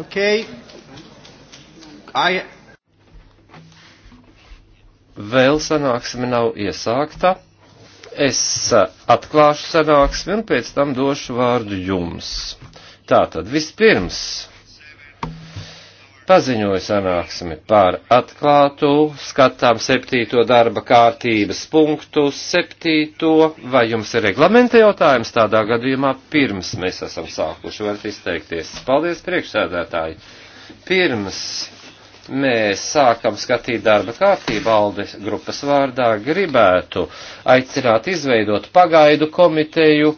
Okay. I... Vēl sanāksme nav iesākta. Es uh, atklāšu sanāksmi un pēc tam došu vārdu jums. Tātad vispirms paziņoja sanāksmi par atklātu, skatām septīto darba kārtības punktu, septīto, vai jums ir reglamenta jautājums tādā gadījumā, pirms mēs esam sākuši, varat izteikties. Paldies, priekšsēdētāji. Pirms mēs sākam skatīt darba kārtību Aldes grupas vārdā, gribētu aicināt izveidot pagaidu komiteju,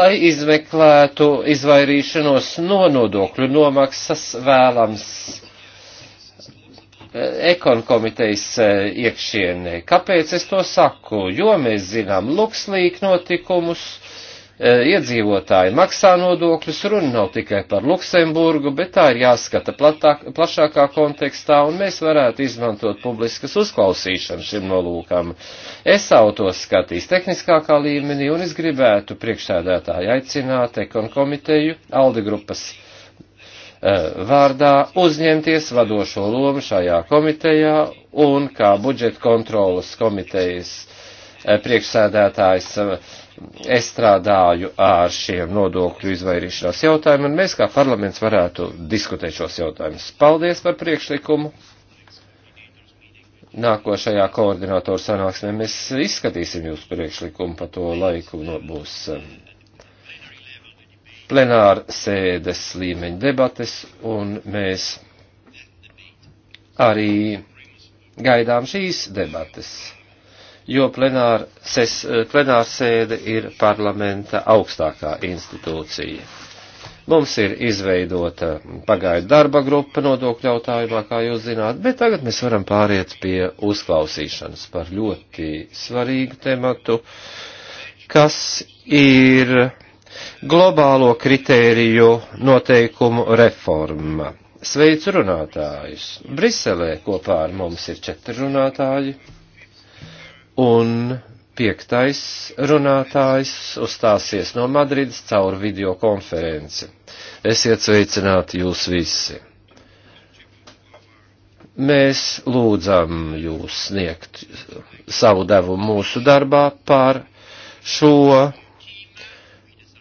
lai izmeklētu izvairīšanos no nodokļu nomaksas vēlams ekon komitejas eh, iekšienē. Kāpēc es to saku? Jo mēs zinām lukslīk notikumus, eh, iedzīvotāji maksā nodokļus, runa nav tikai par Luksemburgu, bet tā ir jāskata platāk, plašākā kontekstā, un mēs varētu izmantot publiskas uzklausīšanas šim nolūkam. Es autos skatīs tehniskākā līmenī, un es gribētu priekšsēdētāju aicināt ekon komiteju, Aldi grupas Eh, vārdā uzņemties vadošo lomu šajā komitejā un kā budžeta kontrolas komitejas eh, priekšsēdētājs eh, es strādāju ar šiem nodokļu izvairīšanās jautājumiem, un mēs kā parlaments varētu diskutēt šos jautājumus. Paldies par priekšlikumu. Nākošajā koordinātoru sanāksmē mēs izskatīsim jūsu priekšlikumu, pa to laiku no, būs plenāra sēdes līmeņa debates, un mēs arī gaidām šīs debates, jo plenāra, ses, plenāra sēde ir parlamenta augstākā institūcija. Mums ir izveidota pagaidu darba grupa nodokļu jautājumā, kā jūs zināt, bet tagad mēs varam pāriet pie uzklausīšanas par ļoti svarīgu tematu, kas ir globālo kritēriju noteikumu reforma. Sveicu runātājus. Briselē kopā ar mums ir četri runātāji, un piektais runātājs uzstāsies no Madrides caur video konferenci. Esiet sveicināti jūs visi! mēs lūdzam jūs sniegt savu devu mūsu darbā par šo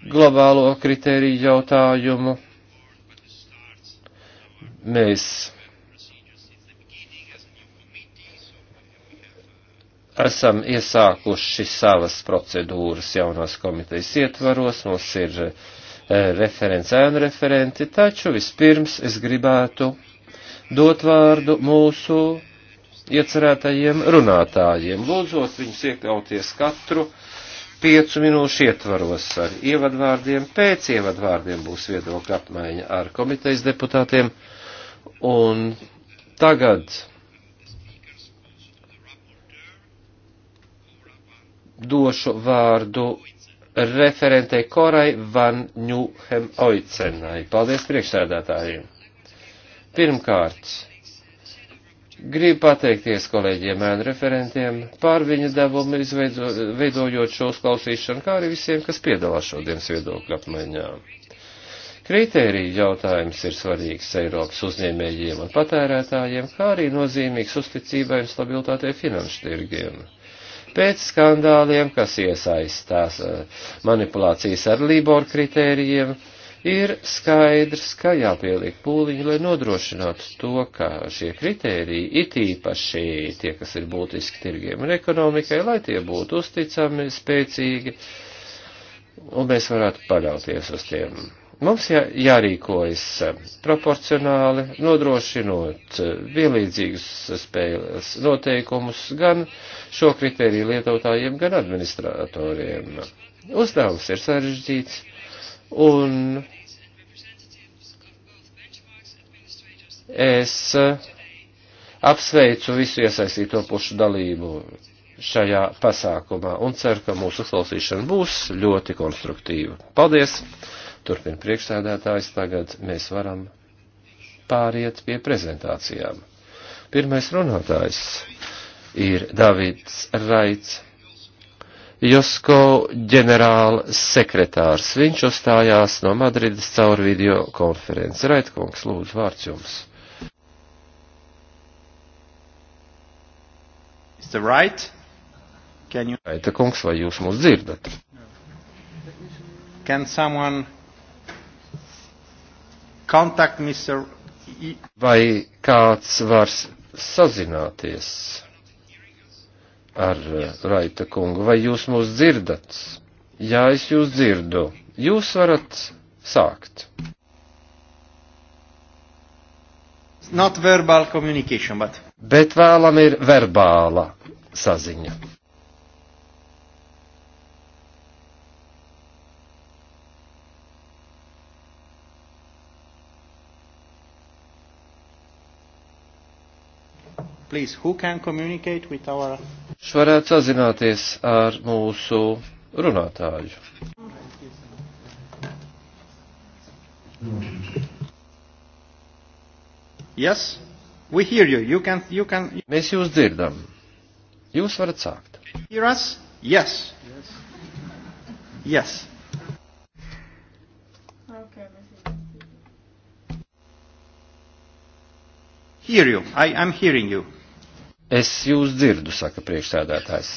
globālo kritēriju jautājumu. Mēs esam iesākuši savas procedūras jaunās komitejas ietvaros, mums ir e, referents, ēnu referenti, taču vispirms es gribētu dot vārdu mūsu iecerētajiem runātājiem. Lūdzos viņus iekļauties katru piecu minūšu ietvaros ar ievadvārdiem. Pēc ievadvārdiem būs viedokļa apmaiņa ar komitejas deputātiem. Un tagad došu vārdu referentei Korai Van Ņūhem Oicenai. Paldies priekšsēdētājiem. Pirmkārt, Gribu pateikties kolēģiem ēnu referentiem par viņu devumu izveido, veidojot šo uzklausīšanu, kā arī visiem, kas piedalās šodienas viedokļu apmaiņā. Kritērija jautājums ir svarīgs Eiropas uzņēmējiem un patērētājiem, kā arī nozīmīgs uzticībai un stabilitātei finanšu tirgiem pēc skandāliem, kas iesaistās eh, manipulācijas ar Libor kritērijiem, Ir skaidrs, ka jāpieliek pūliņi, lai nodrošinātu to, ka šie kritēriji, it īpaši tie, kas ir būtiski tirgiem un ekonomikai, lai tie būtu uzticami, spēcīgi, un mēs varētu paļauties uz tiem. Mums jā, jārīkojas eh, proporcionāli, nodrošinot eh, vienlīdzīgus spēles noteikumus gan šo kritēriju lietotājiem, gan administratoriem. Uzdevums ir sarežģīts, un Es eh, apsveicu visu iesaistīto pušu dalību šajā pasākumā un ceru, ka mūsu uzklausīšana būs ļoti konstruktīva. Paldies! Turpin priekšsēdētājs, tagad mēs varam pāriet pie prezentācijām. Pirmais runātājs ir Davids Raits, Josko ģenerāla sekretārs. Viņš uzstājās no Madrides caur video konferenci. Raitkungs, lūdzu, vārds jums. Mr. Wright, can you... Raita kungs, vai jūs mūs dzirdat? Can someone contact Mr. I... E- vai kāds var sazināties ar eh, Raita kungu, vai jūs mūs dzirdat? Jā, es jūs dzirdu. Jūs varat sākt. It's not verbal communication, but bet vēlam ir verbāla saziņa. Please, who can communicate with our... Viņš varētu sazināties ar mūsu runātāju. Yes? We hear you. You can, you can... Mēs jūs dzirdam. Jūs varat sākt. Hear us? Yes. Yes. yes. Okay. Hear you. I am hearing you. Es jūs dzirdu, saka priekšsēdētājs.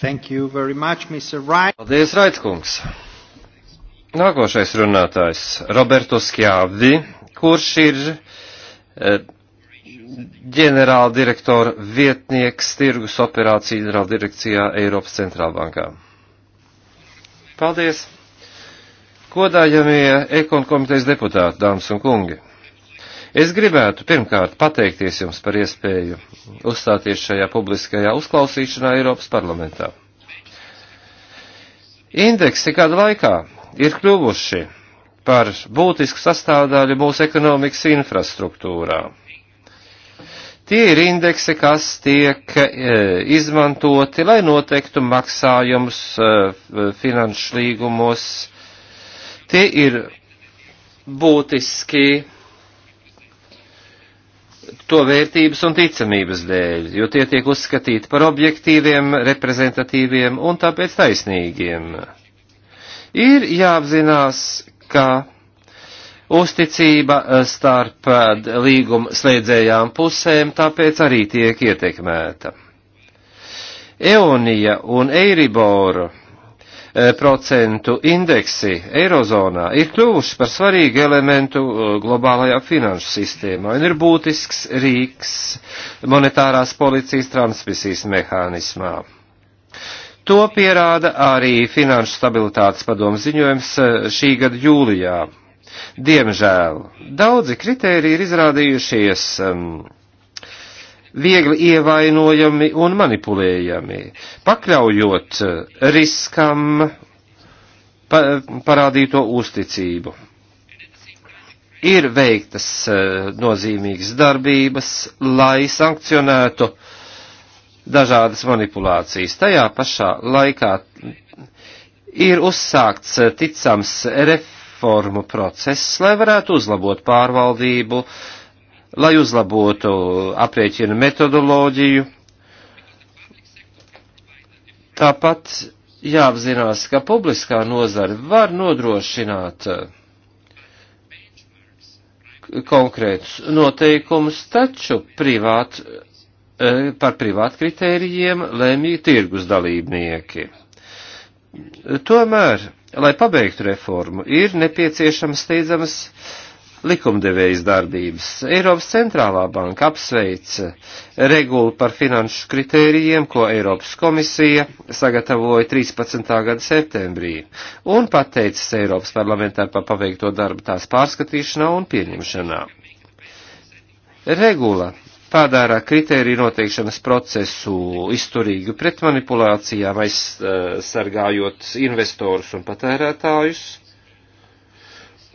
Thank you very much, Mr. Wright. Paldies, Raitskungs. Nākošais runātājs - Roberto Skjāvdi, kurš ir eh, ģenerāla direktora vietnieks tirgus operāciju ģenerāla direkcijā Eiropas centrālbankā. Paldies! Kodājamie ekonkomitejas deputāti, dāmas un kungi! Es gribētu pirmkārt pateikties jums par iespēju uzstāties šajā publiskajā uzklausīšanā Eiropas parlamentā. Indeksi kādu laikā ir kļuvuši par būtisku sastāvdaļu mūsu ekonomikas infrastruktūrā. Tie ir indeksi, kas tiek e, izmantoti, lai noteiktu maksājumus e, finanšu līgumos. Tie ir būtiski to vērtības un ticamības dēļ, jo tie tiek uzskatīti par objektīviem, reprezentatīviem un tāpēc taisnīgiem. Ir jāapzinās, ka uzticība eh, starp eh, līguma slēdzējām pusēm tāpēc arī tiek ietekmēta. Eonija un Eiribora Eh, procentu indeksi Eirozonā ir kļuvuši par svarīgu elementu eh, globālajā finanšu sistēmā un ir būtisks rīks monetārās policijas transmisijas mehānismā. To pierāda arī Finanšu stabilitātes padomu ziņojums eh, šī gada jūlijā. Diemžēl daudzi kritēriji ir izrādījušies um, viegli ievainojami un manipulējami, pakļaujot eh, riskam pa, parādīto uzticību. Ir veiktas eh, nozīmīgas darbības, lai sankcionētu dažādas manipulācijas. Tajā pašā laikā ir uzsākts eh, ticams reformu process, lai varētu uzlabot pārvaldību, uh, lai uzlabotu aprēķinu metodoloģiju. Tāpat jāapzinās, ka publiskā nozara var nodrošināt eh, konkrētus noteikumus, taču privāt, eh, par privātu kritērijiem lemj tirgus dalībnieki. Tomēr, lai pabeigtu reformu, ir nepieciešams steidzamas uh, likumdevējas darbības. Eiropas centrālā banka apsveic regulu par finanšu kritērijiem, ko Eiropas komisija sagatavoja 13. gada septembrī, un pateicis Eiropas parlamentā par paveikto darbu tās pārskatīšanā un pieņemšanā. Regula padara kritēriju noteikšanas procesu izturīgu pret manipulācijām, aizsargājot investorus un patērētājus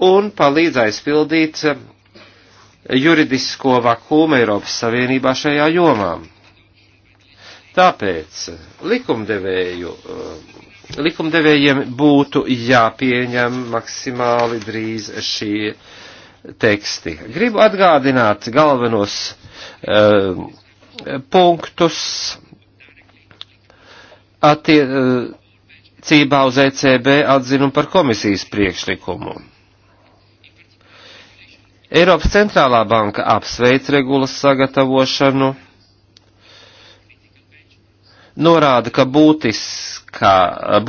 un palīdz aizpildīt eh, juridisko vakumu Eiropas Savienībā šajā jomā. Tāpēc eh, likumdevēju, eh, likumdevējiem būtu jāpieņem maksimāli drīz šie teksti. Gribu atgādināt galvenos uh, punktus attiecībā uz ECB atzinumu par komisijas priekšlikumu. Eiropas centrālā banka apsveic regulas sagatavošanu, norāda, ka būtiskā,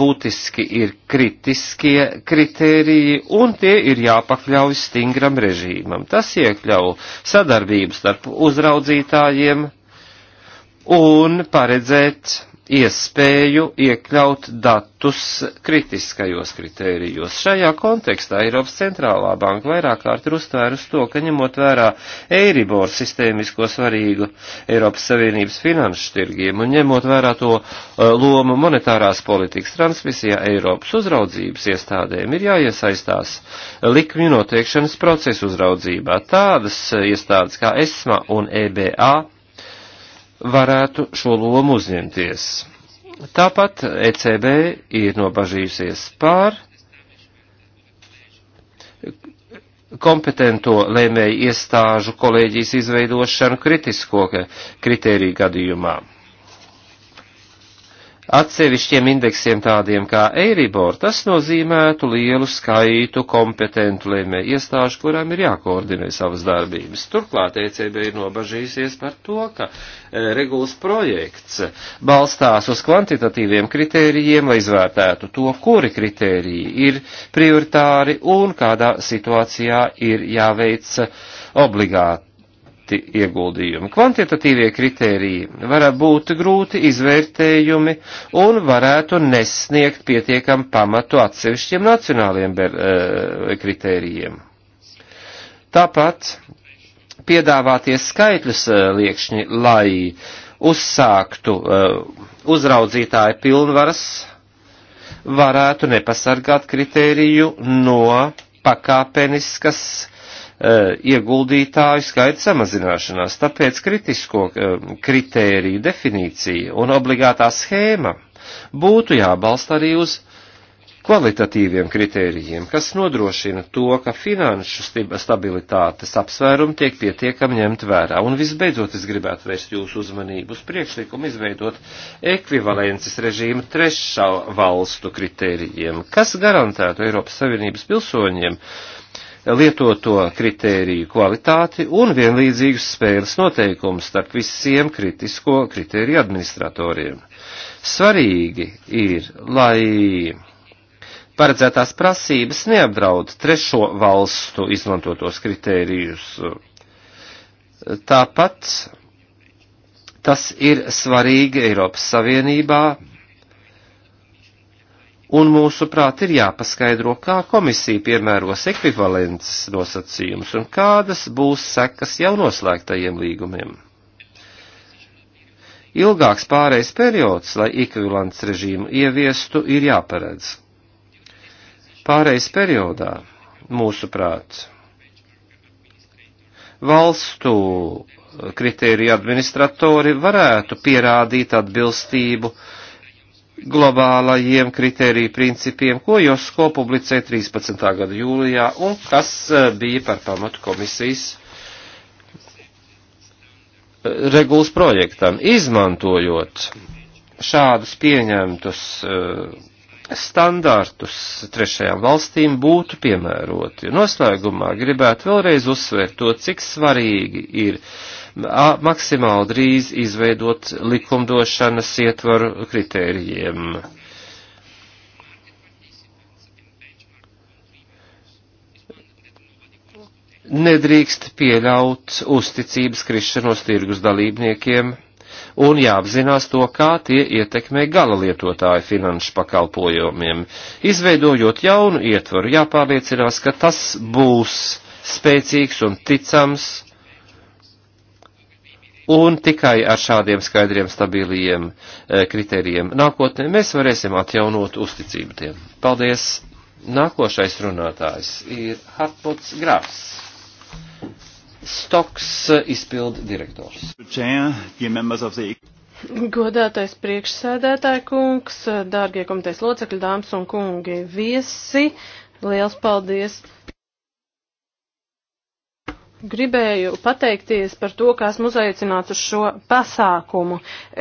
būtiski ir kritiskie kritēriji un tie ir jāpakļauj stingram režīmam. Tas iekļauj sadarbību starp uzraudzītājiem un paredzēt iespēju iekļaut datus kritiskajos kritērijos. Šajā kontekstā Eiropas centrālā banka vairāk kārt ir uztvērusi to, ka ņemot vērā Eiribor sistēmisko svarīgu Eiropas Savienības finanšu tirgiem un ņemot vērā to eh, lomu monetārās politikas transmisijā Eiropas uzraudzības iestādēm ir jāiesaistās likmju noteikšanas procesu uzraudzībā. Tādas iestādes kā ESMA un EBA varētu šo lomu uzņemties. Tāpat ECB ir nobažījusies pār kompetento lēmēju iestāžu kolēģijas izveidošanu kritisko kritēriju gadījumā atsevišķiem indeksiem tādiem kā Eiribor, tas nozīmētu lielu skaitu kompetentu lēmēju iestāžu, kurām ir jākoordinē savas darbības. Turklāt ECB ir nobažījusies par to, ka e, regulas projekts balstās uz kvantitatīviem kritērijiem, lai izvērtētu to, kuri kritēriji ir prioritāri un kādā situācijā ir jāveic obligāti citi ieguldījumi. Kvantitatīvie kritēriji varētu būt grūti izvērtējumi un varētu nesniegt pietiekam pamatu atsevišķiem nacionāliem ber, uh, kritērijiem. Tāpat piedāvātie skaitļus uh, liekšņi, lai uzsāktu uh, uzraudzītāju pilnvaras, varētu nepasargāt kritēriju no pakāpeniskas Eh, ieguldītāju skaita samazināšanās. Tāpēc kritisko eh, kritēriju definīcija un obligātā schēma būtu jābalsta arī uz kvalitatīviem kritērijiem, kas nodrošina to, ka finanšu stabilitātes apsvērumi tiek pietiekami ņemt vērā. Un visbeidzot, es gribētu vērst jūsu uzmanību uz priekšlikumu izveidot ekvivalences režīmu trešā valstu kritērijiem, kas garantētu Eiropas Savienības pilsoņiem uh, lietoto kritēriju kvalitāti un vienlīdzīgus spēles noteikumus starp visiem kritisko kritēriju administratoriem. Svarīgi ir, lai paredzētās prasības neapdraud trešo valstu izmantotos kritērijus. Tāpat tas ir svarīgi Eiropas Savienībā un mūsu prāt ir jāpaskaidro, kā komisija piemēros ekvivalences nosacījumus un kādas būs sekas jau noslēgtajiem līgumiem. Ilgāks pārejas periods, lai ekvivalents režīmu ieviestu, ir jāparedz. Pārejas periodā, mūsuprāt, valstu kritēriju administratori varētu pierādīt atbilstību uh, globālajiem kritēriju principiem, ko Josko publicēja 13. gada jūlijā un kas e, bija par pamatu komisijas e, regulas projektam, izmantojot šādus pieņemtus e, standārtus trešajām valstīm būtu piemēroti. Noslēgumā gribētu vēlreiz uzsvērt to, cik svarīgi ir uh, maksimāli drīz izveidot likumdošanas ietvaru kritērijiem. Nedrīkst pieļaut uzticības krišanos tirgus dalībniekiem un jāapzinās to, kā tie ietekmē gala lietotāju finanšu pakalpojumiem. Izveidojot jaunu ietvaru, jāpārliecinās, ka tas būs spēcīgs un ticams, Un tikai ar šādiem skaidriem, stabiliem eh, kritērijiem nākotnē mēs varēsim atjaunot uzticību tiem. Paldies! Nākošais runātājs ir Hartmuts Grafs, Stoks eh, izpild direktors. Godātais priekšsēdētāja kungs, dārgie komitejas locekļi, dāmas un kungi, viesi, liels paldies gribēju pateikties par to, ka esmu uzaicināts uz šo pasākumu.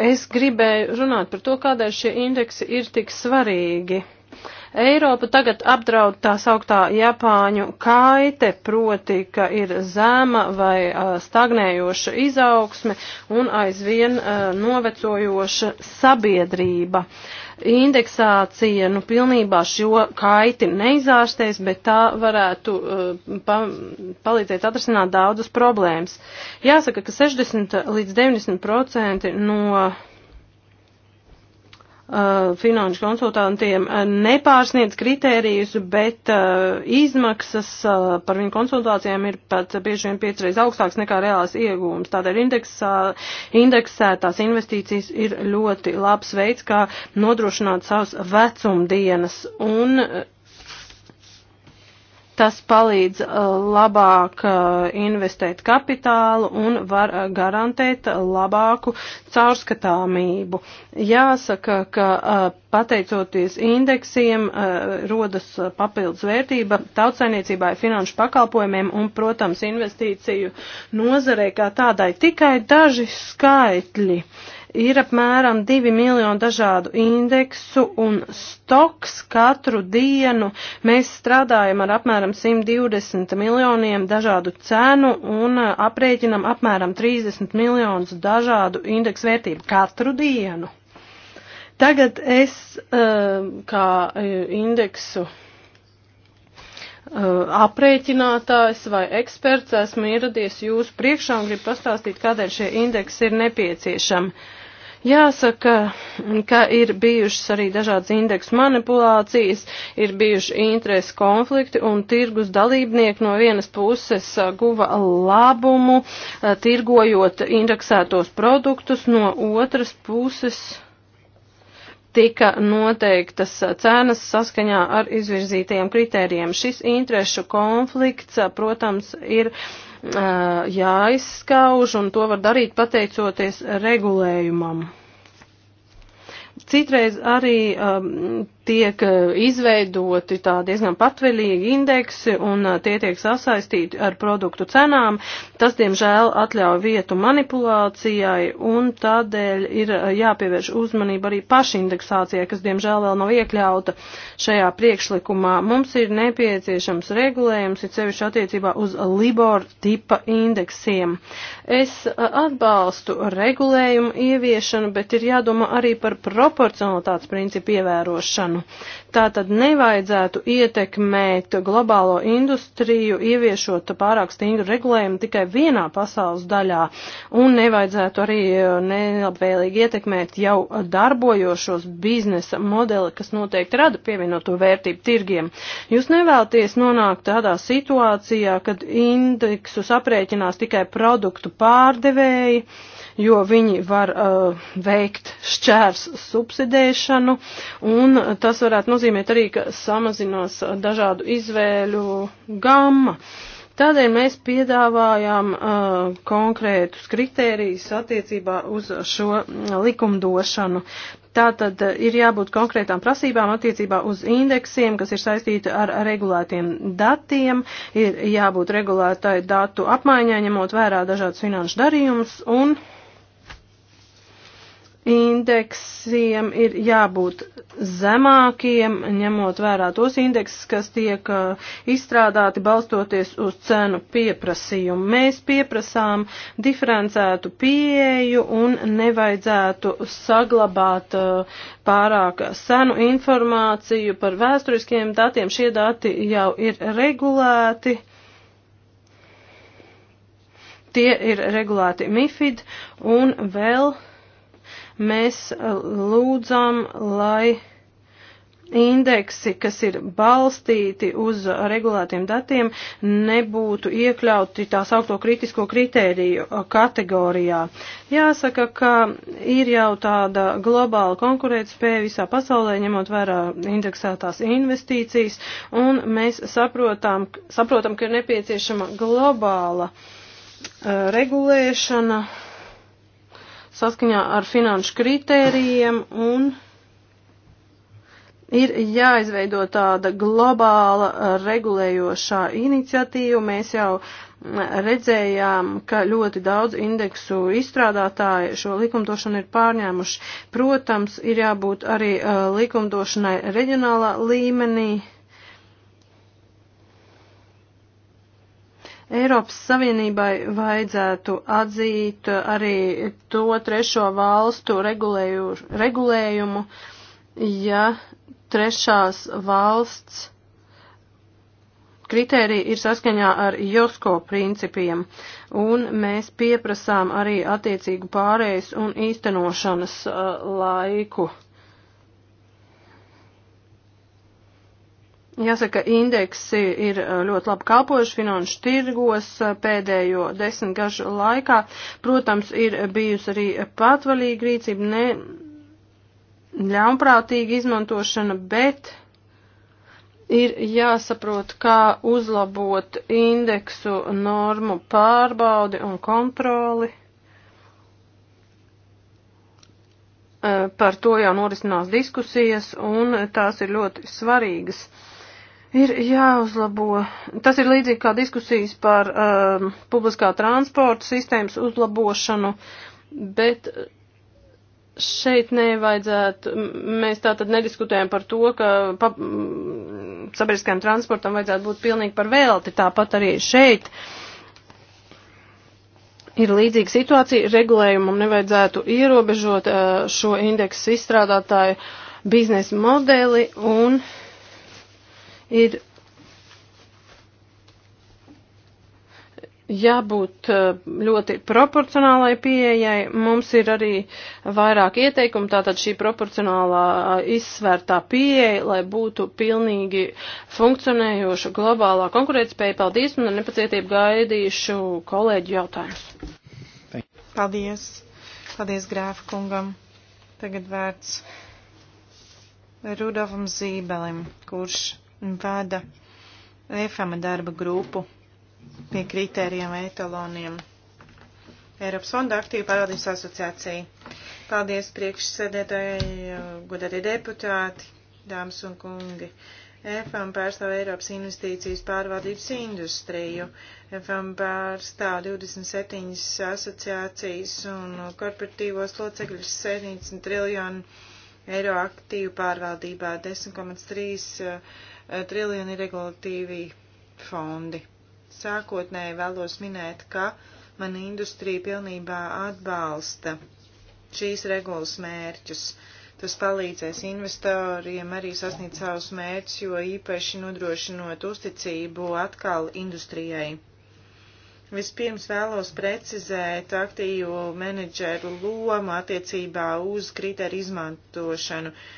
Es gribēju runāt par to, kādēļ šie indeksi ir tik svarīgi. Eiropu tagad apdraud tā sauktā Japāņu kaite, proti, ka ir zema vai uh, stagnējoša izaugsme un aizvien uh, novecojoša sabiedrība. Indeksācija, nu, pilnībā šo kaiti neizārstēs, bet tā varētu uh, pa, palīdzēt atrasināt daudzas problēmas. Jāsaka, ka 60 līdz 90% no Uh, finanšu konsultantiem uh, nepārsniedz kritērijus, bet uh, izmaksas par viņu konsultācijām ir pat bieži vien piecreiz augstāks nekā reāls iegūms. Tādēļ indeksā, indeksētās investīcijas ir ļoti labs veids, kā nodrošināt savas vecumdienas. Un Tas palīdz uh, labāk uh, investēt kapitālu un var uh, garantēt labāku caurskatāmību. Jāsaka, ka pateicoties indeksiem rodas papildus vērtība tautsainiecībai, finanšu pakalpojumiem un, protams, investīciju nozarei kā tādai tikai daži skaitļi. Uh, Ir apmēram 2 miljoni dažādu indeksu un stoks katru dienu. Mēs strādājam ar apmēram 120 miljoniem dažādu cenu un uh, aprēķinam apmēram 30 miljonus dažādu indeksu vērtību katru dienu. Tagad es uh, kā uh, indeksu aprēķinātājs vai eksperts esmu ieradies jūsu priekšā un gribu pastāstīt, kādēļ šie indeksi ir nepieciešami. Jāsaka, ka ir bijušas arī dažādas indeksu manipulācijas, ir bijuši interesi konflikti un tirgus dalībnieki no vienas puses guva labumu, tirgojot indeksētos produktus, no otras puses tika noteiktas cenas saskaņā ar izvirzītajiem kritērijiem. Šis interešu konflikts, protams, ir uh, jāizskauž, un to var darīt pateicoties regulējumam. Citreiz arī um, tiek eh, izveidoti tā diezgan patvaļīgi indeksi un eh, tie tiek sasaistīti ar produktu cenām. Tas, diemžēl, atļauj vietu manipulācijai un tādēļ ir eh, jāpievērš uzmanība arī pašindeksācijai, kas, diemžēl, vēl nav iekļauta šajā priekšlikumā. Mums ir nepieciešams regulējums, ir sevišķi attiecībā uz Libor tipa indeksiem. Es atbalstu regulējumu ieviešanu, bet ir jādomā arī par proporcionalitātes principu ievērošanu ieviešanu. Tā tad nevajadzētu ietekmēt globālo industriju, ieviešot pārāk stingru regulējumu tikai vienā pasaules daļā, un nevajadzētu arī e, nelabvēlīgi ietekmēt jau darbojošos biznesa modeli, kas noteikti rada pievienoto vērtību tirgiem. Jūs nevēlaties nonākt tādā situācijā, kad indeksus aprēķinās tikai produktu pārdevēji, jo viņi var uh, veikt šķērs subsidēšanu, un tas varētu nozīmēt arī, ka samazinās dažādu izvēļu gamma. Tādēļ mēs piedāvājām uh, konkrētus kritērijus attiecībā uz šo likumdošanu. Tātad uh, ir jābūt konkrētām prasībām attiecībā uz indeksiem, kas ir saistīti ar regulētiem datiem, ir jābūt regulētai datu apmaiņai, ņemot vērā dažādus finanšu darījumus un uh, indeksiem ir jābūt zemākiem, ņemot vērā tos indeksus, kas tiek uh, izstrādāti balstoties uz cenu pieprasījumu. Mēs pieprasām diferencētu pieeju un nevajadzētu saglabāt uh, pārāk senu informāciju par vēsturiskiem datiem. Šie dati jau ir regulēti tie ir regulēti MIFID un vēl Mēs uh, lūdzam, lai indeksi, kas ir balstīti uz regulētiem datiem, nebūtu iekļauti tā saukto kritisko kritēriju uh, kategorijā. Jāsaka, ka ir jau tāda globāla konkurētspēja visā pasaulē, ņemot vērā indeksētās investīcijas, un mēs saprotam, saprotam ka ir nepieciešama globāla uh, regulēšana saskaņā ar finanšu kritērijiem un ir jāizveido tāda globāla regulējošā iniciatīva. Mēs jau redzējām, ka ļoti daudz indeksu izstrādātāji šo likumdošanu ir pārņēmuši. Protams, ir jābūt arī eh, likumdošanai reģionālā līmenī. Eiropas Savienībai vajadzētu atzīt arī to trešo valstu regulēju, regulējumu, ja trešās valsts kritērija ir saskaņā ar JOSKO principiem, un mēs pieprasām arī attiecīgu pārējais un īstenošanas uh, laiku. Jāsaka, indeksi ir e, ļoti labi kalpojuši finanšu tirgos e, pēdējo desmit gažu laikā. Protams, ir bijusi arī patvaļīga rīcība, ne ļaunprātīga izmantošana, bet ir jāsaprot, kā uzlabot indeksu normu pārbaudi un kontroli. E, par to jau norisinās diskusijas, un tās ir ļoti svarīgas ir jāuzlabo. Tas ir līdzīgi kā diskusijas par um, publiskā transporta sistēmas uzlabošanu, bet šeit nevajadzētu, mēs tā tad nediskutējam par to, ka pa, sabiedriskajam transportam vajadzētu būt pilnīgi par vēlti, tāpat arī šeit. Ir līdzīga situācija, regulējumam nevajadzētu ierobežot uh, šo indeksu izstrādātāju biznesa modeli un uh, ir jābūt eh, ļoti proporcionālai pieejai. Mums ir arī vairāk ieteikumu, tātad šī proporcionālā eh, izsvērtā pieeja, lai būtu pilnīgi funkcionējoša globālā konkurētspēja. Paldies un ar nepacietību gaidīšu kolēģu jautājumus. Paldies. Paldies grēfa kungam. Tagad vērts Rudovam Zībelim, kurš vada EFAMA darba grupu pie kritērijiem etaloniem. Eiropas fonda aktīva pārvaldības asociācija. Paldies priekšsēdētāji, godātie deputāti, dāmas un kungi. EFAM pārstāv Eiropas investīcijas pārvaldības industriju. EFAM pārstāv 27 asociācijas un korporatīvos locekļus 70 triljonu eiro aktīvu pārvaldībā, 10,3 Eh, triljoni regulatīvi fondi. Sākotnēji vēlos minēt, ka mana industrija pilnībā atbalsta šīs regulas mērķus. Tas palīdzēs investoriem arī sasniegt savus mērķus, jo īpaši nodrošinot uzticību atkal industrijai. Vispirms vēlos precizēt aktīvu menedžeru lomu attiecībā uz kriteru izmantošanu. Uh,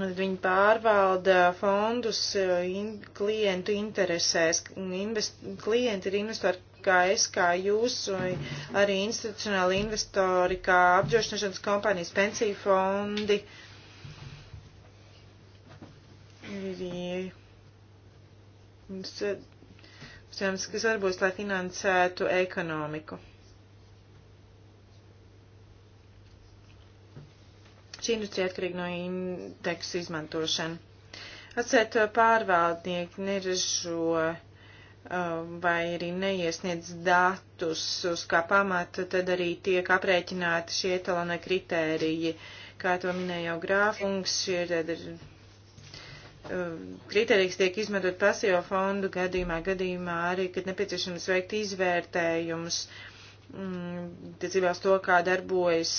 Viņi pārvalda fondus eh, in, klientu interesēs. Invest, klienti ir investori kā es, kā jūs, arī institucionāli investori, kā apdrošināšanas kompānijas, pensiju fondi. Mums, eh, mums, kas varbūt, lai finansētu ekonomiku. farmaceitiska industrija atkarīga no indeksu izmantošana. Atcerēt pārvaldnieki neražo vai arī neiesniedz datus, uz kā pamata tad arī tiek aprēķināti šie etalona kritēriji. Kā to minēja jau grāfungs, šie tad ir kriterijs tiek izmantot pasīvo fondu gadījumā, gadījumā arī, kad nepieciešams veikt izvērtējumus, mm, tiecībā uz to, kā darbojas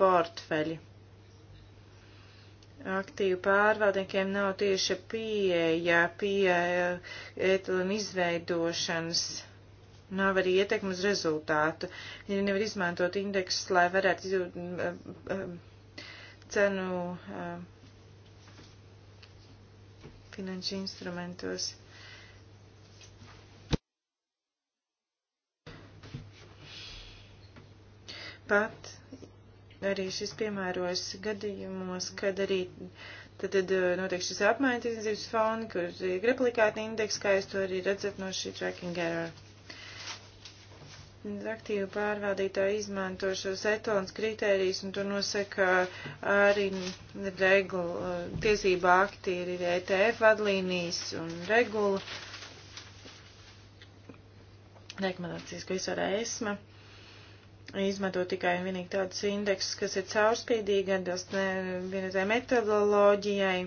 portfeļi. Aktīvu pārvaldniekiem nav tieša pieeja pie eh, etalonu izveidošanas, nav arī ietekmi uz rezultātu. Viņi nevar izmantot indeksus, lai varētu izjūt eh, eh, cenu finanšu instrumentos. Pat Arī šis piemērojas gadījumos, kad arī tad, tad eh, notiek šis apmaiņas tirdzniecības fona, kur ir replikāta indeks, kā jūs to arī redzat no šī tracking error. Aktīvi pārvaldītāji izmanto šos etons kritērijus un to nosaka arī regula, eh, tiesība akti ir ETF vadlīnijas un regula rekomendācijas, ko izsvarā ESMA izmanto tikai un vienīgi tādus indeksus, kas ir caurspīdīgi, atbilst vienotrai metodoloģijai.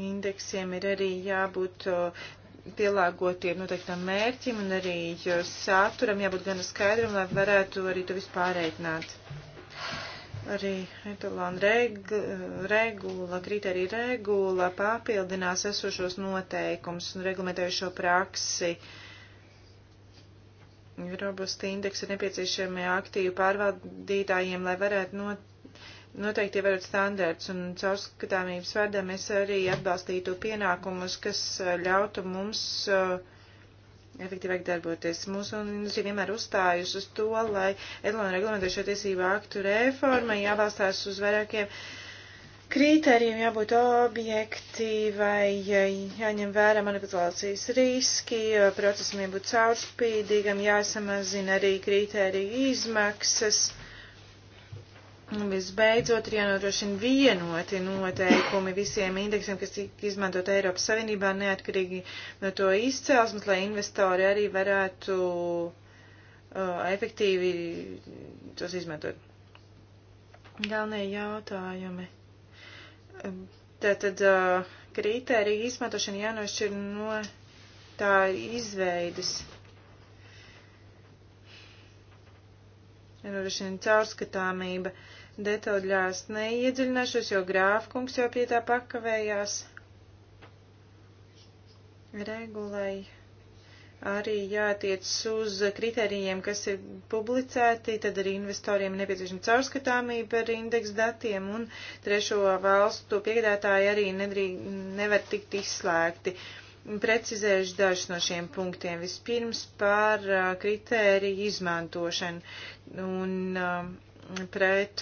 Indeksiem ir arī jābūt pielāgotiem noteiktam mērķim un arī saturam jābūt gan skaidram, lai varētu arī to vispār reiķināt. Arī etalona regula, regula kriterija regula papildinās esošos noteikumus un reglamentējušo praksi. Uh, robusta indeksa nepieciešamie aktīvu pārvaldītājiem, lai varētu not, noteikti ievērot standarts un caurskatāmības vārdā mēs arī atbalstītu pienākumus, kas eh, ļautu mums uh, efektīvāk darboties. Mūsu industrija vienmēr uzstājusi uz to, lai etalonu reglamentēšo tiesību aktu reforma jābalstās uz vairākiem uh, Krītērijiem jābūt objektīvai, jāņem vērā manipulācijas riski, procesam jābūt caurspīdīgam, jāsamazina arī krītēriju izmaksas. Un visbeidzot, ir jānodrošina vienoti noteikumi visiem indeksiem, kas tiek izmantot Eiropas Savienībā, neatkarīgi no to izcelsmes, lai investori arī varētu uh, efektīvi tos izmantot. Galvenie jautājumi Tātad kritērija izmantošana jānošķir no tā izveidas. Nodrošina caurskatāmība. Detaļās neiedziļināšos, jo grāfkungs jau pie tā pakavējās. Regulēja arī jātiec uz kritērijiem, kas ir publicēti, tad arī investoriem nepieciešama caurskatāmība ar indeksu datiem, un trešo valstu piegādātāji arī nedrī, nevar tikt izslēgti. Precizējuši dažus no šiem punktiem. Vispirms par kritēriju izmantošanu un uh, pret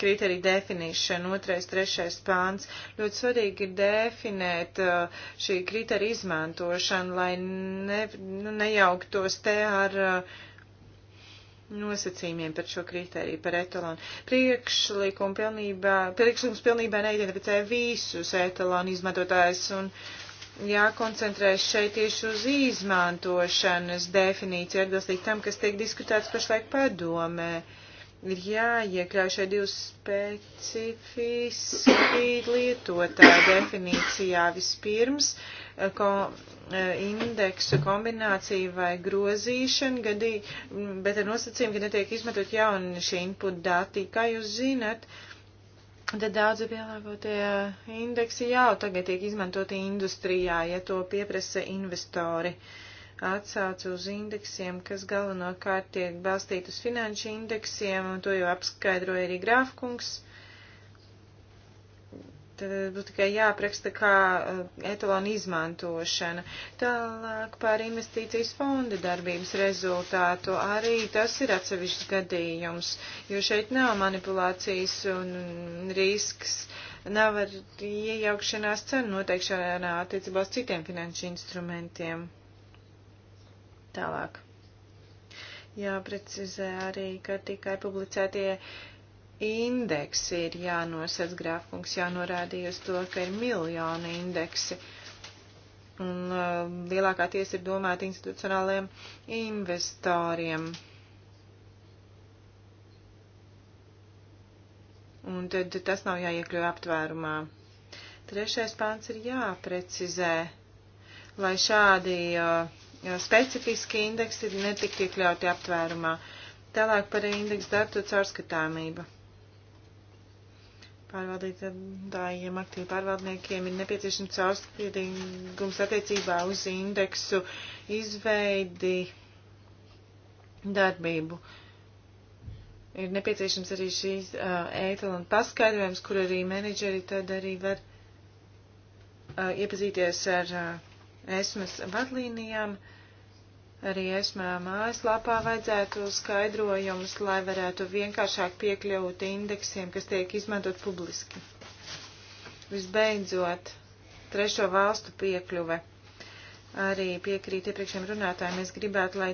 kriteriju definīšanu, otrais, trešais pāns. Ļoti svarīgi ir definēt šī kriterija izmantošanu, lai ne, nu, nejauktos te ar nosacījumiem par šo kriteriju, par etalonu. Priekšlikums pilnībā, priekšlikums pilnībā neidentificē visus etalonu izmantotājus un jākoncentrēs šeit tieši uz izmantošanas definīciju, atbilstīgi tam, kas tiek diskutēts pašlaik padomē. Uh, ir jāiekļauj šai divu specifiski lietotāju definīcijā vispirms eh, ko, eh, indeksu kombinācija vai grozīšana, gadī, bet ar nosacījumu, ka netiek izmantot jauni šie input dati. Kā jūs zinat, tad daudzi pielāgotie indeksi jau tagad tiek izmantoti industrijā, ja to pieprasa investori. Uh, atsauci uz indeksiem, kas galvenokārt tiek balstīt uz finanšu indeksiem, un to jau apskaidroja arī grāfkungs. Tad būtu tikai jāapraksta kā eh, etalona izmantošana. Tālāk par investīcijas fonda darbības rezultātu arī tas ir atsevišķs gadījums, jo šeit nav manipulācijas un risks, nav arī iejaukšanās cenu noteikšanā attiecībā uz citiem finanšu instrumentiem. Tālāk. Jāprecizē arī, ka tikai publicētie indeksi ir jānosedz grāfkungs, jānorādīja uz to, ka ir miljoni indeksi. Un uh, lielākā tiesa ir domāta institucionāliem investoriem. Un tad tas nav jāiekļauj aptvērumā. Trešais pāns ir jāprecizē, lai šādi uh, specifiski indeksi netika iekļauti aptvērumā. Tālāk par indeksu datu caurskatāmību. Pārvaldītājiem, aktīvi pārvaldniekiem ir nepieciešams caurskatīgums attiecībā uz indeksu izveidi darbību. Ir nepieciešams arī šīs uh, ētalona paskaidrojums, kur arī menedžeri tad arī var uh, iepazīties ar uh, esmas vadlīnijām. Arī esmā mājaslapā vajadzētu skaidrojumus, lai varētu vienkāršāk piekļūt indeksiem, kas tiek izmantot publiski. Visbeidzot, trešo valstu piekļuve. Arī piekrīt iepriekšējiem runātājiem, es gribētu, lai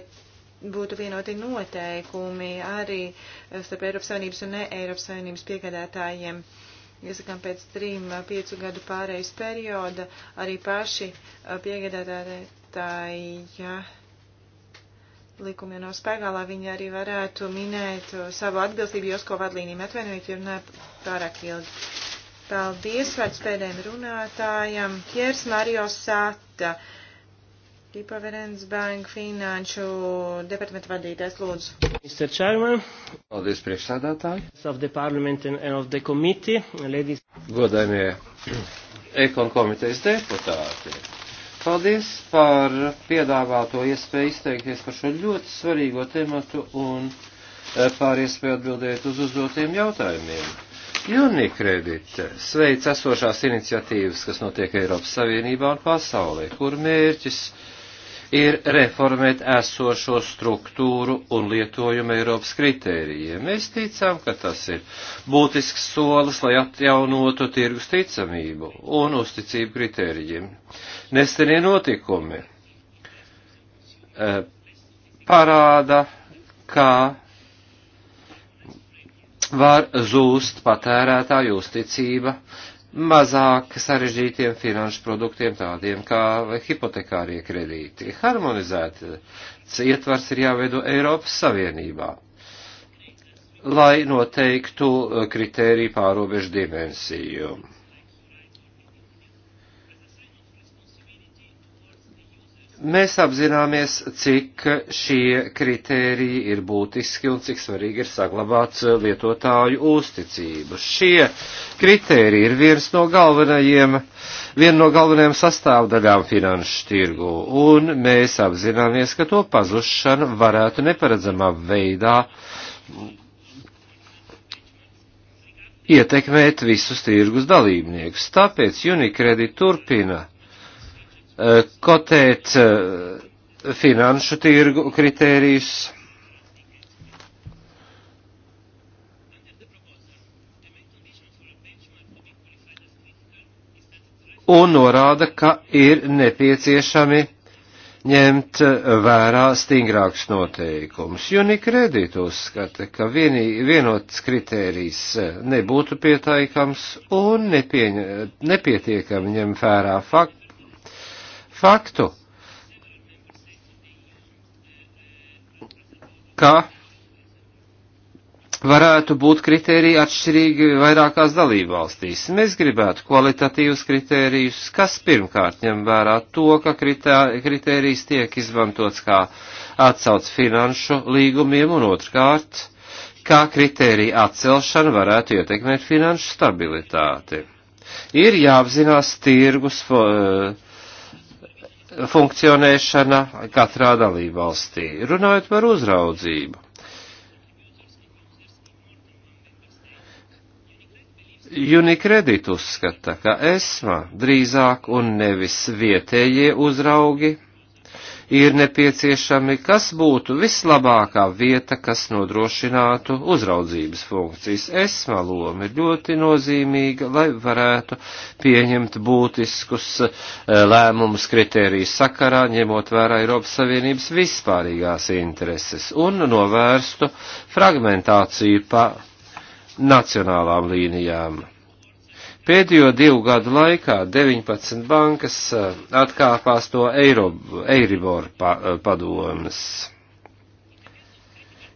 būtu vienoti noteikumi arī starp Eiropas Savienības un ne Eiropas Savienības piegādātājiem. Uh, iesakām pēc trim, piecu gadu pārejas perioda, arī paši piegādātāji ja, likumi no spēkā, lai viņi arī varētu minēt savu atbilstību Josko vadlīnīm. Atvainojiet, ja runāju pārāk ilgi. Paldies vārds pēdējiem runātājam. Piers Mario Sata. Uh, Kipaverens Bank finanšu departamenta vadītājs lūdzu. Mr. Chairman. Paldies priekšsādātāji. Of the parliament and of the committee, ladies. Godājumie ekon komitejas deputāti. Paldies par piedāvāto iespēju izteikties par šo ļoti svarīgo tematu un eh, par iespēju atbildēt uz uzdotiem jautājumiem. Unikredit sveic esošās iniciatīvas, kas notiek Eiropas Savienībā un pasaulē, kur mērķis ir ir reformēt esošo struktūru un lietojumu Eiropas kritērijiem. Mēs ticām, ka tas ir būtisks solis, lai atjaunotu tirgus ticamību un uzticību kritērijiem. Nestenie notikumi e, parāda, kā var zūst patērētāju uzticība mazāk sarežģītiem finanšu produktiem, tādiem kā hipotekārie kredīti. Harmonizēts ietvars ir jāveido Eiropas Savienībā, lai noteiktu kritēriju pārobežu dimensiju. Mēs apzināmies, cik šie kritēriji ir būtiski un cik svarīgi ir saglabāt lietotāju uzticību. Šie kritēriji ir viens no galvenajiem, viena no galvenajām sastāvdaļām finanšu tirgu, un mēs apzināmies, ka to pazušana varētu neparedzamā veidā ietekmēt visus tirgus dalībniekus. Tāpēc Unikredit turpina Eh, kotēt eh, finanšu tirgu kritērijus. Un norāda, ka ir nepieciešami ņemt vērā stingrākus noteikumus. Unikredīt uzskata, ka vienī, vienots kritērijs eh, nebūtu pietaikams un nepieņa, nepietiekami ņem vērā faktu faktu, ka varētu būt kritēriji atšķirīgi vairākās dalībvalstīs. Mēs gribētu kvalitatīvus kritērijus, kas pirmkārt ņem vērā to, ka kritērijs tiek izmantots kā atsauc finanšu līgumiem un otrkārt, kā kritērija atcelšana varētu ietekmēt finanšu stabilitāti. Ir jāapzinās tirgus. Uh, funkcionēšana katrā dalībvalstī. Runājot par uzraudzību. Unikredit uzskata, ka esma drīzāk un nevis vietējie uzraugi ir nepieciešami, kas būtu vislabākā vieta, kas nodrošinātu uzraudzības funkcijas. Esma loma ir ļoti nozīmīga, lai varētu pieņemt būtiskus eh, lēmumus kritēriju sakarā, ņemot vērā Eiropas Savienības vispārīgās intereses un novērstu fragmentāciju pa nacionālām līnijām Pēdējo divu gadu laikā 19 bankas atkāpās no Eiribor padomas.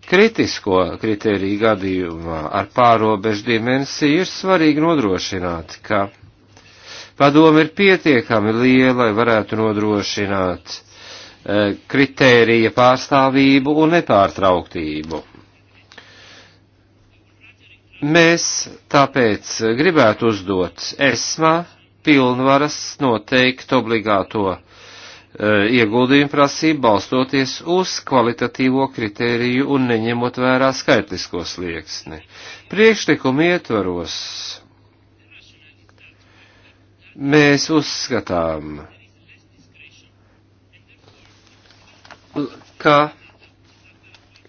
Kritisko kritēriju gadījumā ar pārobežu dimensiju ir svarīgi nodrošināt, ka padoma ir pietiekami liela, lai varētu nodrošināt kritērija pārstāvību un nepārtrauktību Mēs tāpēc gribētu uzdot ESMA pilnvaras noteikt obligāto e, ieguldījumu prasību balstoties uz kvalitatīvo kritēriju un neņemot vērā skaitlisko slieksni. Priekšlikumu ietvaros mēs uzskatām, ka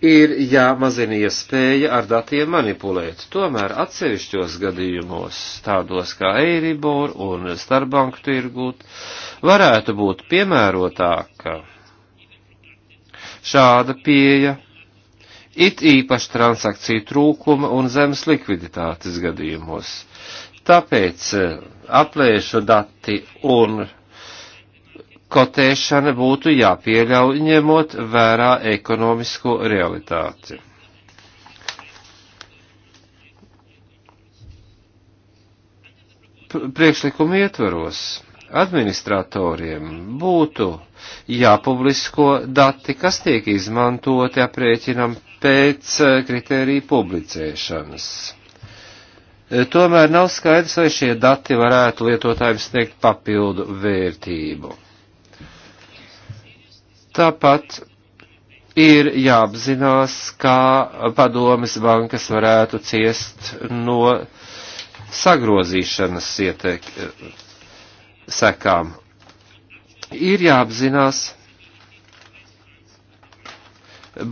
ir jāmazina iespēja ar datiem manipulēt. Tomēr atsevišķos gadījumos, tādos kā Eiribor un starpbanku tirgūt, varētu būt piemērotāka šāda pieeja, it īpaši transakciju trūkuma un zemes likviditātes gadījumos. Tāpēc eh, aplēšu dati un kotēšana būtu jāpieļauj ņemot vērā ekonomisko realitāti. Priekšlikumu ietvaros administratoriem būtu jāpublisko dati, kas tiek izmantoti aprēķinam pēc eh, kritērija publicēšanas. Eh, tomēr nav skaidrs, vai šie dati varētu lietotājiem sniegt papildu vērtību. Tāpat ir jāapzinās, kā padomes bankas varētu ciest no sagrozīšanas ietek, sekām. Ir jāapzinās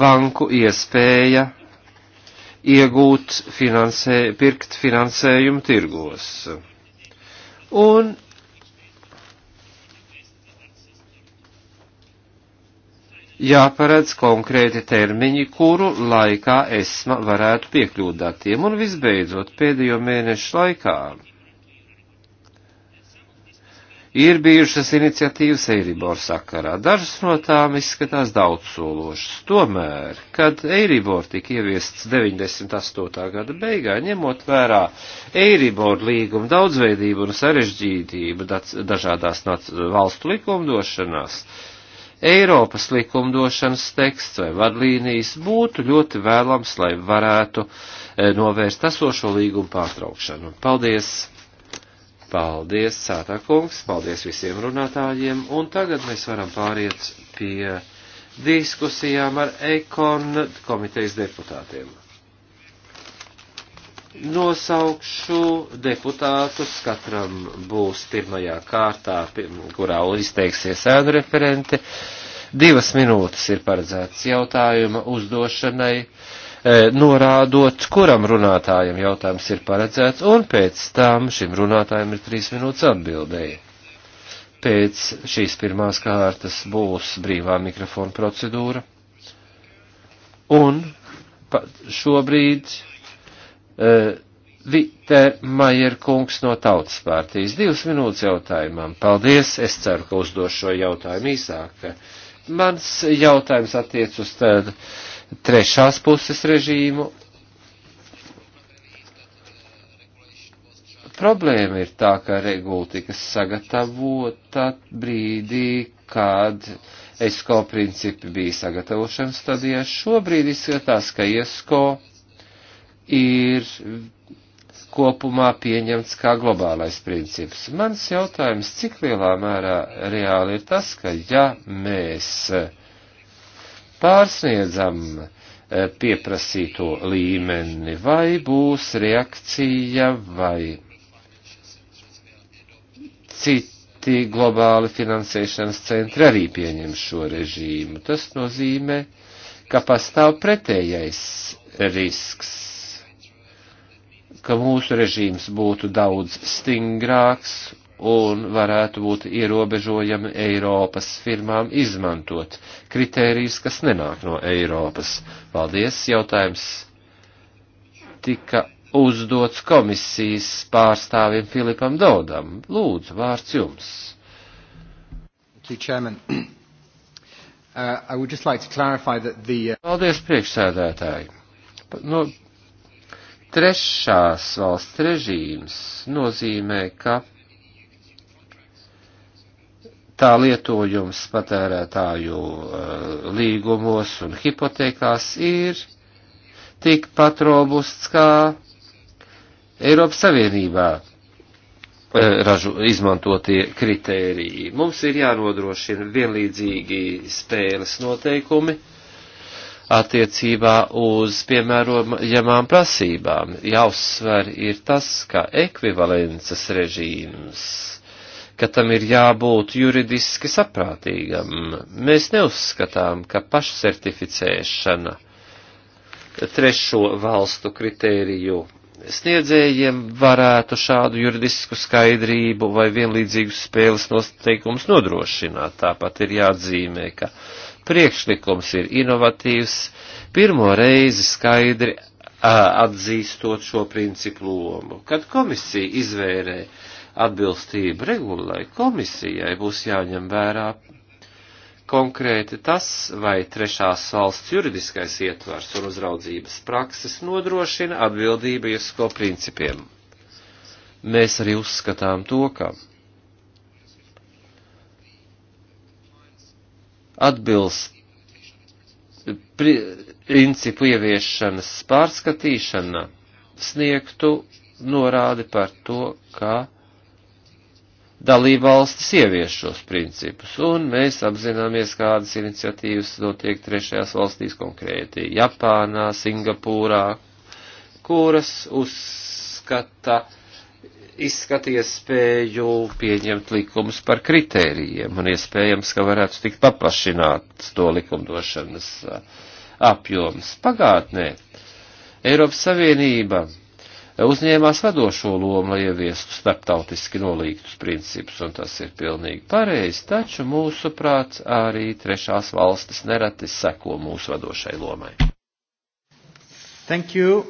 banku iespēja iegūt finansē, pirkt finansējumu tirgos. Un jāparedz konkrēti termiņi, kuru laikā esma varētu piekļūt datiem. Un visbeidzot, pēdējo mēnešu laikā ir bijušas iniciatīvas Eiribor sakarā. Dažas no tām izskatās daudzsološas. Tomēr, kad Eiribor tika ieviests 98. gada beigā, ņemot vērā Eiribor līguma daudzveidību un sarežģītību dažādās valstu likumdošanās, Eiropas likumdošanas teksts vai vadlīnijas būtu ļoti vēlams, lai varētu e, novērst esošo līgumu pārtraukšanu. Paldies! Paldies, Sātā kungs, paldies visiem runātājiem, un tagad mēs varam pāriet pie diskusijām ar Ekon komitejas deputātiem. Nosaukšu deputātus, katram būs pirmajā kārtā, kurā izteiksies ēnu referente. Divas minūtes ir paredzētas jautājuma uzdošanai, e, norādot, kuram runātājam jautājums ir paredzēts, un pēc tam šim runātājam ir trīs minūtes atbildēji. Pēc šīs pirmās kārtas būs brīvā mikrofona procedūra. Un šobrīd Vite Majer kungs no Tautas partijas. Divas minūtes jautājumam. Paldies, es ceru, ka uzdošu šo jautājumu īsāk. Mans jautājums attiec uz tādu trešās puses režīmu. Problēma ir tā, ka regula tika sagatavota brīdī, kad ESCO principi bija sagatavošanas stadijā. Šobrīd izskatās, ka ESCO ir kopumā pieņemts kā globālais princips. Mans jautājums, cik lielā mērā reāli ir tas, ka ja mēs pārsniedzam eh, pieprasīto līmeni, vai būs reakcija, vai citi globāli finansēšanas centri arī pieņem šo režīmu. Tas nozīmē, ka pastāv pretējais risks ka mūsu režīms būtu daudz stingrāks un varētu būt ierobežojami Eiropas firmām izmantot kritērijas, kas nenāk no Eiropas. Paldies, jautājums tika uzdots komisijas pārstāvim Filipam Daudam. Lūdzu, vārds jums. Uh, uh, Paldies, priekšsēdētāji. No, nu, trešās valsts režīms nozīmē, ka tā lietojums patērētāju eh, līgumos un hipotekās ir tikpat robusts kā Eiropas Savienībā eh, ražu izmantotie kritēriji. Mums ir jānodrošina vienlīdzīgi spēles noteikumi attiecībā uz piemērojamām prasībām. Jāuzsver ir tas, ka ekvivalences režīms, ka tam ir jābūt juridiski saprātīgam. Mēs neuzskatām, ka pašsertificēšana trešo valstu kritēriju sniedzējiem varētu šādu juridisku skaidrību vai vienlīdzīgus spēles noteikumus nodrošināt. Tāpat ir jāatzīmē, ka priekšlikums ir inovatīvs, pirmo reizi skaidri atzīstot šo principu lomu. Kad komisija izvērē atbilstību regulai, komisijai būs jāņem vērā konkrēti tas, vai trešās valsts juridiskais ietvars un uzraudzības prakses nodrošina atbildību iesko principiem. Mēs arī uzskatām to, ka atbilst pri, principu ieviešanas pārskatīšana sniegtu norādi par to, ka dalībvalstis ievieš šos principus, un mēs apzināmies, kādas iniciatīvas notiek trešajās valstīs konkrēti - Japānā, Singapūrā, kuras uzskata izskaties spēju pieņemt likumus par kritērijiem, un iespējams, ka varētu tikt paplašināt to likumdošanas apjoms pagātnē. Eiropas Savienība uzņēmās vadošo lomu, lai ieviestu starptautiski nolīgtus principus, un tas ir pilnīgi pareizi, taču mūsu prāts arī trešās valstis nereti seko mūsu vadošai lomai. Thank you.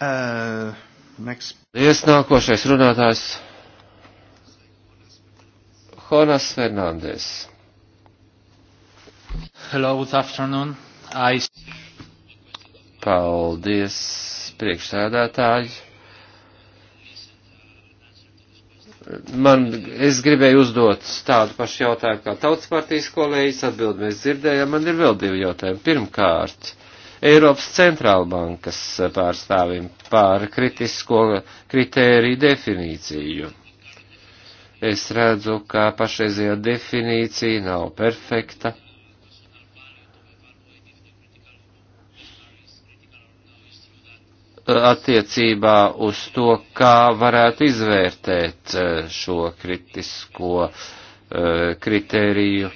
Uh, next. Ies nākošais runātājs. Jonas Fernandes. Hello, good afternoon. I... Paldies, priekšsēdētāji. man, es gribēju uzdot tādu pašu jautājumu kā tautas partijas kolēģis, atbild mēs dzirdējām, man ir vēl divi jautājumi. Pirmkārt, Eiropas centrālbankas pārstāvim pār kritisko kritēriju definīciju. Es redzu, ka pašreizējā definīcija nav perfekta attiecībā uz to, kā varētu izvērtēt eh, šo kritisko eh, kritēriju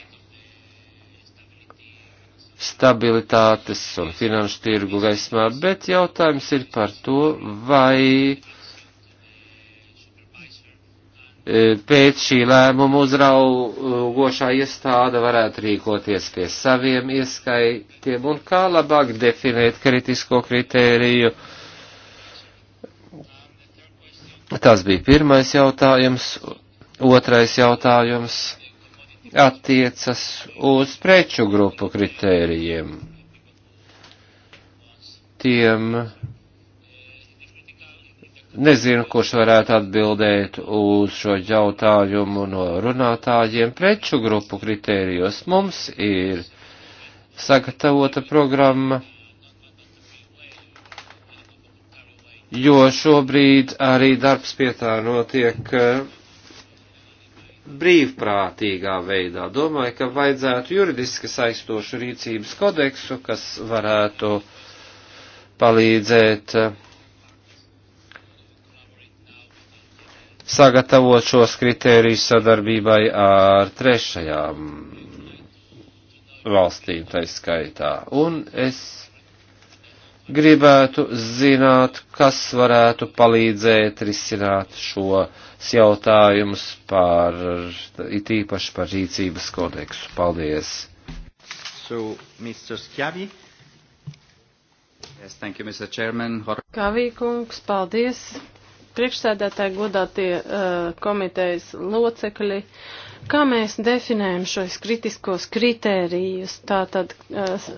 stabilitātes un finanšu tirgu gaismā, bet jautājums ir par to, vai eh, pēc šī lēmuma uzraugošā iestāde varētu rīkoties pie saviem ieskaitiem un kā labāk definēt kritisko kritēriju uh, Tas bija pirmais jautājums. Otrais jautājums attiecas uz preču grupu kritērijiem. Tiem nezinu, kurš varētu atbildēt uz šo jautājumu no runātājiem preču grupu kritērijos. Mums ir sagatavota programma jo šobrīd arī darbs pie tā notiek eh, brīvprātīgā veidā. Domāju, ka vajadzētu juridiski saistošu rīcības kodeksu, kas varētu palīdzēt eh, sagatavot šos kritērijus sadarbībai ar trešajām valstīm, tai skaitā. Un es gribētu zināt, kas varētu palīdzēt risināt šos jautājumus par, it īpaši par rīcības kodeksu. Paldies! So, Mr. Skjavi. Yes, thank you, Mr. Chairman. Kavī kungs, paldies! Priekšsēdētāji, godātie uh, komitejas locekļi, kā mēs definējam šos kritiskos kritērijus, tātad uh,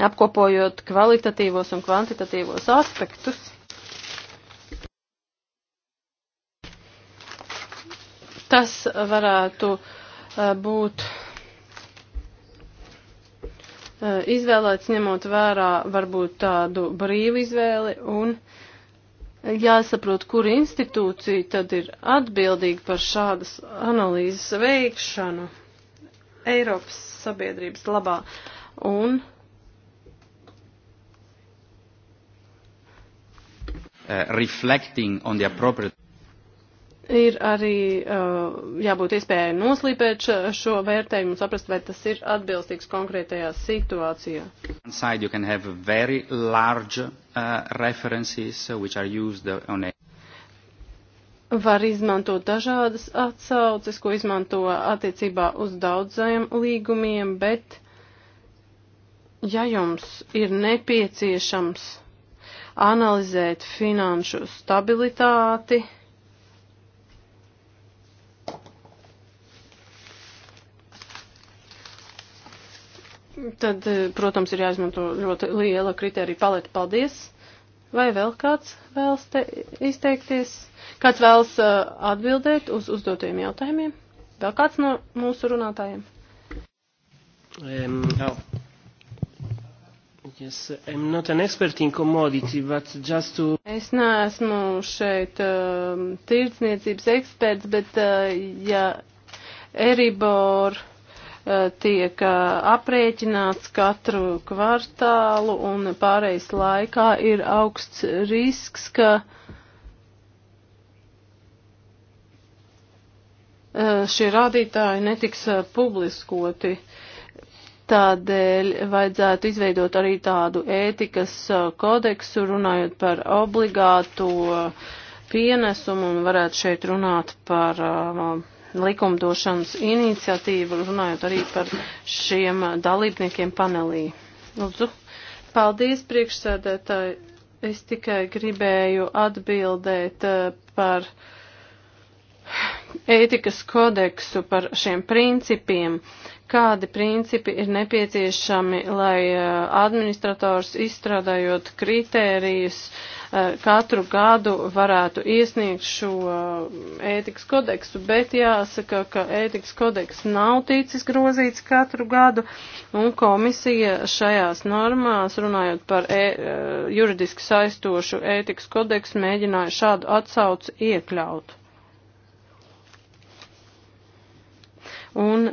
apkopojot kvalitatīvos un kvantitatīvos aspektus. Tas varētu uh, būt uh, izvēlēts ņemot vērā varbūt tādu brīvu izvēli un jāsaprot, kur institūcija tad ir atbildīga par šādas analīzes veikšanu Eiropas sabiedrības labā. Un uh, reflecting on the appropriate ir arī uh, jābūt iespējai noslīpēt šo vērtējumu un saprast, vai tas ir atbilstīgs konkrētajā situācijā. One side you can have very large uh, references uh, which are used on a Var izmantot dažādas atsauces, ko izmanto attiecībā uz daudzajiem līgumiem, bet ja jums ir nepieciešams analizēt finanšu stabilitāti. Tad, eh, protams, ir jāizmanto ļoti liela kritērija paleta. Paldies! Vai vēl kāds vēlas te izteikties? Kāds vēlas uh, atbildēt uz uzdotajiem jautājumiem? Vēl kāds no mūsu runātājiem? Um, oh. Yes, I'm not an expert in commodity, but just to... Es neesmu šeit um, tirdzniecības eksperts, bet uh, ja Eribor uh, tiek uh, aprēķināts katru kvartālu un pārējais laikā ir augsts risks, ka uh, šie rādītāji netiks uh, publiskoti. Uh, Tādēļ vajadzētu izveidot arī tādu ētikas kodeksu, runājot par obligātu pienesumu un varētu šeit runāt par likumdošanas iniciatīvu, runājot arī par šiem dalībniekiem panelī. Lūdzu, paldies priekšsēdētāji. Es tikai gribēju atbildēt par ētikas kodeksu, par šiem principiem kādi principi ir nepieciešami, lai eh, administrators izstrādājot kritērijus eh, katru gadu varētu iesniegt šo eh, ētikas kodeksu, bet jāsaka, ka ētikas kodeks nav ticis grozīts katru gadu, un komisija šajās normās, runājot par e juridiski saistošu ētikas kodeksu, mēģināja šādu atsauci iekļaut. Un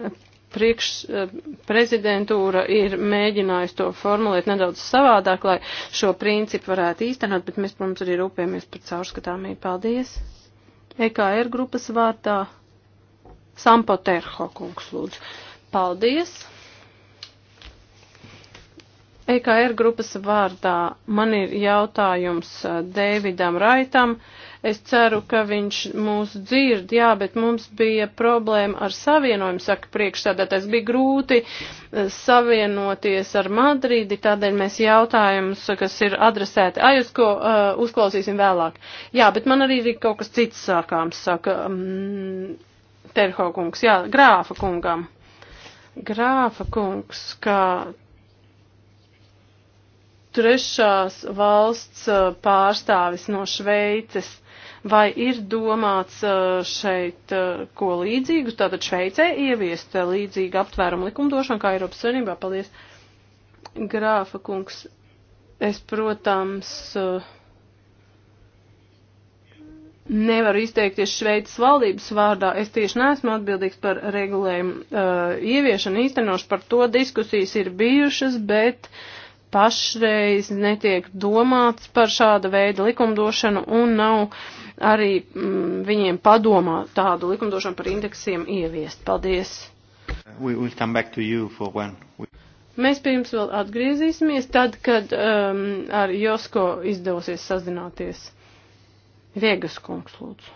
priekš eh, prezidentūra ir mēģinājusi to formulēt nedaudz savādāk, lai šo principu varētu īstenot, bet mēs, protams, arī rūpējamies par caurskatāmību. Paldies! EKR grupas vārtā Sampo Terho kungs lūdzu. Paldies! EKR grupas vārdā man ir jautājums eh, Dēvidam Raitam. Uh, Es ceru, ka viņš mūs dzird, jā, bet mums bija problēma ar savienojumu, saka priekšstādātais. Bija grūti eh, savienoties ar Madrīdi, tādēļ mēs jautājumus, kas ir adresēti, ai, uz ko uh, uzklausīsim vēlāk. Jā, bet man arī ir kaut kas cits sākāms, saka mm, Terho kungs, jā, grāfa kungam. Grāfa kungs, kā trešās valsts eh, pārstāvis no Šveices. Vai ir domāts uh, šeit uh, ko līdzīgu, tātad Šveicē ieviest uh, līdzīgu aptvērumu likumdošanu kā Eiropas Savienībā? Paldies, Grāfa kungs. Es, protams, nevaru izteikties Šveicas valdības vārdā. Es tieši neesmu atbildīgs par regulējumu uh, ieviešanu īstenošu, par to diskusijas ir bijušas, bet pašreiz netiek domāts par šāda veida likumdošanu un nav arī mm, viņiem padomā tādu likumdošanu par indeksiem ieviest. Paldies! We will come back to you for one. We... Mēs pie jums vēl atgriezīsimies tad, kad um, ar Josko izdevosies sazināties. Viegas kungs, lūdzu.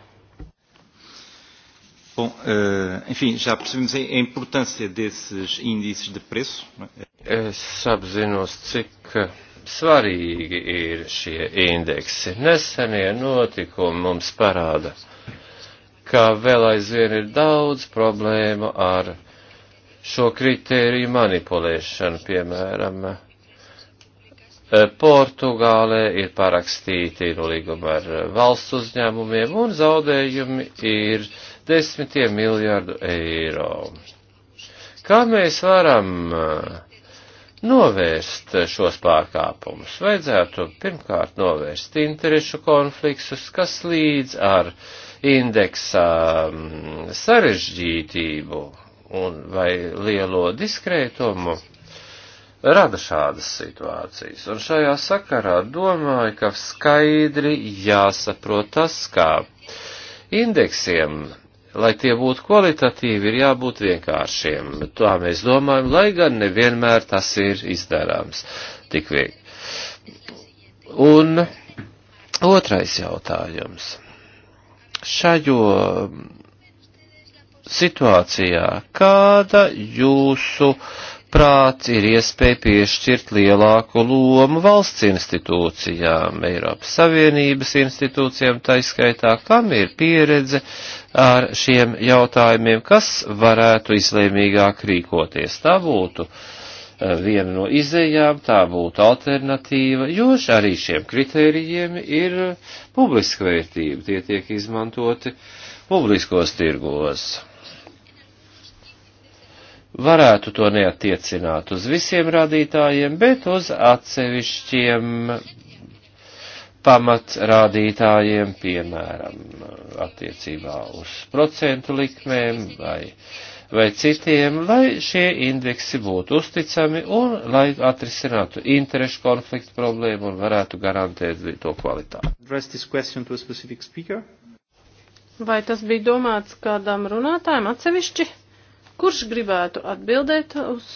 Bom, uh, enfim, já percebemos a importância desses índices de preço. Es apzinos, cik svarīgi ir šie indeksi. Nesenie notikumi mums parāda, ka vēl aizvien ir daudz problēmu ar šo kritēriju manipulēšanu, piemēram, Portugālē ir parakstīti nolīgumi ar valsts uzņēmumiem un zaudējumi ir desmitiem miljardu eiro. Kā mēs varam uh, novērst šos pārkāpumus. Vajadzētu pirmkārt novērst interešu konfliktus, kas līdz ar indeksa mm, sarežģītību un vai lielo diskrētumu rada šādas situācijas. Un šajā sakarā domāju, ka skaidri jāsaprot tas, kā indeksiem lai tie būtu kvalitatīvi, ir jābūt vienkāršiem. Tā mēs domājam, lai gan nevienmēr tas ir izdarāms tik viegli. Un otrais jautājums. Šajo situācijā, kāda jūsu uh, manuprāt, ir iespēja piešķirt lielāku lomu valsts institūcijām, Eiropas Savienības institūcijām, taiskaitā, kam ir pieredze ar šiem jautājumiem, kas varētu izlēmīgāk rīkoties. Tā būtu eh, viena no izējām, tā būtu alternatīva, jo arī šiem kritērijiem ir publiska vērtība, tie tiek izmantoti publiskos tirgos varētu to neatiecināt uz visiem rādītājiem, bet uz atsevišķiem pamatrādītājiem, piemēram, attiecībā uz procentu likmēm vai, vai citiem, lai šie indeksi būtu uzticami un lai atrisinātu interešu konfliktu problēmu un varētu garantēt to kvalitāti. Vai tas bija domāts kādam runātājam atsevišķi? Kurš gribētu atbildēt uz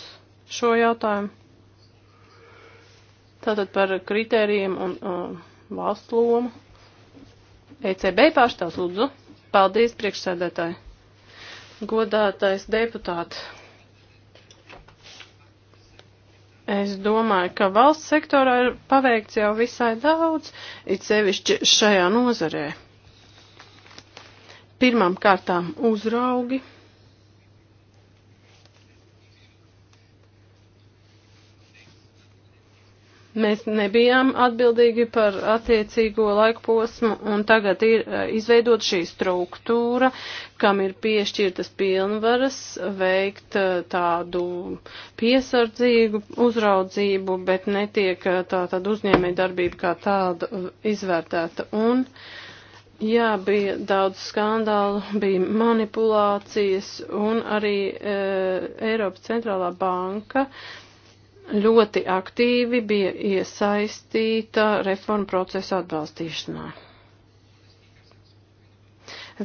šo jautājumu? Tātad par kritērijiem un uh, valsts lomu. ECB pārstāvs lūdzu. Paldies, priekšsēdētāji. Godātais deputāti. Es domāju, ka valsts sektorā ir paveikts jau visai daudz, it sevišķi šajā nozarē. Pirmām kārtām uzraugi Mēs nebijām atbildīgi par attiecīgo laiku posmu, un tagad ir eh, izveidot šī struktūra, kam ir piešķirtas pilnvaras veikt eh, tādu piesardzīgu uzraudzību, bet netiek eh, tā tad uzņēmē darbība kā tāda izvērtēta. Un, uh, Jā, bija daudz skandālu, bija manipulācijas, un arī e, Eiropas centrālā banka ļoti aktīvi bija iesaistīta reformu procesu atbalstīšanā.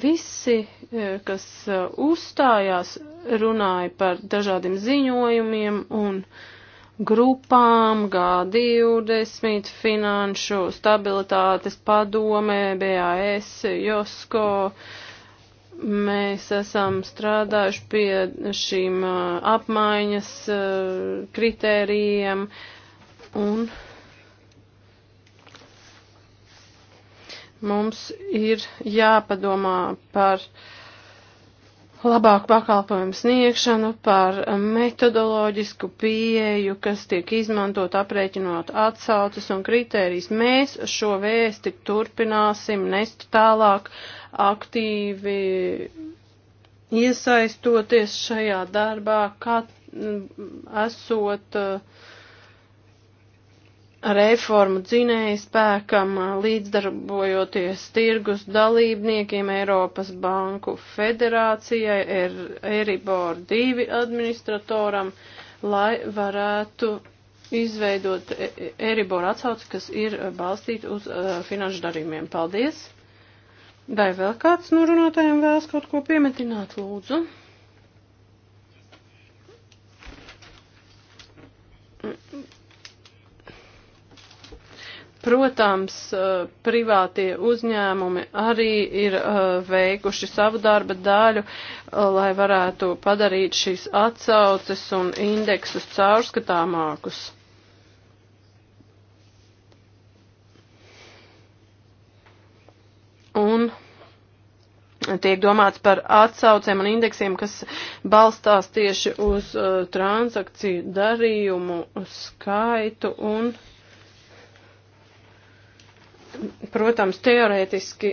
Visi, eh, kas eh, uzstājās, runāja par dažādiem ziņojumiem un grupām, G20, Finanšu stabilitātes padome, BAS, JOSKO, uh, Mēs esam strādājuši pie šīm apmaiņas kritērijiem un mums ir jāpadomā par uh, labāku pakalpojumu sniegšanu, par metodoloģisku pieeju, kas tiek izmantot aprēķinot atsaucas un kritērijas. Mēs šo vēsti turpināsim nest tālāk aktīvi iesaistoties šajā darbā, kā mm, esot uh, reformu dzinēju spēkam, līdzdarbojoties tirgus dalībniekiem Eiropas Banku federācijai, er, Eribor 2 administratoram, lai varētu izveidot e, e, Eribor atsauci, kas ir balstīta uz uh, finanšu darījumiem. Paldies! Vai vēl kāds no runātājiem vēlas kaut ko piemetināt, lūdzu? Protams, eh, privātie uzņēmumi arī ir eh, veikuši savu darba daļu, eh, lai varētu padarīt šīs atsauces un indeksus caurskatāmākus. Un tiek domāts par atsaucēm un indeksiem, kas balstās tieši uz uh, transakciju darījumu skaitu un. Uh, protams, teorētiski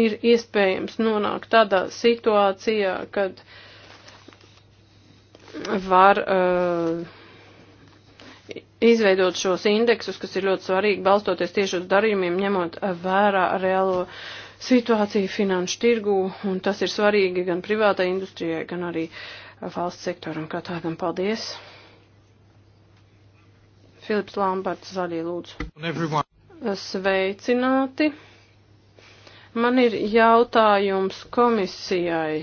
ir iespējams nonākt tādā situācijā, kad var uh, izveidot šos indeksus, kas ir ļoti svarīgi, balstoties tieši uz darījumiem, ņemot vērā reālo situāciju finanšu tirgū, un tas ir svarīgi gan privātai industrijai, gan arī valsts sektoram kā tādam. Paldies! Filips Lamberts, zaļie lūdzu. Sveicināti. Man ir jautājums komisijai.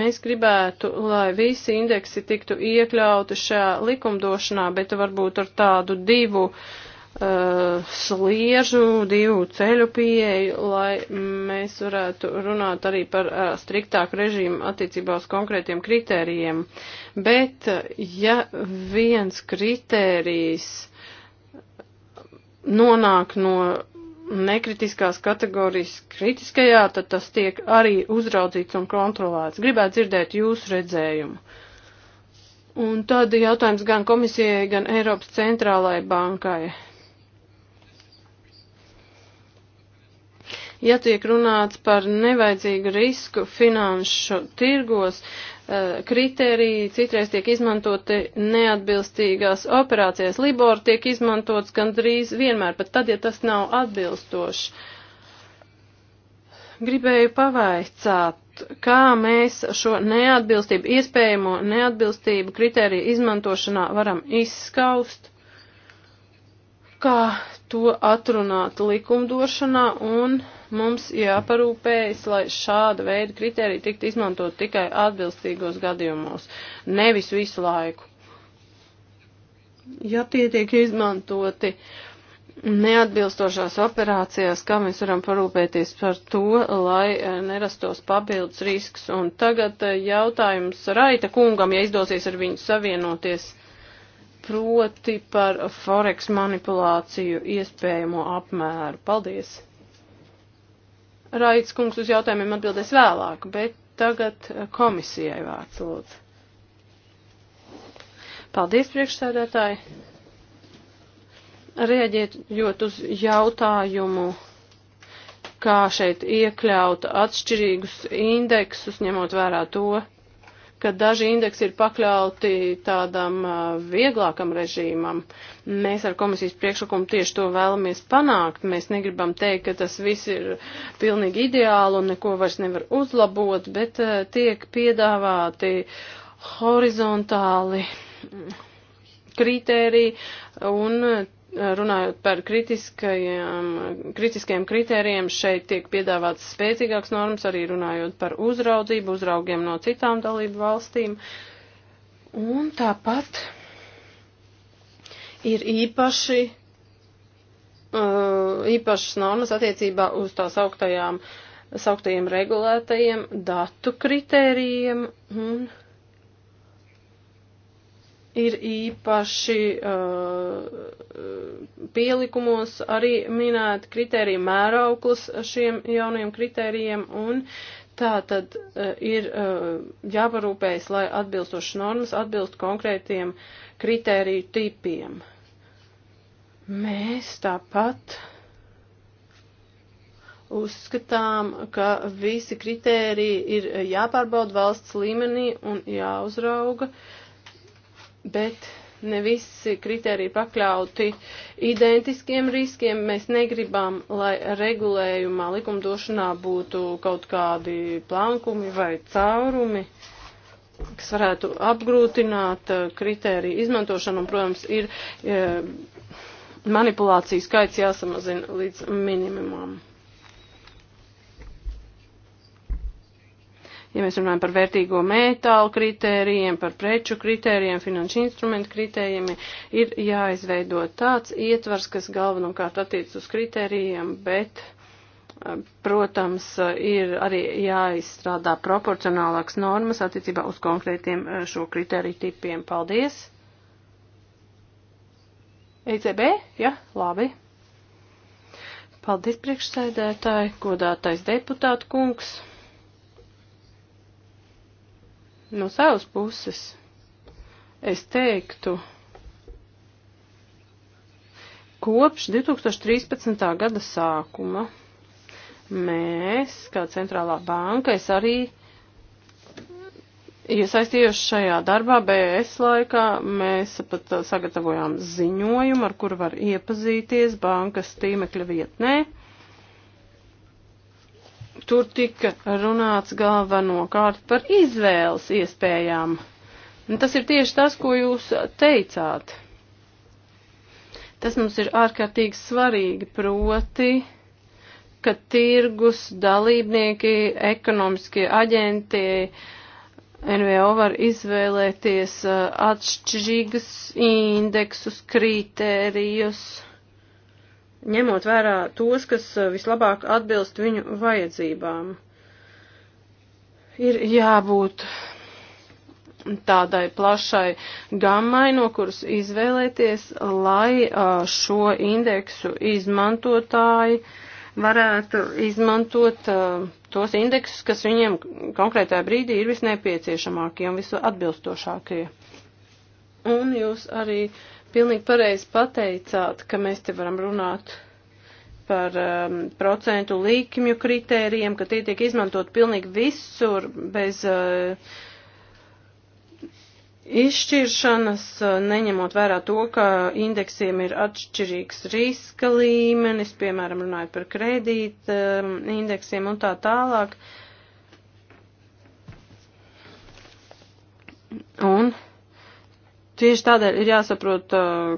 Mēs gribētu, lai visi indeksi tiktu iekļauti šajā likumdošanā, bet varbūt ar tādu divu uh, sliežu, divu ceļu pieeju, lai mēs varētu runāt arī par uh, striktāku režīmu attiecībā uz konkrētiem kritērijiem. Bet, uh, ja viens kritērijs nonāk no nekritiskās kategorijas kritiskajā, tad tas tiek arī uzraudzīts un kontrolēts. Gribētu dzirdēt jūsu redzējumu. Un tad jautājums gan komisijai, gan Eiropas centrālajai bankai. Ja tiek runāts par nevajadzīgu risku finanšu tirgos, uh, Eh, kriteriji citreiz tiek izmantoti neatbilstīgās operācijas. Libor tiek izmantots gandrīz vienmēr, pat tad, ja tas nav atbilstošs. Gribēju pavaicāt, kā mēs šo neatbilstību, iespējamo neatbilstību kriteriju izmantošanā varam izskaust, kā to atrunāt likumdošanā un mums jāparūpējas, lai šāda veida kriteriji tiktu izmantot tikai atbilstīgos gadījumos, nevis visu laiku. Ja tie tiek izmantoti neatbilstošās operācijās, kā mēs varam parūpēties par to, lai e, nerastos papildus risks. Un tagad e, jautājums Raita kungam, ja izdosies ar viņu savienoties proti par Forex manipulāciju iespējamo apmēru. Paldies! Raits kungs uz jautājumiem atbildēs vēlāk, bet tagad eh, komisijai vārds lūdzu. Paldies, priekšsēdētāji. Rieģējot uz jautājumu, kā šeit iekļaut atšķirīgus indeksus, ņemot vērā to, ka daži indeksi ir pakļauti tādam vieglākam režīmam. Mēs ar komisijas priekšlikumu tieši to vēlamies panākt. Mēs negribam teikt, ka tas viss ir pilnīgi ideāli un neko vairs nevar uzlabot, bet tiek piedāvāti horizontāli kritēriji un Runājot par kritiskajiem kritērijiem, šeit tiek piedāvāts spēcīgāks normas, arī runājot par uzraudzību uzraugiem no citām dalību valstīm. Un tāpat ir īpaši, uh, īpašas normas attiecībā uz tās augtajām, sauktajiem regulētajiem datu kritērijiem un. Mm ir īpaši uh, pielikumos arī minēti kritērija mērauklis šiem jaunajiem kritērijiem un tā tad uh, ir uh, jāparūpējas, lai atbilstošas normas atbilst konkrētiem kritēriju tipiem. Mēs tāpat uzskatām, ka visi kritēriji ir jāpārbauda valsts līmenī un jāuzrauga. Uh, bet ne visi kriteriji pakļauti identiskiem riskiem. Mēs negribam, lai regulējumā, likumdošanā būtu kaut kādi plankumi vai caurumi, kas varētu apgrūtināt eh, kriteriju izmantošanu. Un, protams, ir eh, manipulācijas skaits jāsamazina līdz minimumam. ja mēs runājam par vērtīgo metālu kritērijiem, par preču kritērijiem, finanšu instrumentu kritērijiem, ir jāizveido tāds ietvars, kas galvenokārt attiec uz kritērijiem, bet, protams, ir arī jāizstrādā proporcionālāks normas attiecībā uz konkrētiem šo kritēriju tipiem. Paldies! ECB? Ja, labi. Paldies priekšsēdētāji, godātais deputātu kungs. No savas puses es teiktu, kopš 2013. gada sākuma mēs, kā centrālā banka, es arī iesaistījos šajā darbā BS laikā. Mēs pat sagatavojām ziņojumu, ar kuru var iepazīties bankas tīmekļa vietnē tur tika runāts galvenokārt par izvēles iespējām. Un tas ir tieši tas, ko jūs teicāt. Tas mums ir ārkārtīgi svarīgi, proti, ka tirgus dalībnieki, ekonomiskie aģenti, NVO var izvēlēties uh, atšķirīgas indeksus, kritērijus ņemot vērā tos, kas eh, vislabāk atbilst viņu vajadzībām. Ir jābūt tādai plašai gammai, no kuras izvēlēties, lai eh, šo indeksu izmantotāji varētu izmantot eh, tos indeksus, kas viņiem konkrētā brīdī ir visnepieciešamākie un visatbilstošākie. Un jūs arī uh, Pilnīgi pareizi pateicāt, ka mēs te varam runāt par um, procentu līkmju kritērijiem, ka tie tiek izmantot pilnīgi visur bez uh, izšķiršanas, uh, neņemot vērā to, ka indeksiem ir atšķirīgs riska līmenis, piemēram, runājot par kredīt um, indeksiem un tā tālāk. Un Tieši tādēļ ir jāsaprot,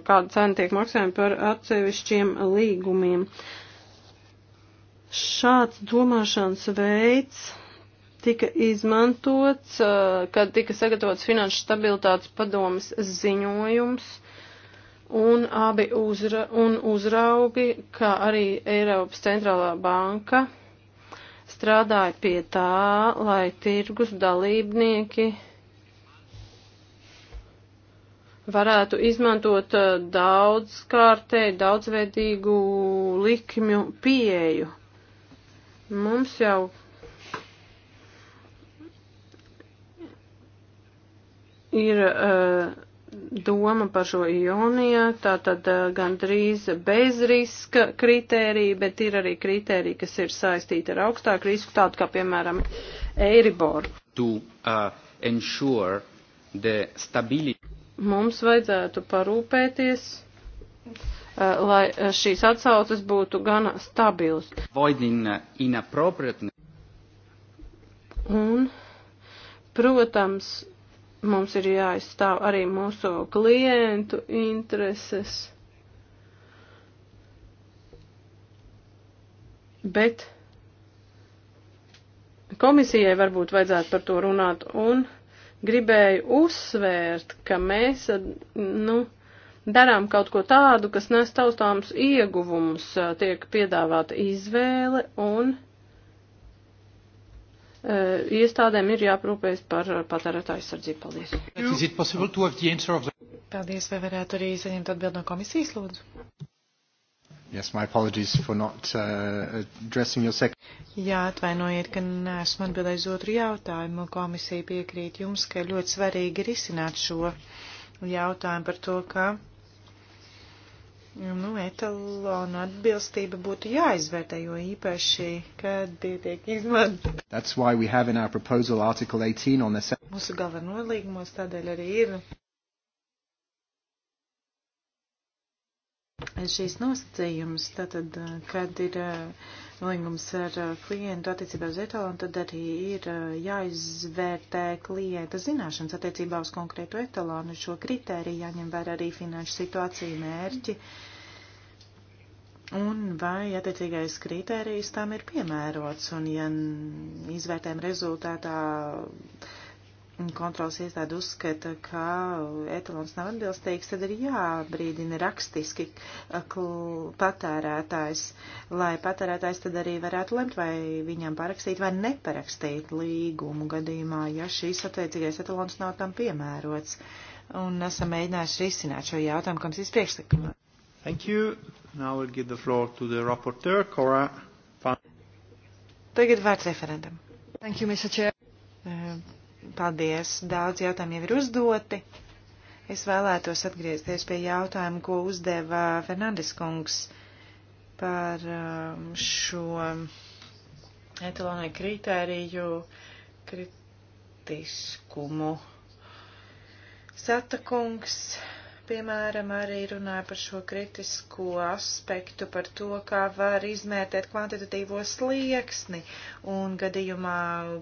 kāda cena tiek maksājama par atsevišķiem līgumiem. Šāds domāšanas veids tika izmantots, kad tika sagatavots finanšu stabilitātes padomas ziņojums, un abi uzra, un uzraugi, kā arī Eiropas centrālā banka strādāja pie tā, lai tirgus dalībnieki varētu izmantot uh, daudzkārtēju, daudzveidīgu likmju pieeju. Mums jau ir uh, doma par šo ioniju, tā tad uh, gandrīz bez riska kritērija, bet ir arī kritērija, kas ir saistīta ar augstāku risku, tādu kā, piemēram, Eiribor. To, uh, ensure the stability mums vajadzētu parūpēties, eh, lai eh, šīs atsauces būtu gana stabilas. Eh, un, protams, mums ir jāizstāv arī mūsu klientu intereses. Bet komisijai varbūt vajadzētu par to runāt un gribēju uzsvērt, ka mēs, nu, darām kaut ko tādu, kas nes taustāms ieguvumus, tiek piedāvāta izvēle un e, iestādēm ir jāprūpējas par patērētāju aizsardzību. Paldies. Paldies, vai varētu arī saņemt atbildi no komisijas, lūdzu? Yes, my apologies for not uh, addressing your second. Jā, atvainojiet, ka neesmu atbildējis otru jautājumu. Komisija piekrīt jums, ka ļoti svarīgi ir izsināt šo jautājumu par to, ka nu, etalonu atbilstība būtu jāizvērtē, jo īpaši, kad tie tiek izmantot. That's why we have in our proposal article 18 on the... Mūsu galvenolīgumos tādēļ arī ir Šīs nosacījums, tātad, kad ir līgums ar klientu attiecībā uz etalonu, tad arī ir jāizvērtē klienta zināšanas attiecībā uz konkrēto etalonu. Šo kritēriju jāņem vērā arī finanšu situāciju mērķi. Un vai attiecīgais kritērijs tam ir piemērots, un ja izvērtējuma rezultātā uh, kontrols iestāde uzskata, ka etalons nav atbilstīgs, tad ir jābrīdina rakstiski eh, patērētājs, lai patērētājs tad arī varētu lemt, vai viņam parakstīt vai neparakstīt līgumu gadījumā, ja šīs attiecīgais etalons nav tam piemērots. Un esam mēģinājuši risināt šo jautājumu, kam šis priekšlikumā. Thank you. Now we'll give the floor to the rapporteur, Cora. Tagad vārds referendam. Thank you, Mr. Chair. Uh, Paldies, daudz jautājumu jau ir uzdoti. Es vēlētos atgriezties pie jautājuma, ko uzdeva Fernandes kungs par um, šo etalonai kritēriju kritiskumu. Sata kungs piemēram, arī runāja par šo kritisko aspektu, par to, kā var izmērtēt kvantitatīvo slieksni un gadījumā,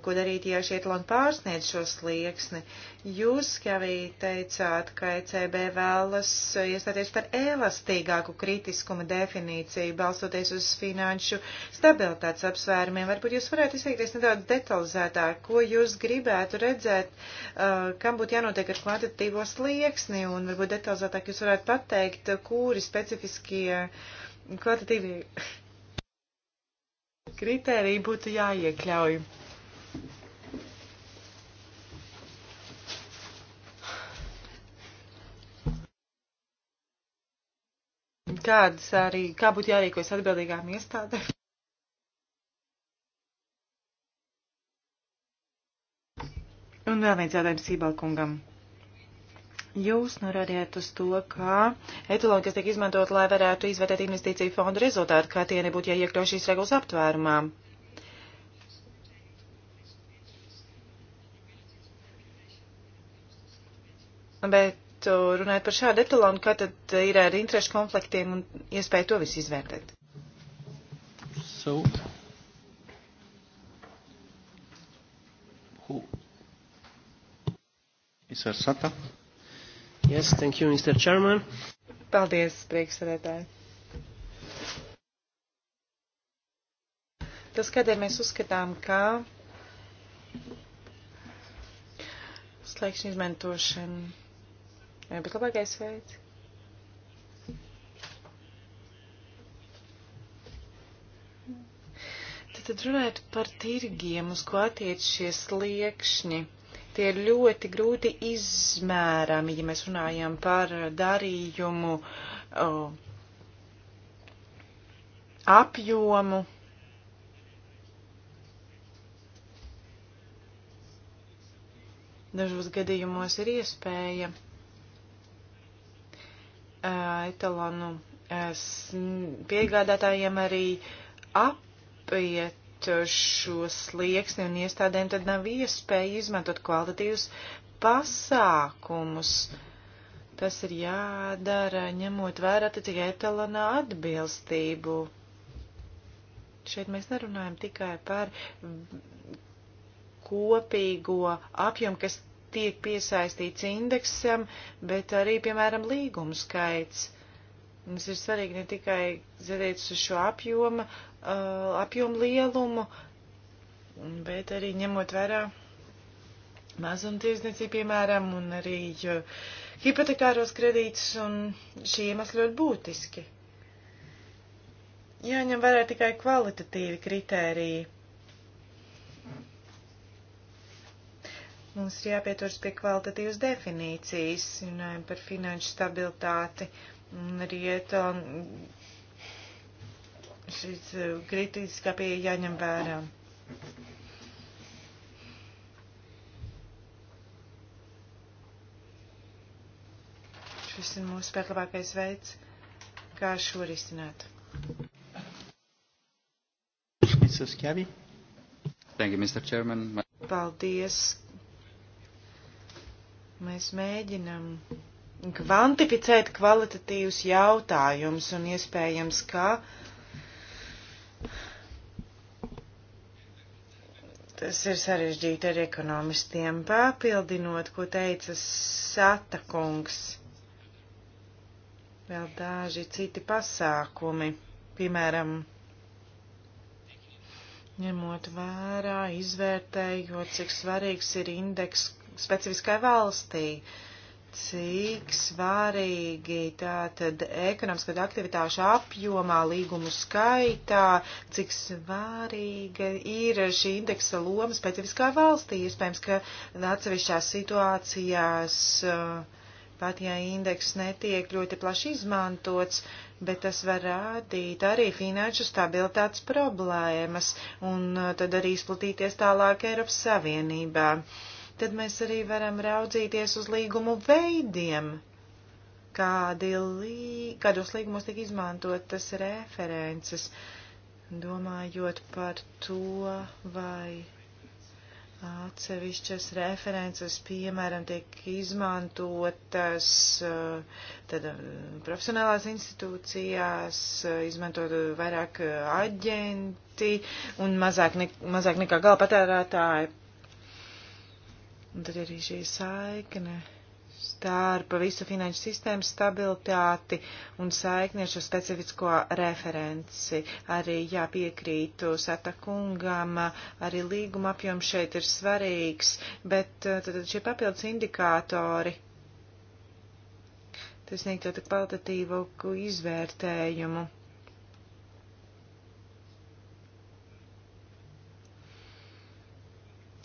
ko darīt, ja šie etaloni pārsniedz šo slieksni. Jūs arī teicāt, ka ECB vēlas iestāties par elastīgāku kritiskuma definīciju, balstoties uz finanšu stabilitātes apsvērumiem. Varbūt jūs varētu izteikties nedaudz detalizētāk, ko jūs gribētu redzēt, uh, kam būtu jānotiek ar kvantitīvo slieksni, un varbūt detalizētāk jūs varētu pateikt, kuri specifiskie kvantitīvi kritēriji būtu jāiekļauj. kādas arī, kā būtu jārīkojas atbildīgām iestādēm. Un vēl viens jautājums Sībalkungam. Jūs norādījāt uz to, ka etaloni, kas tiek izmantot, lai varētu izvērtēt investīciju fondu rezultātu, kā tie nebūtu jāiekļauj šīs regulas aptvērumā. Bet gribētu runāt par šādu etalonu, kā tad ir ar interešu konfliktiem un iespēju to visu izvērtēt. So, who is our Sata? Yes, thank you, Mr. Chairman. Paldies, priekšsēdētāji. Tas, kādēļ mēs uzskatām, ka slēgšana izmantošana Bet labākais veids. Tad runājot par tirgiem, uz ko attiec šie sliekšņi, tie ir ļoti grūti izmērami, ja mēs runājam par darījumu o, apjomu. Dažos gadījumos ir iespēja Eh, etalonu eh, piegādātājiem arī apiet šo slieksni un iestādēm, tad nav iespēja izmantot kvalitatīvus pasākumus. Tas ir jādara, ņemot vērā attiecīgi etalonā atbilstību. Šeit mēs nerunājam tikai par kopīgo apjomu, kas tiek piesaistīts indeksam, bet arī, piemēram, līgumu skaits. Mums ir svarīgi ne tikai zerēts uz šo apjomu, uh, apjomu lielumu, bet arī ņemot vērā mazumtirdzniecību, piemēram, un arī uh, hipotekāros kredītus, un šie iemesli ļoti būtiski. Jāņem vērā tikai kvalitatīvi kritēriji Mums ir jāpieturas pie kvalitatīvas definīcijas, runājam par finanšu stabilitāti un arī to um, šīs uh, kritiskā pieeja jāņem vērā. Šis ir mūsu pēclabākais veids, kā šo risināt. Thank you, Mr. Chairman. Paldies, Mēs mēģinam kvantificēt kvalitatīvus jautājumus un iespējams, ka tas ir sarežģīti ar ekonomistiem papildinot, ko teica Sata kungs. Vēl daži citi pasākumi, piemēram, ņemot vērā, izvērtējot, cik svarīgs ir indeks specifiskai valstī. Cik svarīgi tātad ekonomiskā aktivitāšu apjomā, līgumu skaitā, cik svarīga ir šī indeksa loma specifiskā valstī. Iespējams, ka atsevišķās situācijās uh, pat ja indeks netiek ļoti plaši izmantots, bet tas var rādīt arī finanšu stabilitātes problēmas un uh, tad arī izplatīties tālāk Eiropas Savienībā tad mēs arī varam raudzīties uz līgumu veidiem, kādi lī, kādos līgumos tiek izmantotas references, domājot par to, vai atsevišķas references, piemēram, tiek izmantotas eh, tad, eh, profesionālās institūcijās, eh, izmantot vairāk aģenti un mazāk, ne, mazāk nekā gala patērētāji Un tad arī šī saikne starp visu finanšu sistēmas stabilitāti un saikni ar šo specifisko referenci. Arī jāpiekrītu satakungam, arī līguma apjoms šeit ir svarīgs, bet eh, tad šie papildus indikātori. Tas sniegtu tik kvalitatīvu izvērtējumu.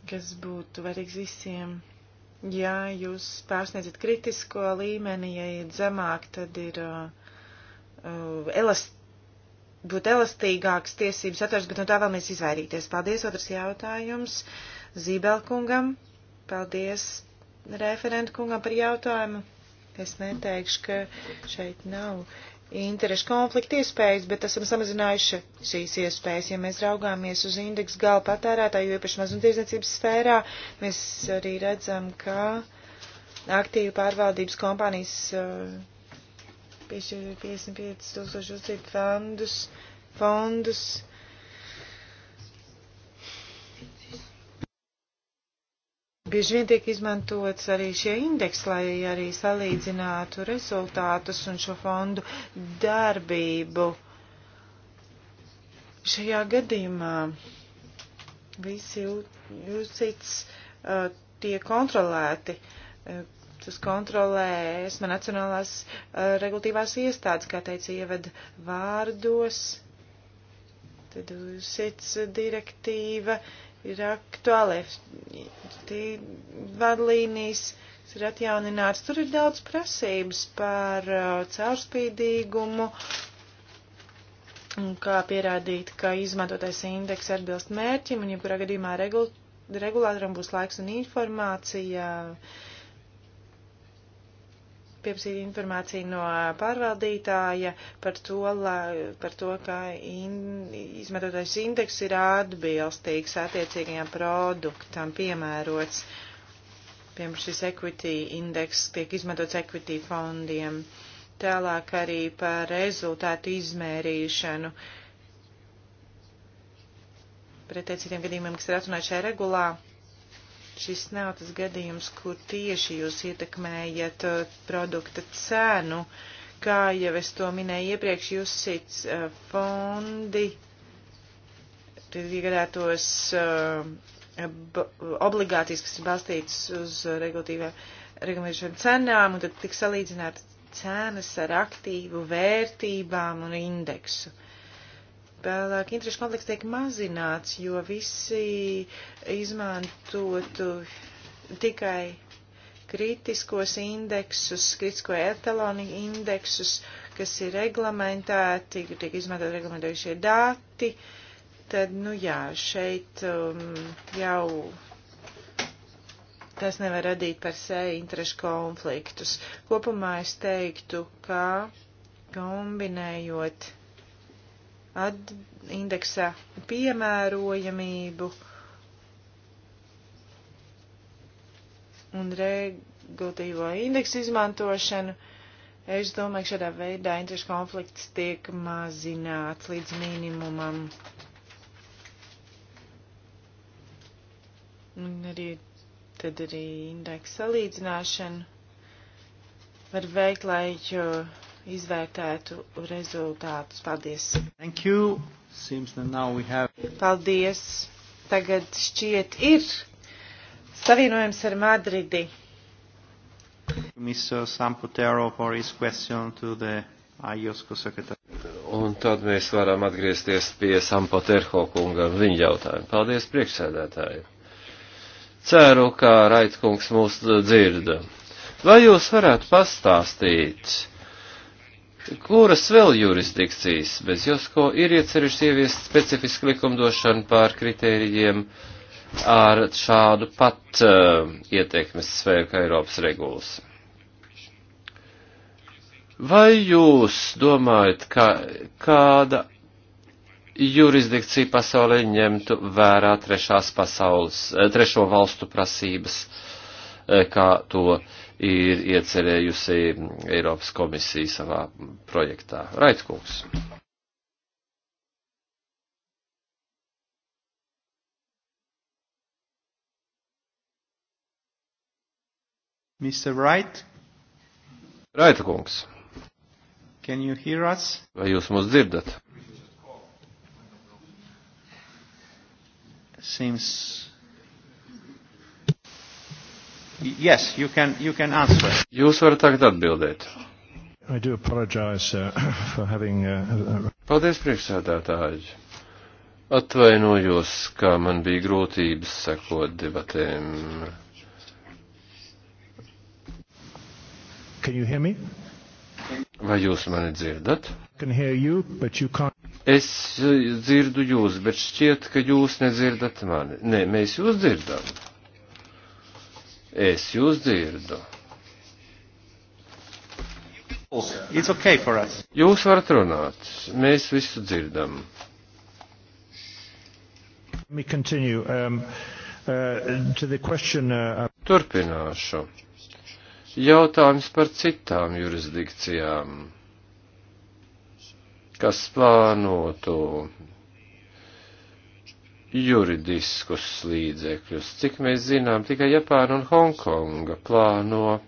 kas būtu vērīgs visiem. Ja jūs pārsniedzat kritisko līmeni, ja iet zemāk, tad ir uh, uh elast, būt elastīgāks tiesības atvers, bet no tā vēlamies izvairīties. Paldies, otrs jautājums Zībelkungam. Paldies referentkungam par jautājumu. Es neteikšu, ka šeit nav interešu konflikta iespējas, bet esam samazinājuši šīs iespējas. Ja mēs raugāmies uz indeksu gala patērētāju, jo īpaši mazumtirdzniecības sfērā, mēs arī redzam, ka aktīvi pārvaldības kompānijas uh, 55 tūkstoši uzcīt fondus, fondus Bieži vien tiek izmantots arī šie indeksi, lai arī salīdzinātu rezultātus un šo fondu darbību. Šajā gadījumā visi jūcīts uh, tiek kontrolēti. Uh, tas kontrolē ESMA nacionālās uh, regulatīvās iestādes, kā teica ievad vārdos. Tad jūcīts direktīva ir aktuālais, vadlīnijas ir atjaunināts. Tur ir daudz prasības par uh, caurspīdīgumu, kā pierādīt, ka izmantotais indeks atbilst mērķim, un jebkurā gadījumā regul regulātoram būs laiks un informācija. Uh, pieprasīt informāciju no pārvaldītāja par to, lai, par to ka in, izmantotais indeks ir atbilstīgs attiecīgajam produktam, piemērots. Piemēram, šis equity indeks tiek izmantots equity fondiem. Tālāk arī par rezultātu izmērīšanu. Pretēcīgiem gadījumiem, kas ir atrunāti šajā regulā Šis nav tas gadījums, kur tieši jūs ietekmējat uh, produkta cenu. Kā jau es to minēju iepriekš, jūs sits uh, fondi iegādātos uh, obligācijas, kas ir balstītas uz regulatīvām cenām, un tad tik salīdzināt cenas ar aktīvu vērtībām un indeksu. Uh, Tālāk interešu konflikts tiek mazināts, jo visi izmantotu tikai kritiskos indeksus, kritisko etalonu indeksus, kas ir reglamentēti, tiek izmantot reglamentējušie dati, tad, nu jā, šeit um, jau tas nevar radīt par sevi interešu konfliktus. Kopumā es teiktu, ka kombinējot ad, indeksa piemērojamību un regulatīvo indeksu izmantošanu. Es domāju, ka šādā veidā interešu konflikts tiek mazināts līdz minimumam. Un arī tad arī indeksa salīdzināšanu var veikt, lai izvērtētu rezultātus. Paldies! Thank you! Seems that now we have... Paldies! Tagad šķiet ir savienojums ar Madridi. Mr. Samputero for his question to the IOSCO secretary. Un tad mēs varam atgriezties pie Sampoterho kunga un viņa jautājumu. Paldies priekšsēdētāji. Ceru, ka Raitkungs mūs dzirda. Vai jūs varētu pastāstīt? kuras vēl jurisdikcijas bez Josko ir iecerušas ieviest specifisku likumdošanu pār kritērijiem ar šādu pat uh, eh, ietekmes sfēru kā Eiropas regulas. Vai jūs domājat, ka kāda jurisdikcija pasaulē ņemtu vērā trešās pasaules, eh, trešo valstu prasības, eh, kā to ir iecerējusi Eiropas komisija savā projektā. Raitkungs. Mr. Wright? Raita kungs. Can you hear us? Vai jūs mūs dzirdat? Seems Yes, you can, you can answer. Jūs varat tagad atbildēt. I do apologize uh, for having. Uh, Paldies, priekšsēdētāji. Atvainojos, kā man bija grūtības sekot debatēm. Can you hear me? Vai jūs mani dzirdat? Can hear you, but you can't. Es uh, dzirdu jūs, bet šķiet, ka jūs nedzirdat mani. Nē, mēs jūs dzirdam. Es jūs dzirdu. It's okay for us. Jūs varat runāt. Mēs visu dzirdam. We continue, um, uh, to the question, uh, Turpināšu. Jautājums par citām jurisdikcijām, kas plānotu juridiskus līdzekļus. Cik mēs zinām, tikai Japāna un Hongkonga plāno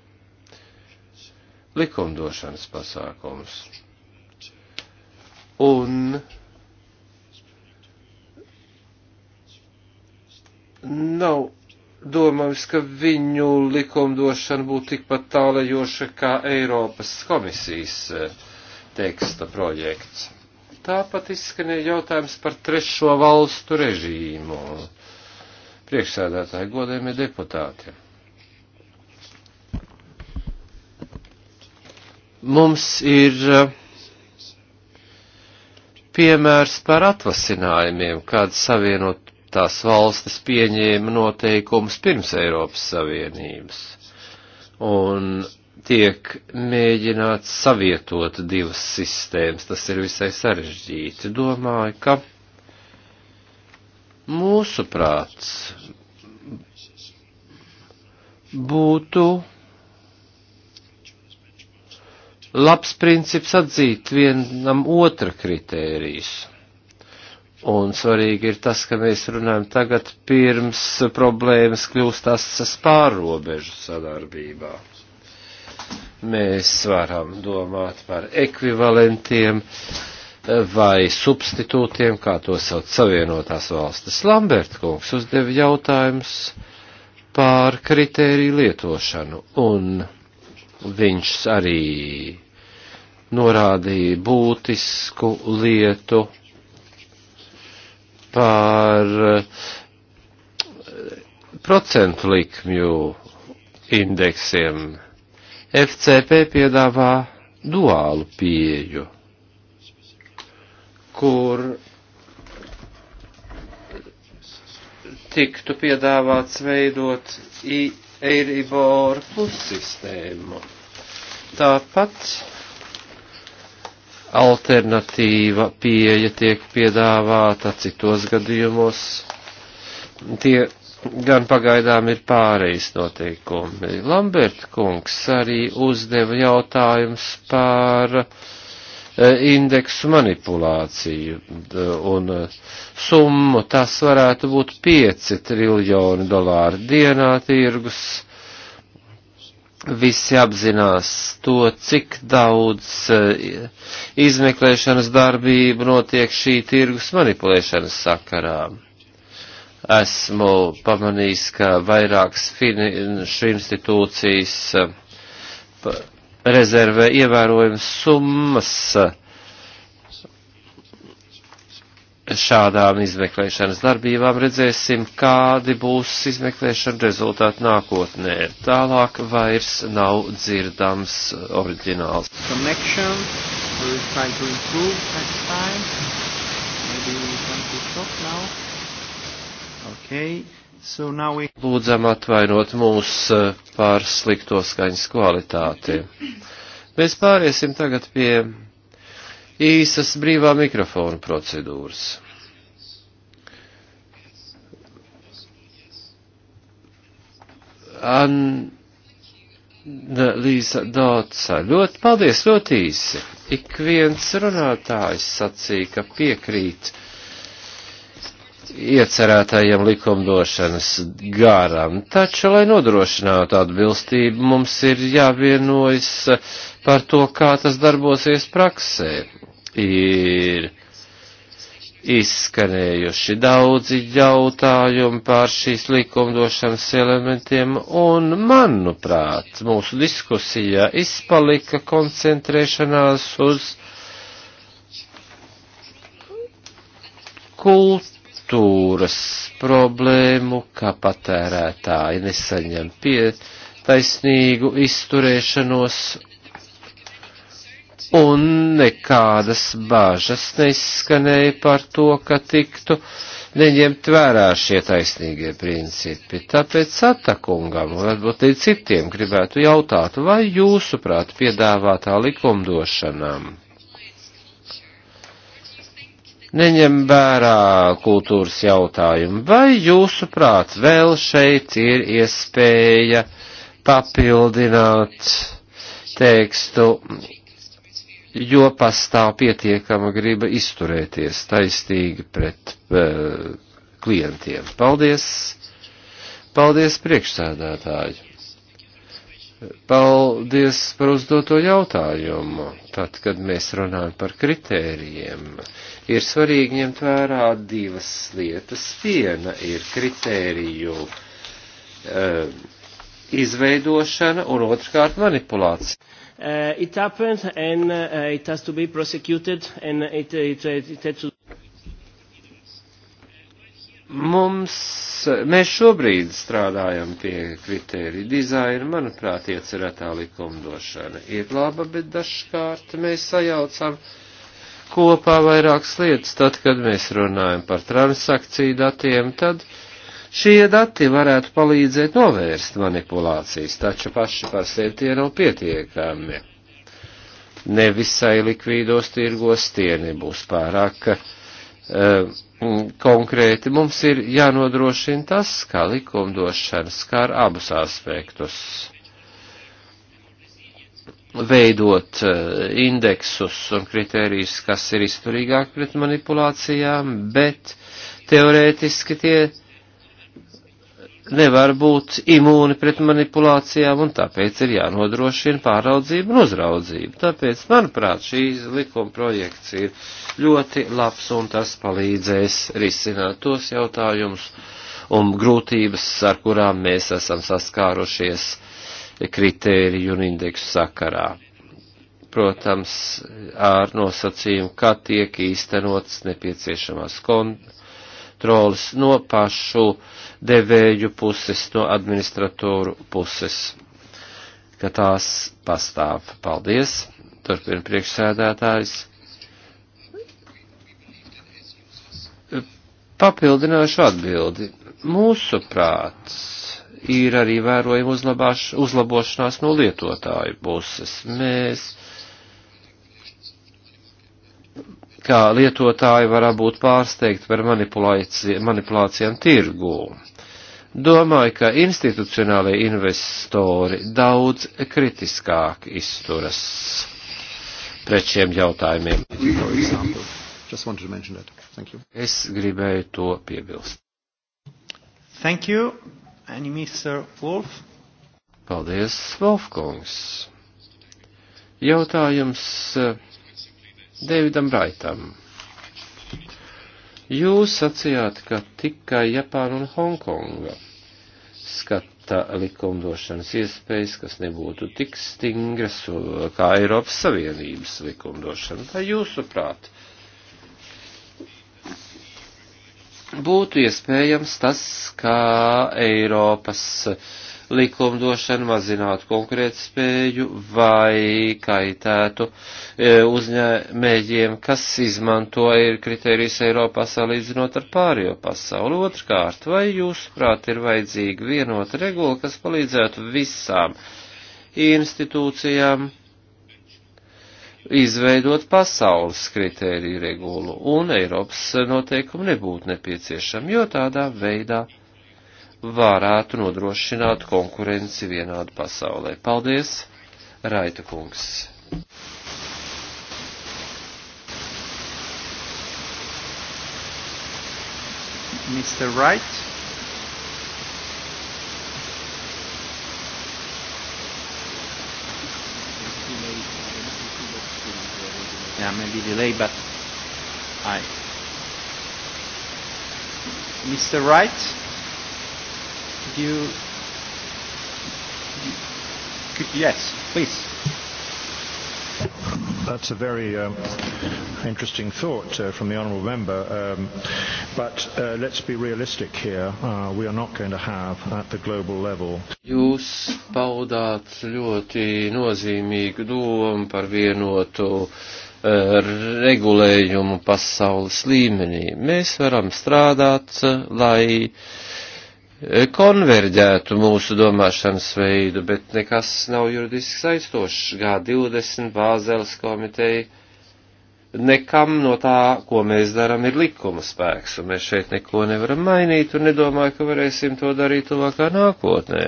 likumdošanas pasākums. Un nav domājams, ka viņu likumdošana būtu tikpat tālajoša kā Eiropas komisijas eh, teksta projekts. Tāpat izskanēja jautājums par trešo valstu režīmu. Priekšsēdētāji, godējumie deputāti. Mums ir eh, piemērs par atvasinājumiem, kad savienotās valstis pieņēma noteikumus pirms Eiropas Savienības. Un tiek mēģināts savietot divas sistēmas, tas ir visai sarežģīti. Domāju, ka mūsu prāts būtu labs princips atzīt vienam otra kritērijus. Un svarīgi ir tas, ka mēs runājam tagad pirms problēmas kļūst tas pārrobežu sadarbībā mēs varam domāt par ekvivalentiem eh, vai substitūtiem, kā to sauc Savienotās valstis. Lamberta kungs uzdeva jautājumus par kritēriju lietošanu, un viņš arī norādīja būtisku lietu par eh, procentu likmju indeksiem FCP piedāvā duālu pieju, kur tiktu piedāvāts veidot Eiribor plus sistēmu. Tāpat alternatīva pieeja tiek piedāvāta citos gadījumos. Tie gan pagaidām ir pārejas noteikumi. Lambert kungs arī uzdeva jautājums par e, indeksu manipulāciju e, un e, summu. Tas varētu būt 5 triljoni dolāru dienā tirgus. Visi apzinās to, cik daudz izmeklēšanas darbību notiek šī tirgus manipulēšanas sakarām esmu pamanījis, ka vairākas finanšu institūcijas eh, rezervē ievērojams summas eh, šādām izmeklēšanas darbībām. Redzēsim, kādi būs izmeklēšana rezultāti nākotnē. Tālāk vairs nav dzirdams oriģināls. Connection, we're trying to improve next time. Okay. So we... Lūdzam atvainot mūs eh, par slikto skaņas kvalitāti. Mēs pāriesim tagad pie īsas brīvā mikrofona procedūras. Anna Līza Dotsa. Ļoti paldies, ļoti īsi. Ik viens runātājs sacīja, ka piekrīt iecerētajam likumdošanas gāram. Taču, lai nodrošinātu atbilstību, mums ir jāvienojas par to, kā tas darbosies praksē. Ir izskanējuši daudzi jautājumi pār šīs likumdošanas elementiem, un, manuprāt, mūsu diskusijā izpalika koncentrēšanās uz kult struktūras problēmu, ka patērētāji nesaņem pie taisnīgu izturēšanos un nekādas bāžas neizskanēja par to, ka tiktu neņemt vērā šie taisnīgie principi. Tāpēc atakungam, varbūt arī citiem gribētu jautāt, vai jūsuprāt piedāvātā likumdošanām neņem vērā kultūras jautājumu. Vai jūsuprāt vēl šeit ir iespēja papildināt tekstu, jo pastāv pietiekama griba izturēties taistīgi pret uh, klientiem? Paldies! Paldies priekšsēdētāji! Paldies par uzdoto jautājumu. Tad, kad mēs runājam par kritērijiem, ir svarīgi ņemt vērā divas lietas. Viena ir kritēriju um, izveidošana un otrkārt manipulācija. Uh, it happened and uh, it has to be prosecuted and it, it, it, it has to mums, mēs šobrīd strādājam pie kritērija dizaina, manuprāt, iecerētā likumdošana ir laba, bet dažkārt mēs sajaucam uh, kopā vairākas lietas. Tad, kad mēs runājam par transakciju datiem, tad šie dati varētu palīdzēt novērst manipulācijas, taču paši par sevi tie nav pietiekami. Nevisai likvīdos tirgos tie nebūs pārāk. Uh, konkrēti mums ir jānodrošina tas, kā likumdošana skar abus aspektus veidot eh, indeksus un kritērijus, kas ir izturīgāk pret manipulācijām, bet teorētiski tie nevar būt imūni pret manipulācijām, un tāpēc ir jānodrošina pāraudzība un uzraudzība. Tāpēc, manuprāt, šīs likuma projekts ir ļoti labs, un tas palīdzēs risināt tos jautājumus un grūtības, ar kurām mēs esam saskārušies kritēriju un indeksu sakarā. Protams, ar nosacījumu, ka tiek īstenots nepieciešamās kontrolas no pašu devēju puses, no administratoru puses, ka tās pastāv. Paldies! Turpina priekšsēdētājs. Papildināšu atbildi. Mūsu prāts ir arī vērojama uzlabāš, uzlabošanās no lietotāju puses. Mēs, kā lietotāji, varam būt pārsteigti par manipulācijām tirgū. Domāju, ka institucionālai investori daudz kritiskāk izturas pret šiem jautājumiem. Es gribēju to piebilst. Thank you. Any Mr. Wolf? Paldies, Wolfkungs. Jautājums eh, Davidam Raitam. Jūs sacījāt, ka tikai Japāna un Hongkonga skata likumdošanas iespējas, kas nebūtu tik stingras kā Eiropas Savienības likumdošana. Vai jūsuprāt, būtu iespējams tas, kā Eiropas likumdošana mazinātu konkurētspēju vai kaitētu e, uzņēmējiem, kas izmanto kriterijus Eiropā salīdzinot ar pārējo pasauli. Otrkārt, vai jūsuprāt ir vajadzīga vienota regula, kas palīdzētu visām institūcijām izveidot pasaules kritēriju regulu, un Eiropas noteikumi nebūtu nepieciešami, jo tādā veidā varētu nodrošināt konkurenci vienādu pasaulē. Paldies, Raita kungs! Mr. Wright. there may be delay, but I. Mr. Wright, could you? Could, yes, please. That's a very um, interesting thought uh, from the honourable member. Um, but uh, let's be realistic here. Uh, we are not going to have at the global level. Jūs paudāt ļoti nozīmīgu domu par vienotu uh, Eh, regulējumu pasaules līmenī. Mēs varam strādāt, eh, lai eh, konverģētu mūsu domāšanas veidu, bet nekas nav juridiski saistošs. G20 Bāzeles komiteja nekam no tā, ko mēs darām, ir likuma spēks, un mēs šeit neko nevaram mainīt, un nedomāju, ka varēsim to darīt tuvākā nākotnē.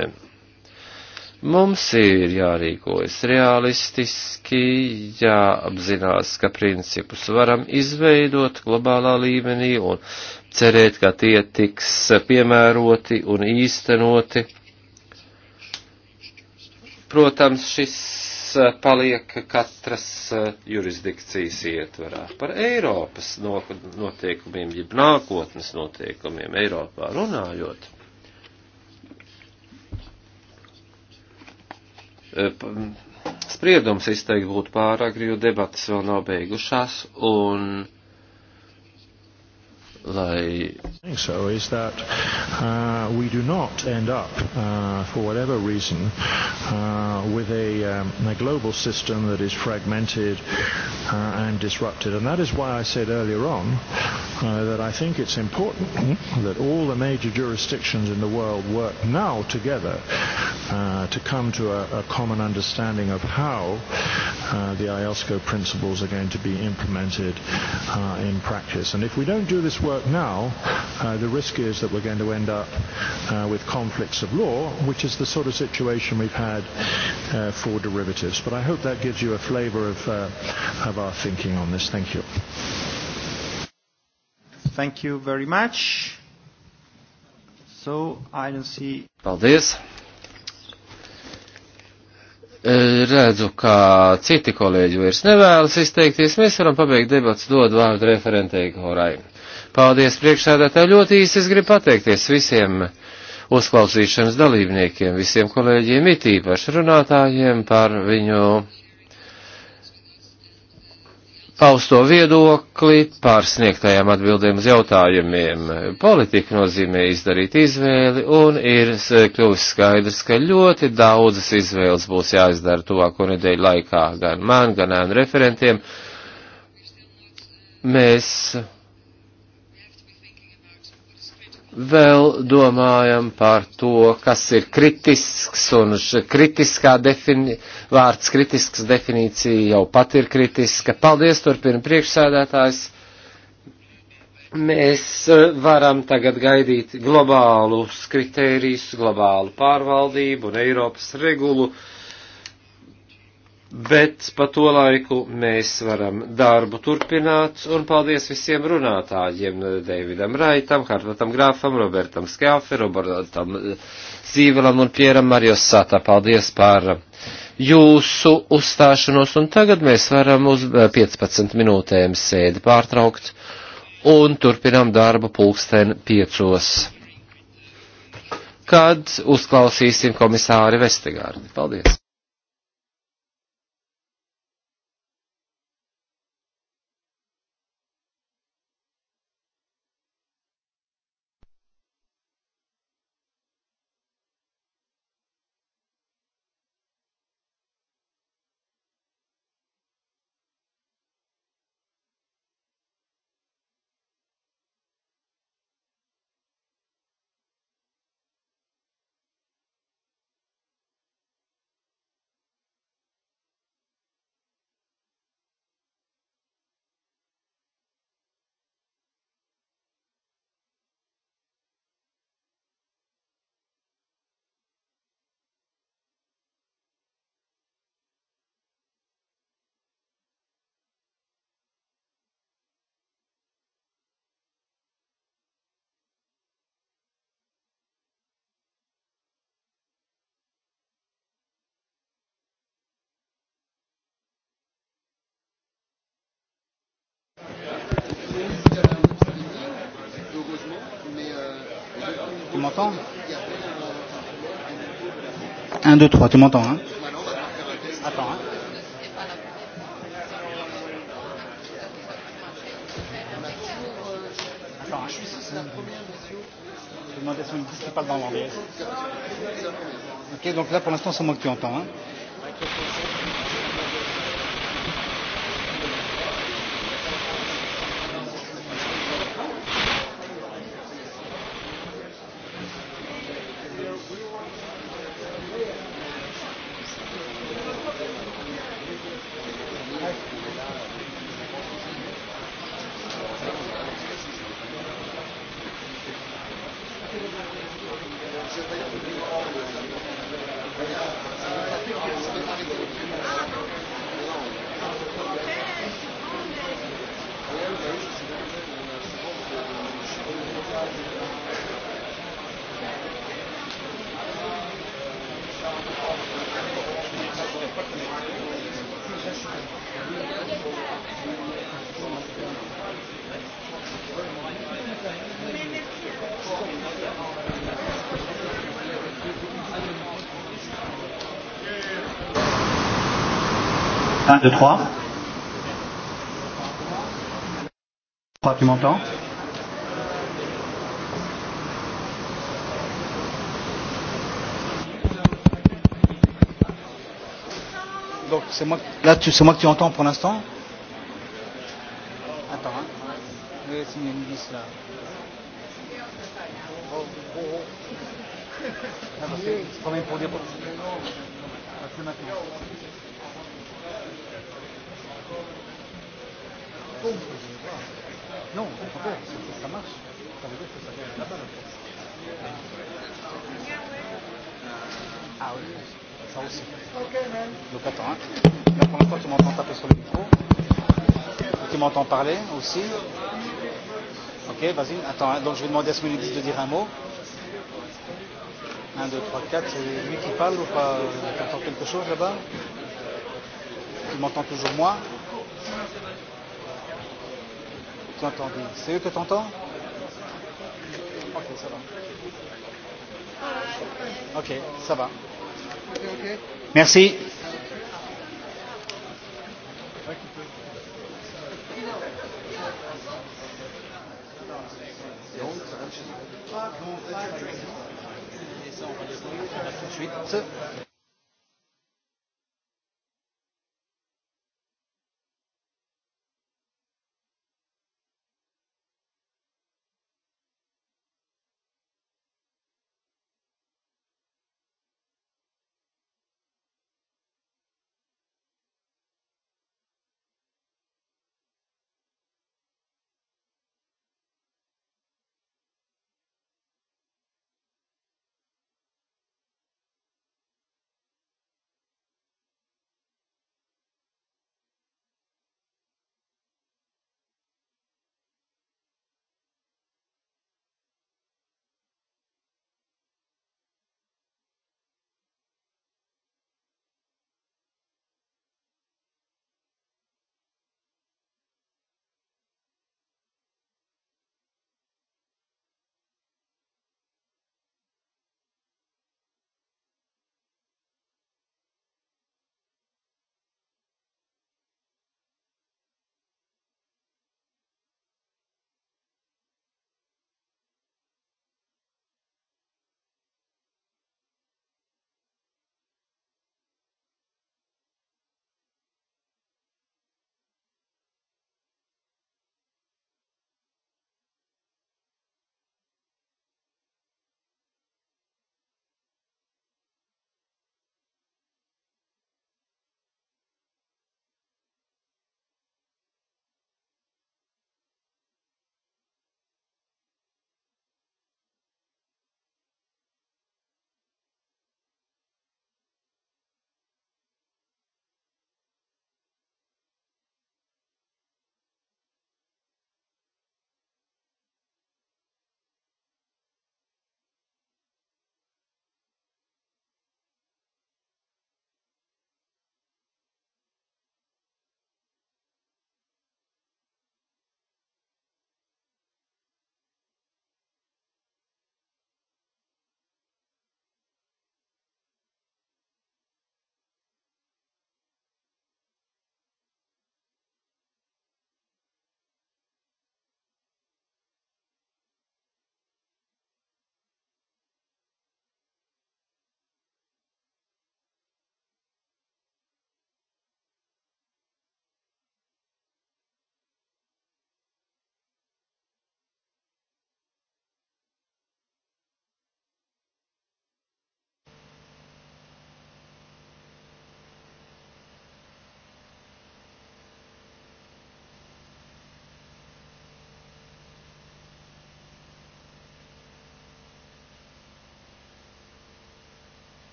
Mums ir jārīkojas realistiski, jāapzinās, ka principus varam izveidot globālā līmenī un cerēt, ka tie tiks piemēroti un īstenoti. Protams, šis paliek katras jurisdikcijas ietvarā. Par Eiropas noteikumiem, jeb nākotnes noteikumiem Eiropā runājot Eh, spriedums izteikt būtu pāragri, jo debatas vēl nav beigušās, un lai. So is that uh, we do not end up, uh, for whatever reason, uh, with a, um, a global system that is fragmented uh, and disrupted. And that is why I said earlier on uh, that I think it's important that all the major jurisdictions in the world work now together uh, to come to a, a common understanding of how uh, the IELSCO principles are going to be implemented uh, in practice. And if we don't do this work, work now, uh, the risk is that we're going to end up uh, with conflicts of law, which is the sort of situation we've had uh, for derivatives. I hope that gives you a flavor of our thinking on this. Thank you. Thank you very much. I don't see. Paldies. E, redzu, ka citi kolēģi vairs nevēlas izteikties. Mēs varam pabeigt debats, dod vārdu referentei Horai. Paldies priekšsēdētāji. Ļoti īsi es gribu pateikties visiem uzklausīšanas dalībniekiem, visiem kolēģiem, it īpaši runātājiem par viņu pausto viedokli, pārsniegtajām atbildēm uz jautājumiem. Politika nozīmē izdarīt izvēli, un ir kļuvis skaidrs, ka ļoti daudzas izvēles būs jāizdara tuvāko nedēļu laikā, gan man, gan ēnu referentiem. Mēs vēl domājam par to, kas ir kritisks, un kritiskā defini vārds kritisks definīcija jau pat ir kritiska. Paldies, turpina priekšsēdētājs. Mēs e, varam tagad gaidīt globālus kritērijus, globālu pārvaldību un Eiropas regulu Bet pa to laiku mēs varam darbu turpināt, un paldies visiem runātājiem, Deividam Raitam, Hartmatam Grāfam, Robertam Skāfe, Robertam Zīvelam un Pieram Mario Sata. Paldies par jūsu uzstāšanos, un tagad mēs varam uz 15 minūtēm sēdi pārtraukt, un turpinām darbu pulksten piecos, kad uzklausīsim komisāri Vestegārdi. Paldies! Tu m'entends 1, 2, 3, tu m'entends, hein Attends, hein Attends, hein Je suis ici, c'est la première visio. Je vais demander si on dit ce qui parle dans l'anglais. Ok, donc là, pour l'instant, c'est moi que tu entends, hein 2, 3. 3, tu m'entends Donc c'est moi, là tu, c'est moi que tu entends pour l'instant Attends, hein. Je vais signer une vis là. Oh, oh, oh. Ah, parce que, c'est quand même pour dire... Parce que maintenant... punto. Non, deja ver, se está más. Tal vez está bien la mano. Ah oui, ça aussi. Donc attends, hein. là pour l'instant tu m'entends taper sur le micro. Et tu m'entends parler aussi. Ok, vas-y, attends, hein. donc je vais demander à ce mélodiste de dire un mot. 1, 2, 3, 4, c'est lui qui parle ou pas T'entends quelque chose là-bas Tu m'entends toujours moi t'entends dire. C'est eux que t'entends Ok, ça va. Ok, ça va. Merci.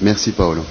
Merci Paolo.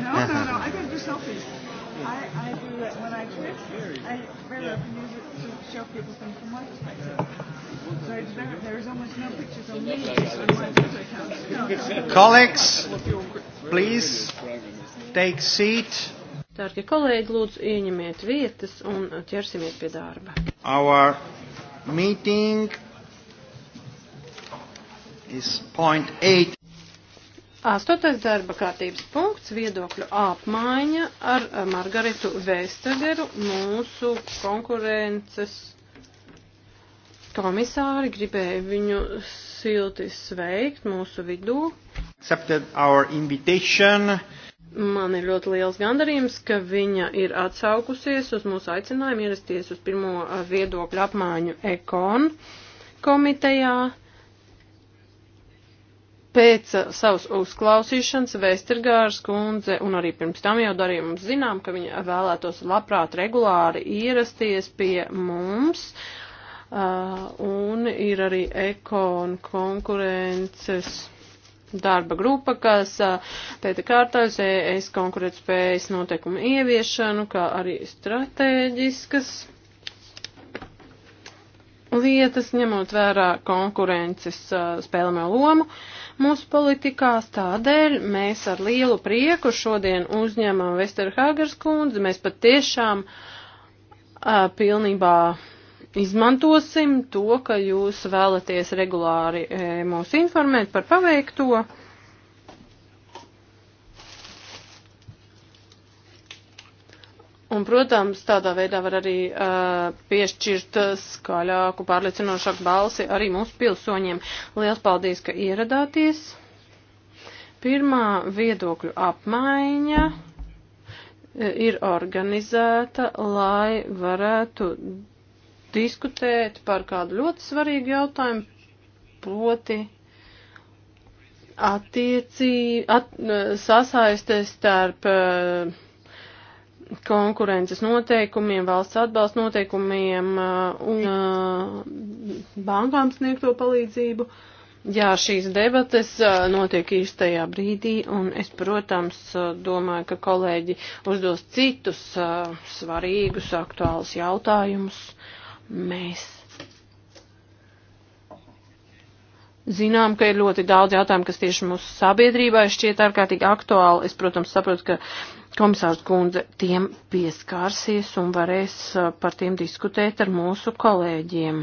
No, no, no. I don't do selfies. I, I do it when I trip. I very yeah. often use it to show people things from my perspective. So there, there's almost no pictures on me on my Twitter account. No. Colleagues, please take seat. Dārgie kolēģi, lūdzu ieņemiet vietas un ķersimies pie darba. Our meeting is point 8. Astotais darba kārtības punkts - viedokļu apmaiņa ar Margaritu Vēstageru, mūsu konkurences komisāri. Gribēju viņu silti sveikt mūsu vidū. Man ir ļoti liels gandarījums, ka viņa ir atsaukusies uz mūsu aicinājumu ierasties uz pirmo viedokļu apmaiņu ekon komitejā. Pēc savas uzklausīšanas Vestergārs kundze un arī pirms tam jau darīja mums zinām, ka viņa vēlētos labprāt regulāri ierasties pie mums. Uh, un ir arī ekon konkurences darba grupa, kas uh, pēta kārtās ES konkurētspējas noteikumu ieviešanu, kā arī strateģiskas lietas, ņemot vērā konkurences spēlēmo lomu mūsu politikās. Tādēļ mēs ar lielu prieku šodien uzņemam Vesterhāgers kundzi. Mēs pat tiešām a, pilnībā izmantosim to, ka jūs vēlaties regulāri e, mūs informēt par paveikto. Un, protams, tādā veidā var arī uh, piešķirt skaļāku, pārliecinošāku balsi arī mūsu pilsoņiem. Lielas paldies, ka ieradāties. Pirmā viedokļu apmaiņa eh, ir organizēta, lai varētu diskutēt par kādu ļoti svarīgu jautājumu, proti attiecī, at, sasaistē starp uh, konkurences noteikumiem, valsts atbalsta noteikumiem uh, un uh, bankām sniegto palīdzību. Jā, šīs debates uh, notiek īstajā brīdī, un es, protams, domāju, ka kolēģi uzdos citus svarīgus, aktuālus jautājumus. Mēs Zinām, ka ir ļoti daudz jautājumu, kas tieši mūsu sabiedrībai šķiet ārkārtīgi aktuāli. Es, protams, saprotu, ka komisārs kundze tiem pieskārsies un varēs par tiem diskutēt ar mūsu kolēģiem.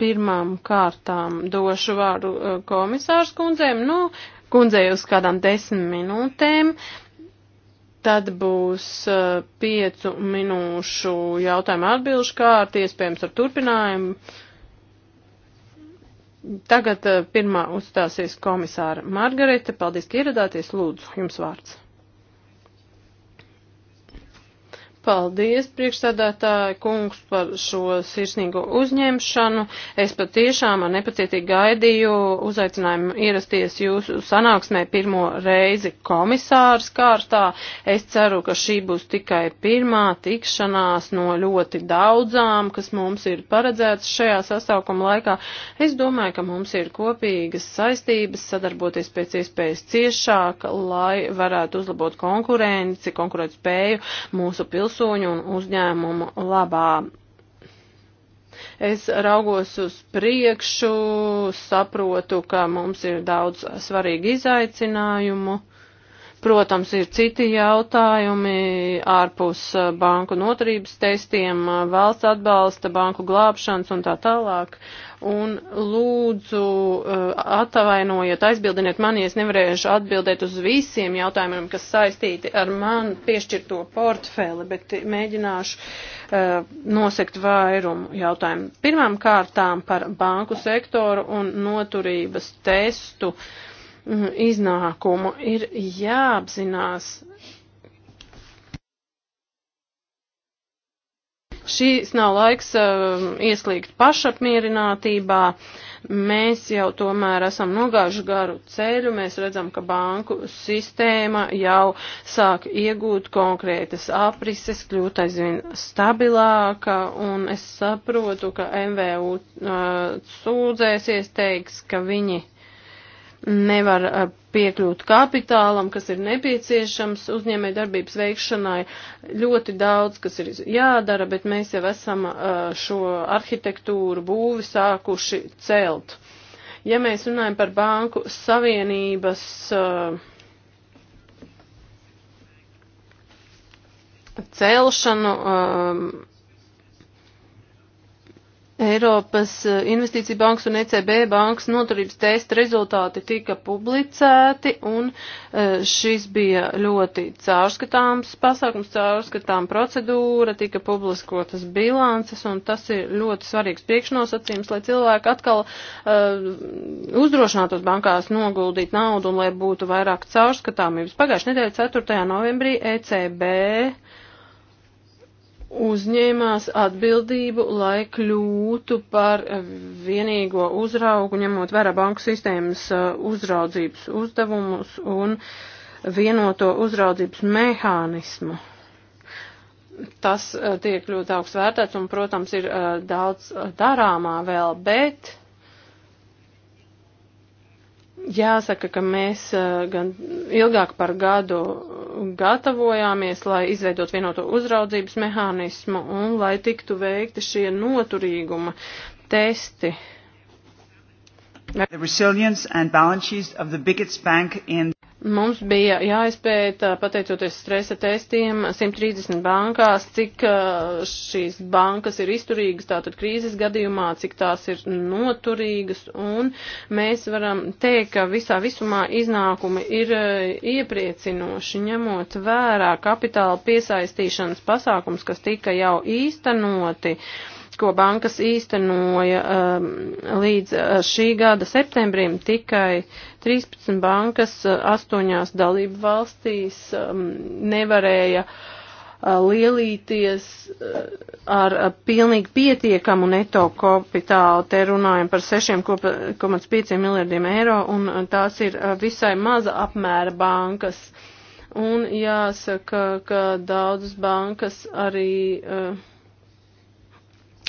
Pirmām kārtām došu vārdu komisārs kundzēm, nu, kundzei uz kādām desmit minūtēm, tad būs piecu minūšu jautājumu atbilžu kārt, iespējams ar turpinājumu Tagad eh, pirmā uzstāsies komisāra Margarita. Paldies, ka ieradāties. Lūdzu, jums vārds. Paldies, priekšsēdētāji kungs, par šo sirsnīgo uzņemšanu. Es patiešām ar nepacietīgi gaidīju uzaicinājumu ierasties jūsu sanāksmē pirmo reizi komisārs kārtā. Es ceru, ka šī būs tikai pirmā tikšanās no ļoti daudzām, kas mums ir paredzētas šajā sasaukuma laikā. Es domāju, ka mums ir kopīgas saistības sadarboties pēc iespējas ciešāk, lai varētu uzlabot konkurenci, konkurēt spēju mūsu pilsētā pilsoņu un uzņēmumu labā. Es raugos uz priekšu, saprotu, ka mums ir daudz svarīgi izaicinājumu. Protams, ir citi jautājumi ārpus banku noturības testiem, valsts atbalsta, banku glābšanas un tā tālāk un lūdzu uh, atavainojiet, aizbildiniet mani, es nevarēšu atbildēt uz visiem jautājumiem, kas saistīti ar man piešķirto portfeli, bet mēģināšu uh, nosekt vairumu jautājumu. Pirmām kārtām par banku sektoru un noturības testu mm, iznākumu ir jāapzinās, Šīs nav laiks uh, ieslīgt pašapmierinātībā. Mēs jau tomēr esam nogājuši garu ceļu. Mēs redzam, ka banku sistēma jau sāk iegūt konkrētas aprises, kļūt aizvien stabilāka. Un es saprotu, ka MVU uh, sūdzēsies, teiks, ka viņi nevar uh, piekļūt kapitālam, kas ir nepieciešams uzņēmē darbības veikšanai. Ļoti daudz, kas ir jādara, bet mēs jau esam uh, šo arhitektūru būvi sākuši celt. Ja mēs runājam par banku savienības uh, celšanu, um, Eiropas eh, Investīcija bankas un ECB bankas noturības testa rezultāti tika publicēti, un eh, šis bija ļoti caurskatāms pasākums, caurskatām procedūra, tika publiskotas bilances, un tas ir ļoti svarīgs priekšnosacījums, lai cilvēki atkal uh, uzdrošinātos bankās noguldīt naudu un lai būtu vairāk caurskatāmības. Pagājušajā nedēļā 4. novembrī ECB uzņēmās atbildību, lai kļūtu par vienīgo uzraugu, ņemot vērā banku sistēmas uh, uzraudzības uzdevumus un vienoto uzraudzības mehānismu. Tas uh, tiek ļoti augsts vērtēts un, protams, ir uh, daudz darāmā vēl, bet Jāsaka, ka mēs gan ilgāk par gadu gatavojāmies, lai izveidot vienoto uzraudzības mehānismu un lai tiktu veikti šie noturīguma testi. The resilience and balance sheets of the biggest bank in Mums bija jāizpēta, pateicoties stresa testiem, 130 bankās, cik šīs bankas ir izturīgas tātad krīzes gadījumā, cik tās ir noturīgas, un mēs varam teikt, ka visā visumā iznākumi ir iepriecinoši, ņemot vērā kapitāla piesaistīšanas pasākums, kas tika jau īstenoti. Uh, ko bankas īstenoja um, līdz uh, šī gada septembrim, tikai 13 bankas uh, astoņās dalību valstīs um, nevarēja uh, lielīties ar pilnīgi pietiekamu neto kapitālu. Te runājam par 6,5 miljardiem eiro, un tās ir visai maza apmēra bankas. Un jāsaka, ka daudzas bankas arī uh,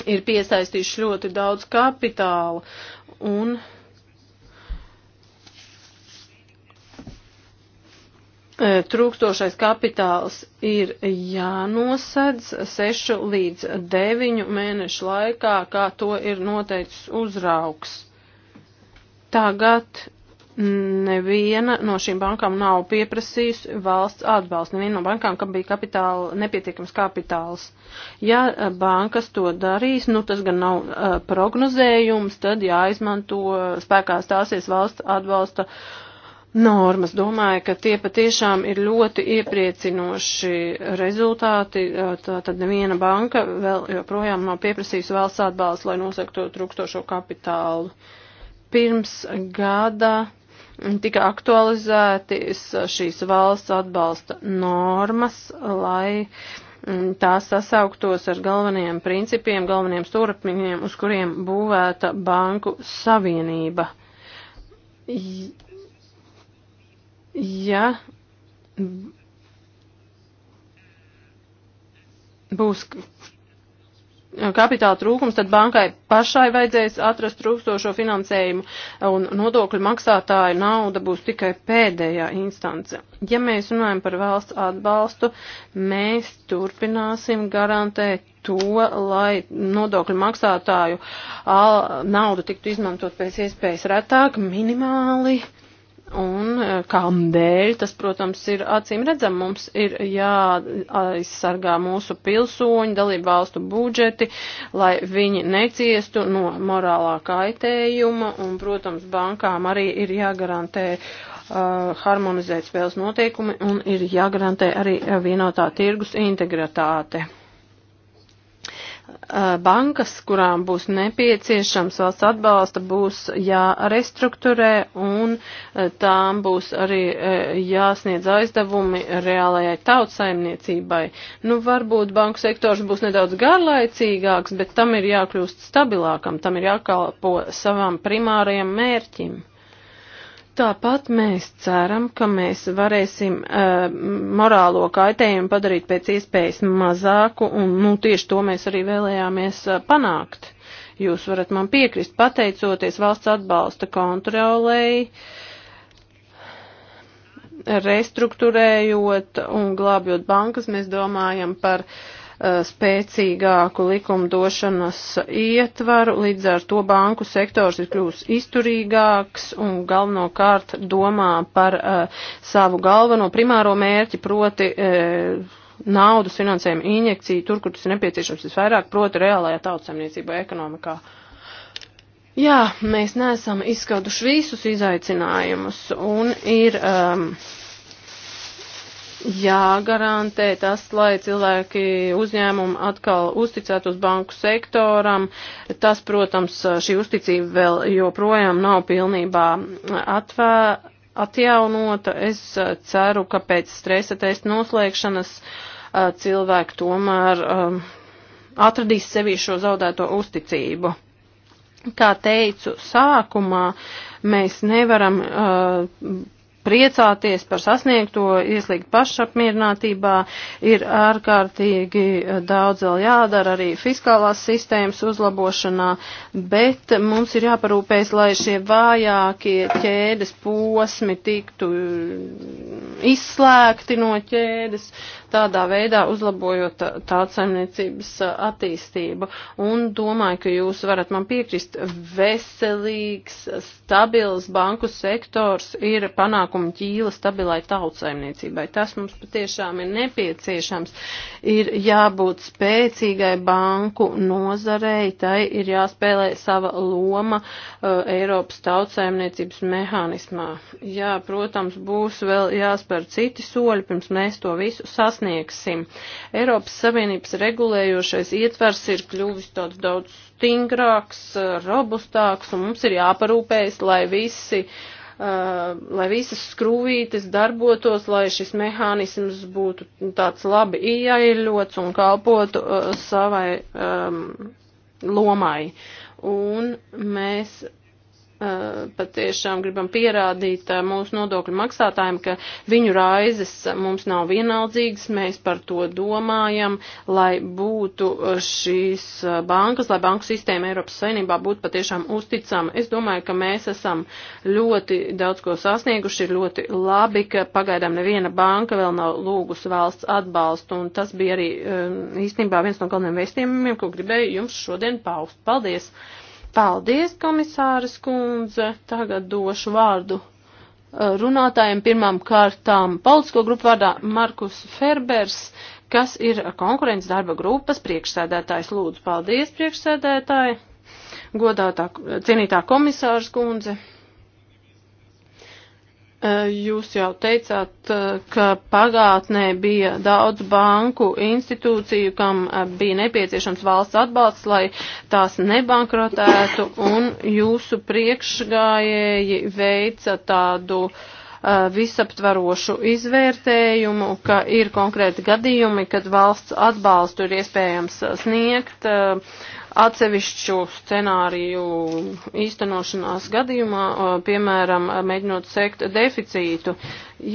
ir piesaistījuši ļoti daudz kapitāla un e, Trūkstošais kapitāls ir jānosedz 6 līdz 9 mēnešu laikā, kā to ir noteicis uzraugs. Tagad neviena no šīm bankām nav pieprasījusi valsts atbalstu. Neviena no bankām, kam bija kapitāla, nepietiekams kapitāls. Ja eh, bankas to darīs, nu tas gan nav uh, prognozējums, tad jāizmanto spēkā stāsies valsts atbalsta normas. Domāju, ka tie patiešām ir ļoti iepriecinoši rezultāti. Eh, tā tad neviena banka vēl joprojām nav pieprasījusi valsts atbalstu, lai nosaktu trūkstošo kapitālu. Pirms gada tika aktualizētas šīs valsts atbalsta normas, lai tās sasauktos ar galvenajiem principiem, galvenajiem stūrapmiņiem, uz kuriem būvēta banku savienība. Ja būs kapitāla trūkums, tad bankai pašai vajadzēs atrast trūkstošo finansējumu un nodokļu maksātāju nauda būs tikai pēdējā instance. Ja mēs runājam par valsts atbalstu, mēs turpināsim garantēt to, lai nodokļu maksātāju naudu tiktu izmantot pēc iespējas retāk, minimāli. Uh, Un e, kādēļ tas, protams, ir acīm redzam, mums ir jāaizsargā mūsu pilsoņu, dalību valstu budžeti, lai viņi neciestu no morālā kaitējuma, un, protams, bankām arī ir jāgarantē uh, harmonizēt spēles noteikumi un ir jāgarantē arī vienotā tirgus integritāte bankas, kurām būs nepieciešams valsts atbalsta, būs jārestruktūrē un tām būs arī jāsniedz aizdevumi reālajai tautsaimniecībai. Nu, varbūt banku sektors būs nedaudz garlaicīgāks, bet tam ir jākļūst stabilākam, tam ir jākalpo savam primārajam mērķim. Tāpat mēs ceram, ka mēs varēsim uh, morālo kaitējumu padarīt pēc iespējas mazāku, un nu, tieši to mēs arī vēlējāmies uh, panākt. Jūs varat man piekrist, pateicoties valsts atbalsta kontrolēji, restruktūrējot un glābjot bankas, mēs domājam par uh, Eh, spēcīgāku likumdošanas ietvaru, līdz ar to banku sektors ir kļūst izturīgāks un galvenokārt domā par uh, savu galveno primāro mērķi, proti uh, naudas finansējumu injekciju tur, kur tas ir nepieciešams visvairāk, proti reālajā tautsemniecībā ekonomikā. Jā, mēs neesam izskauduši visus izaicinājumus un ir. Um, jāgarantē tas, lai cilvēki uzņēmumu atkal uzticētos uz banku sektoram. Tas, protams, šī uzticība vēl joprojām nav pilnībā atvē, atjaunota. Es ceru, ka pēc stresa testa noslēgšanas cilvēki tomēr atradīs sevī šo zaudēto uzticību. Kā teicu sākumā, mēs nevaram uh, priecāties par sasniegto, ieslīgt pašapmierinātībā, ir ārkārtīgi eh, daudz vēl jādara arī fiskālās sistēmas uzlabošanā, bet mums ir jāparūpēs, lai šie vājākie ķēdes posmi tiktu eh, izslēgti no ķēdes, tādā veidā uzlabojot tautsēmniecības attīstību. Un domāju, ka jūs varat man piekrist, veselīgs, stabils banku sektors ir panākuma ķīla stabilai tautsēmniecībai. Tas mums patiešām ir nepieciešams. Ir jābūt spēcīgai banku nozarei, tai ir jāspēlē sava loma uh, Eiropas tautsēmniecības mehānismā. Jā, protams, būs vēl jāspēr citi soļi, pirms mēs to visu sasniegsim sasniegsim. Eiropas Savienības regulējošais ietvers ir kļuvis tāds daudz stingrāks, robustāks, un mums ir jāparūpējas, lai visi uh, Uh, lai visas skrūvītes darbotos, lai šis mehānisms būtu tāds labi ieaļots un kalpotu uh, savai um, lomai. Un mēs patiešām gribam pierādīt mūsu nodokļu maksātājiem, ka viņu raizes mums nav vienaldzīgas, mēs par to domājam, lai būtu šīs bankas, lai banku sistēma Eiropas Savienībā būtu patiešām uzticama. Es domāju, ka mēs esam ļoti daudz ko sasnieguši, ir ļoti labi, ka pagaidām neviena banka vēl nav lūgusi valsts atbalstu, un tas bija arī īstenībā viens no galvenajiem vēstījumiem, ko gribēju jums šodien paust. Paldies! Paldies, komisāras kundze. Tagad došu vārdu uh, runātājiem pirmām kārtām politisko grupu vārdā Markus Ferbers, kas ir konkurences darba grupas priekšsēdētājs. Lūdzu, paldies, priekšsēdētāji, godātā, cienītā komisāras kundze, Eh, jūs jau teicāt, eh, ka pagātnē bija daudz banku institūciju, kam eh, bija nepieciešams valsts atbalsts, lai tās nebankrotētu, un jūsu priekšgājēji veica tādu visaptvarošu izvērtējumu, ka ir konkrēti gadījumi, kad valsts atbalstu ir iespējams sniegt. Uh, atsevišķu scenāriju īstenošanās gadījumā, piemēram, mēģinot sekt deficītu.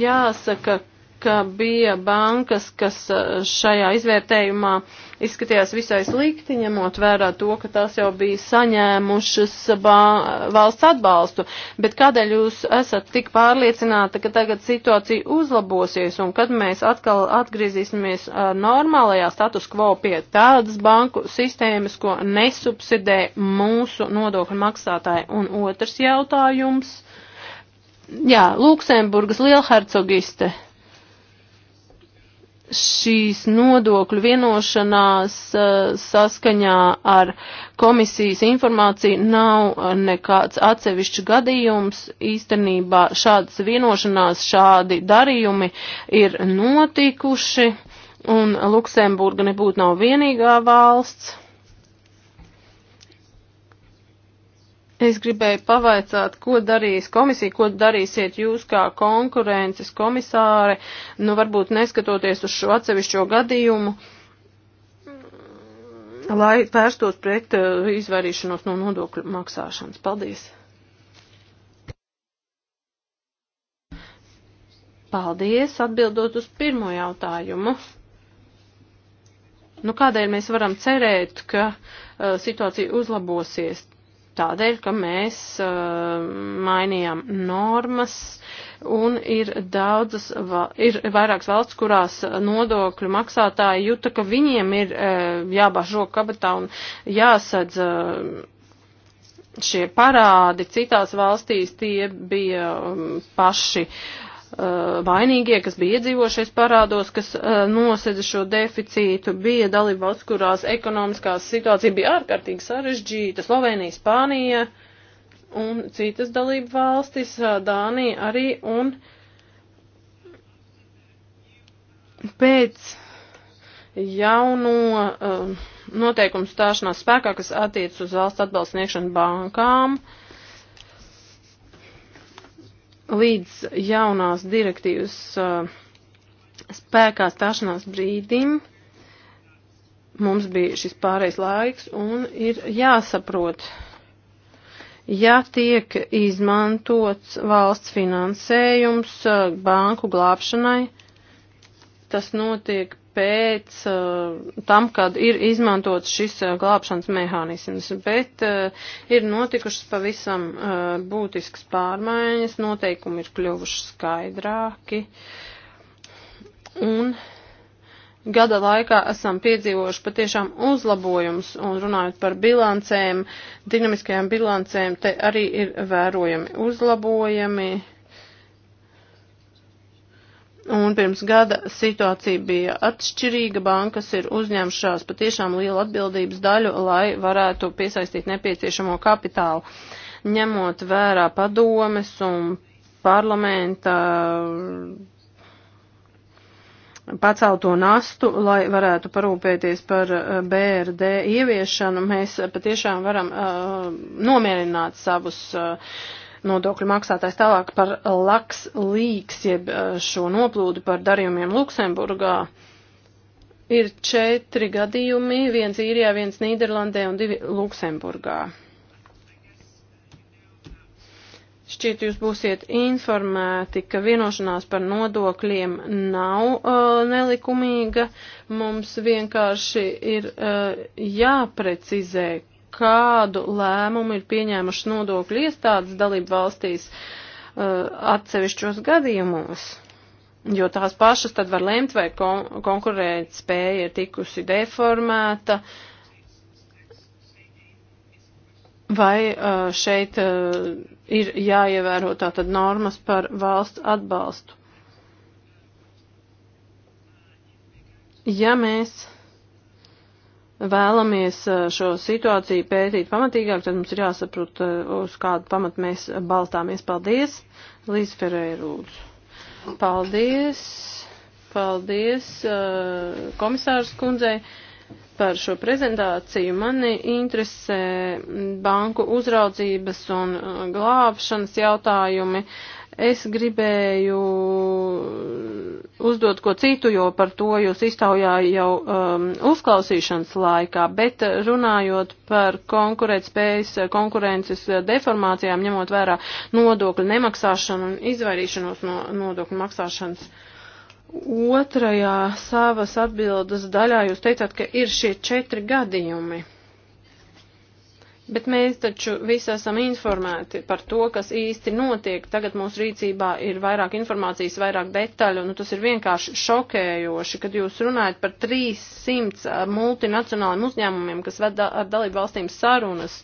Jāsaka, ka bija bankas, kas e, šajā izvērtējumā uh, izskatījās visai slikti, ņemot vērā to, ka tās jau bija saņēmušas valsts atbalstu. Bet kādēļ jūs esat tik pārliecināta, ka tagad situācija uzlabosies un kad mēs atkal atgriezīsimies normālajā status quo pie tādas banku sistēmas, ko nesubsidē mūsu nodokļu maksātāji? Un otrs jautājums. Jā, Luksemburgas lielhercogiste šīs nodokļu vienošanās eh, saskaņā ar komisijas informāciju nav nekāds atsevišķs gadījums. Īstenībā šādas vienošanās, šādi darījumi ir notikuši, un Luksemburga nebūtu nav vienīgā valsts Es gribēju pavaicāt, ko darīs komisija, ko darīsiet jūs kā konkurences komisāre, nu varbūt neskatoties uz šo atsevišķo gadījumu, lai vērstos pret uh, izvairīšanos no nodokļu maksāšanas. Paldies! Paldies, atbildot uz pirmo jautājumu. Nu, kādēļ mēs varam cerēt, ka uh, situācija uzlabosies? tādēļ, ka mēs uh, mainījām normas un ir daudzas, va, ir vairākas valsts, kurās nodokļu maksātāji jūta, ka viņiem ir uh, jābažo kabatā un jāsadz uh, šie parādi. Citās valstīs tie bija um, paši uh, Uh, vainīgie, kas bija iedzīvošies parādos, kas uh, nosedza šo deficītu, bija dalībvalsts, kurās ekonomiskās situācija bija ārkārtīgi sarežģīta, Slovenija, Spānija un citas dalību valstis, uh, Dānija arī, un pēc jauno noteikumu stāšanās spēkā, kas attiec uz valsts atbalstu sniegšanu bankām, uh, līdz jaunās direktīvas uh, spēkā stāšanās brīdim mums bija šis pārējais laiks un ir jāsaprot, ja tiek izmantots valsts finansējums uh, banku glābšanai, tas notiek pēc uh, tam, kad ir izmantots šis uh, glābšanas mehānisms, bet uh, ir notikušas pavisam uh, būtiskas pārmaiņas, noteikumi ir kļuvuši skaidrāki, un gada laikā esam piedzīvojuši patiešām uzlabojums, un runājot par bilancēm, dinamiskajām bilancēm, te arī ir vērojami uzlabojami Un pirms gada situācija bija atšķirīga, bankas ir uzņemšās patiešām lielu atbildības daļu, lai varētu piesaistīt nepieciešamo kapitālu. Ņemot vērā padomes un parlamenta uh, pacelto nastu, lai varētu parūpēties par uh, BRD ieviešanu, mēs patiešām varam uh, nomierināt savus uh, nodokļu maksātājs tālāk par laks līks, jeb eh, šo noplūdu par darījumiem Luksemburgā. Ir četri gadījumi, viens īrijā, viens Nīderlandē un divi Luksemburgā. Šķiet, jūs būsiet informēti, ka vienošanās par nodokļiem nav uh, nelikumīga. Mums vienkārši ir uh, jāprecizē, kādu lēmumu ir pieņēmuši nodokļu iestādes dalību valstīs uh, atsevišķos gadījumos, jo tās pašas tad var lemt, vai kon konkurēt spēja ir tikusi deformēta, vai uh, šeit uh, ir jāievēro tātad normas par valsts atbalstu. Ja mēs vēlamies eh, šo situāciju pētīt pamatīgāk, tad mums ir jāsaprot, eh, uz kādu pamatu mēs balstāmies. Paldies, Līdz Ferērūdzu. Paldies, paldies eh, komisārs kundzei par šo prezentāciju. Mani interesē banku uzraudzības un glābšanas jautājumi. Uh, Es gribēju uh, uzdot ko citu, jo par to jūs iztaujāja jau um, uzklausīšanas laikā, bet uh, runājot par konkurētspējas, uh, konkurences deformācijām, ņemot vērā nodokļu nemaksāšanu un izvairīšanos no nodokļu maksāšanas. Otrajā savas atbildes daļā jūs teicāt, ka ir šie četri gadījumi. Bet mēs taču visi esam informēti par to, kas īsti notiek. Tagad mūsu rīcībā ir vairāk informācijas, vairāk detaļu. Nu, tas ir vienkārši šokējoši, kad jūs runājat par 300 eh, multinacionāliem uzņēmumiem, kas ved ar dalību valstīm sarunas.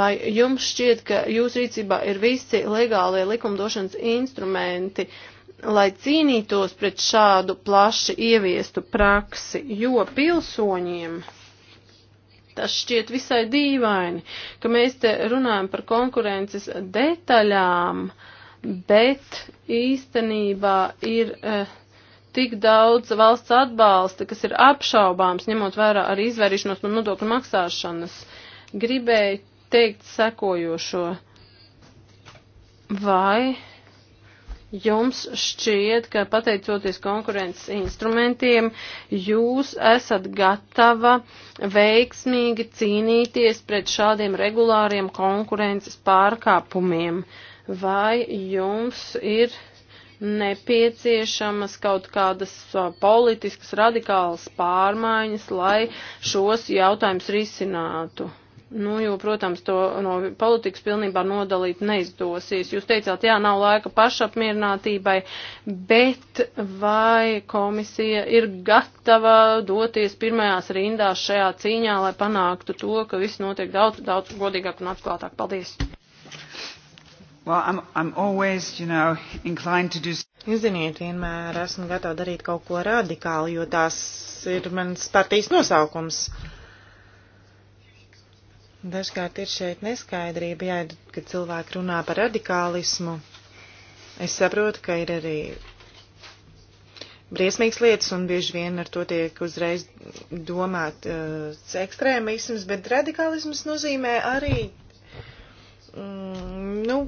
Vai jums šķiet, ka jūsu rīcībā ir visi legālie likumdošanas instrumenti, lai cīnītos pret šādu plaši ieviestu praksi, jo pilsoņiem Tas šķiet visai dīvaini, ka mēs te runājam par konkurences detaļām, bet īstenībā ir eh, tik daudz valsts atbalsta, kas ir apšaubāms, ņemot vērā arī izvairīšanos no nodokļu maksāšanas. Gribēju teikt sekojošo. Vai Jums šķiet, ka pateicoties konkurences instrumentiem, jūs esat gatava veiksmīgi cīnīties pret šādiem regulāriem konkurences pārkāpumiem. Vai jums ir nepieciešamas kaut kādas uh, politiskas radikālas pārmaiņas, lai šos jautājumus risinātu? Nu, jo, protams, to no politikas pilnībā nodalīt neizdosies. Jūs teicāt, jā, nav laika pašapmierinātībai, bet vai komisija ir gatava doties pirmajās rindās šajā cīņā, lai panāktu to, ka viss notiek daudz, daudz godīgāk un atklātāk? Paldies! Well, I'm, I'm always, you know, inclined to do... Ziniet, vienmēr esmu gatava darīt kaut ko radikālu, jo tās ir mans partijas nosaukums. Uh, Dažkārt ir šeit neskaidrība, jā, kad cilvēki runā par radikālismu. Es saprotu, ka ir arī briesmīgas lietas, un bieži vien ar to tiek uzreiz domāt uh, ekstrēmisms, bet radikālisms nozīmē arī, mm, nu,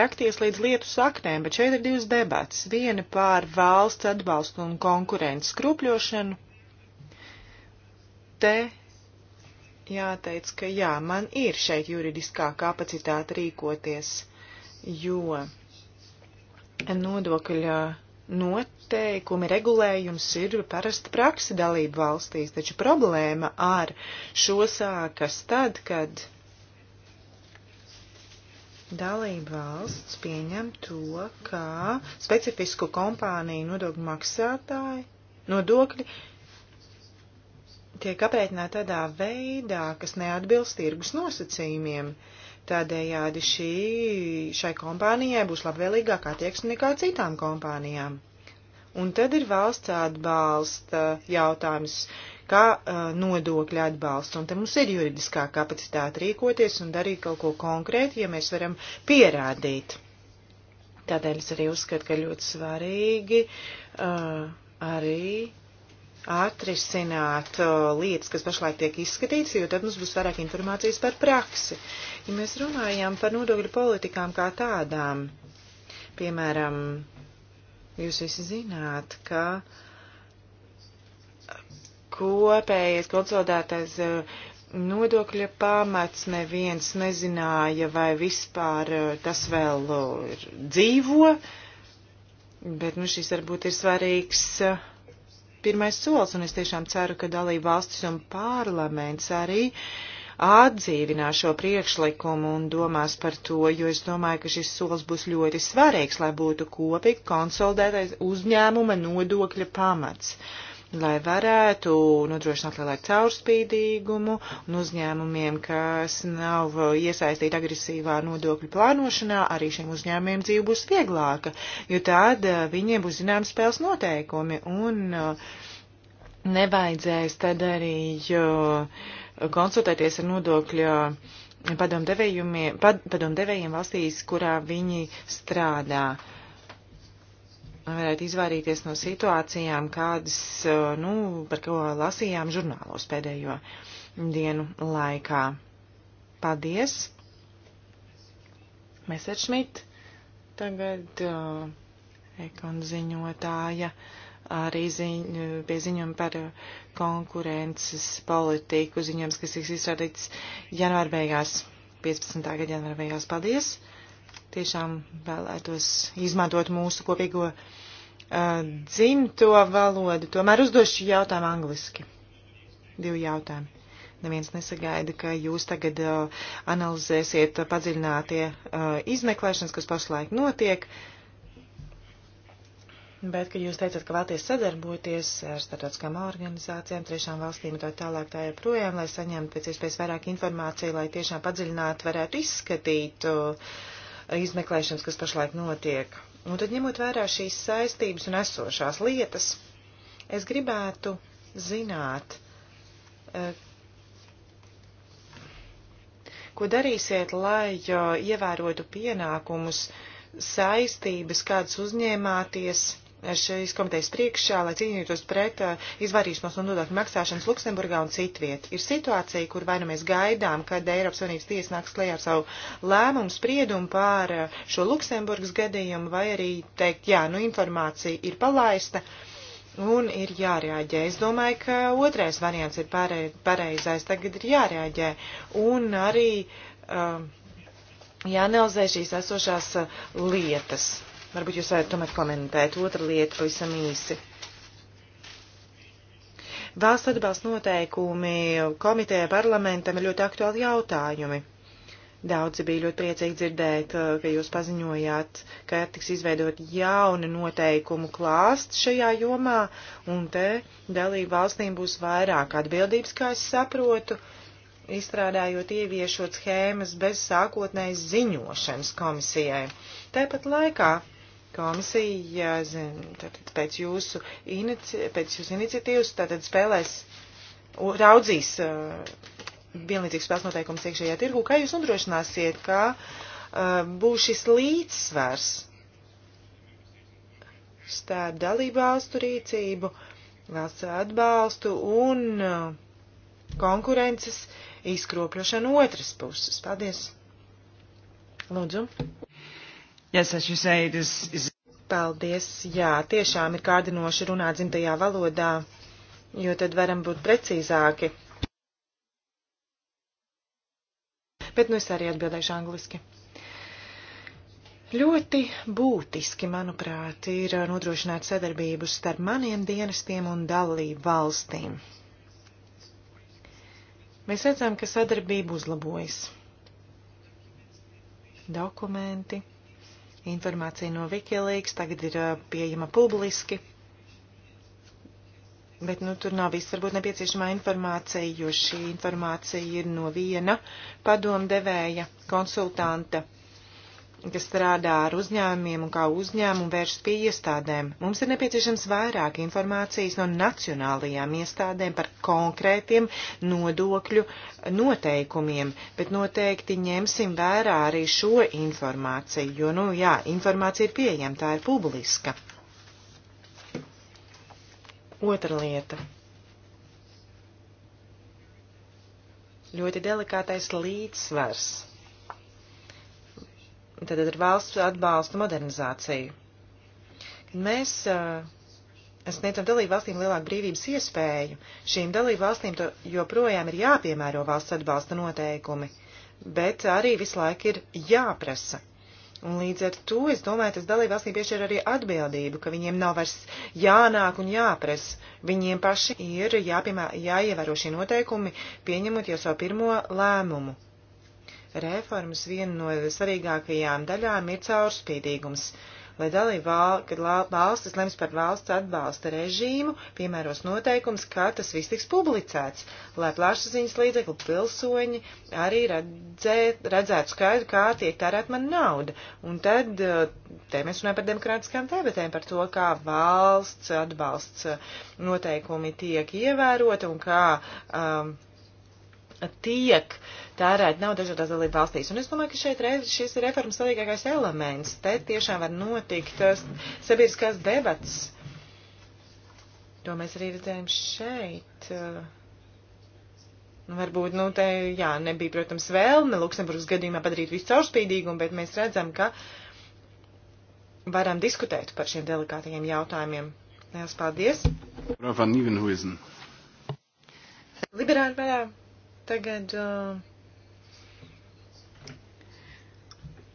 rakties līdz lietu saknēm, bet šeit ir divas debats. Viena pār valsts atbalstu un konkurences skrupļošanu. Te jāteic, ka jā, man ir šeit juridiskā kapacitāte rīkoties, jo nodokļa noteikumi, regulējums ir parasta praksa dalību valstīs, taču problēma ar šo sākas tad, kad dalību valsts pieņem to, ka specifisku kompāniju nodokļu maksātāji nodokļi tiek aprēķināti tādā veidā, kas neatbilst tirgus nosacījumiem. Tādējādi šī, šai kompānijai būs labvēlīgākā tieksme nekā citām kompānijām. Un tad ir valsts atbalsta jautājums, kā uh, nodokļa atbalsts. Un te mums ir juridiskā kapacitāte rīkoties un darīt kaut ko konkrēti, ja mēs varam pierādīt. Tādēļ es arī uzskatu, ka ļoti svarīgi uh, arī atrisināt uh, lietas, kas pašlaik tiek izskatītas, jo tad mums būs vairāk informācijas par praksi. Ja mēs runājam par nodokļu politikām kā tādām, piemēram, jūs visi zināt, ka kopējais konsolidētais uh, nodokļa pamats neviens nezināja, vai vispār uh, tas vēl dzīvo, bet nu, šis varbūt ir svarīgs. Uh, pirmais solis, un es tiešām ceru, ka dalība valstis un parlaments arī atdzīvinās šo priekšlikumu un domās par to, jo es domāju, ka šis solis būs ļoti svarīgs, lai būtu kopīgi konsolidētais uzņēmuma nodokļa pamats. Uh, lai varētu nodrošināt lielāku caurspīdīgumu un uzņēmumiem, kas nav iesaistīti agresīvā nodokļu plānošanā, arī šiem uzņēmumiem dzīve būs vieglāka, jo tad eh, viņiem būs zināms spēles noteikumi un eh, nevajadzēs tad arī eh, konsultēties ar nodokļu padomdevējiem pad, padom valstīs, kurā viņi strādā. Uh, varētu izvairīties no situācijām, kādas, eh, nu, par ko lasījām žurnālos pēdējo dienu laikā. Paldies! Mesečmit, tagad uh, eh, ekonziņotāja arī ziņ, pie ziņojuma par eh, konkurences politiku ziņojums, kas tiks izstrādīts janvāra beigās, 15. gada janvāra beigās. Paldies! tiešām vēlētos izmantot mūsu kopīgo uh, dzimto valodu. Tomēr uzdošu jautājumu angliski. Divi jautājumi. Neviens nesagaida, ka jūs tagad uh, analizēsiet padziļinātie uh, izmeklēšanas, kas pašlaik notiek. Bet, kad jūs teicat, ka vēlaties sadarboties ar starptautiskām organizācijām, trešām valstīm un tā tālāk tā joprojām, lai saņemtu pēc iespējas vairāk informāciju, lai tiešām padziļināt varētu izskatīt uh, izmeklēšanas, kas pašlaik notiek. Un tad ņemot vērā šīs saistības un esošās lietas, es gribētu zināt, eh, ko darīsiet, lai eh, ievērotu pienākumus, saistības, kādas uzņēmāties šīs komitejas priekšā, lai cīnītos pret uh, izvairīšanos no nodokļu maksāšanas Luksemburgā un citviet. Ir situācija, kur vai nu mēs gaidām, kad Eiropas Savienības tiesa nāks klajā ar savu lēmumu spriedumu pār uh, šo Luksemburgas gadījumu, vai arī teikt, jā, nu informācija ir palaista. Un ir jārēģē. Es domāju, ka otrais variants ir parei, pareizais. Tagad ir jārēģē. Un arī uh, jāanalizē šīs esošās uh, lietas. Varbūt jūs varat tomēr komentēt. Otra lieta pavisam īsi. Valsts atbalsta noteikumi komitejā parlamentam ir ļoti aktuāli jautājumi. Daudzi bija ļoti priecīgi dzirdēt, uh, ka jūs paziņojāt, ka tiks izveidot jauni noteikumu klāsts šajā jomā, un te dalību valstīm būs vairāk atbildības, kā es saprotu, izstrādājot ieviešot schēmas bez sākotnējas ziņošanas komisijai. Tāpat laikā Komisija, zin, tātad pēc jūsu, inici, pēc jūsu iniciatīvas, tātad spēlēs, raudzīs uh, vienlīdzīgas spēles noteikumus iekšējā tirgu. Kā jūs nodrošināsiet, ka uh, būs šis līdzsvars starp dalībvalstu rīcību, valsts atbalstu un uh, konkurences izkropļošanu otras puses. Paldies! Lūdzu! Yes, as you say, this is. Paldies, jā, tiešām ir kārdinoši runāt dzimtajā valodā, jo tad varam būt precīzāki. Bet nu es arī atbildēšu angliski. Ļoti būtiski, manuprāt, ir nodrošināt sadarbību starp maniem dienestiem un dalību valstīm. Mēs redzam, ka sadarbība uzlabojas. Dokumenti Informācija no Wikileaks tagad ir pieejama publiski, bet nu, tur nav viss varbūt nepieciešamā informācija, jo šī informācija ir no viena padomdevēja konsultanta kas strādā ar uzņēmumiem un kā uzņēmumu vēršas pie iestādēm. Mums ir nepieciešams vairāk informācijas no nacionālajām iestādēm par konkrētiem nodokļu noteikumiem, bet noteikti ņemsim vērā arī šo informāciju, jo, nu jā, informācija ir pieejama, tā ir publiska. Otra lieta. Ļoti delikātais līdzsvars tad ar valsts atbalstu modernizāciju. Kad mēs uh, eh, sniedzam dalību valstīm lielāku brīvības iespēju, šīm dalību valstīm to joprojām ir jāpiemēro valsts atbalsta noteikumi, bet arī visu laiku ir jāprasa. Un līdz ar to, es domāju, tas dalību valstīm piešķir arī atbildību, ka viņiem nav vairs jānāk un jāprasa. Viņiem paši ir jāpiemēr, jāievēro šie noteikumi, pieņemot jau savu pirmo lēmumu reformas viena no svarīgākajām daļām ir caurspīdīgums, lai dalība valstis lems par valsts atbalsta režīmu, piemēros noteikums, kā tas viss tiks publicēts, lai plašsaziņas līdzekļu pilsoņi arī redzēt, redzētu skaidru, kā tiek tērēt man nauda. Un tad eh, te mēs runājam par demokrātiskām debatēm, par to, kā valsts atbalsts eh, noteikumi tiek ievērota un kā um, tiek uh, tērēt nav dažādās dalību valstīs. Un es domāju, ka šeit reiz šis ir reformas svarīgākais elements. Te tiešām var notikt uh, sabiedriskās debats. To mēs arī redzējām šeit. Nu, varbūt, nu, te, jā, nebija, protams, vēlme Luksemburgas gadījumā padarīt visu caurspīdīgumu, bet mēs redzam, ka varam diskutēt par šiem delikātajiem jautājumiem. Lielas paldies! Rafa Nivenhuizen. Liberāli vairāk tagad. Uh,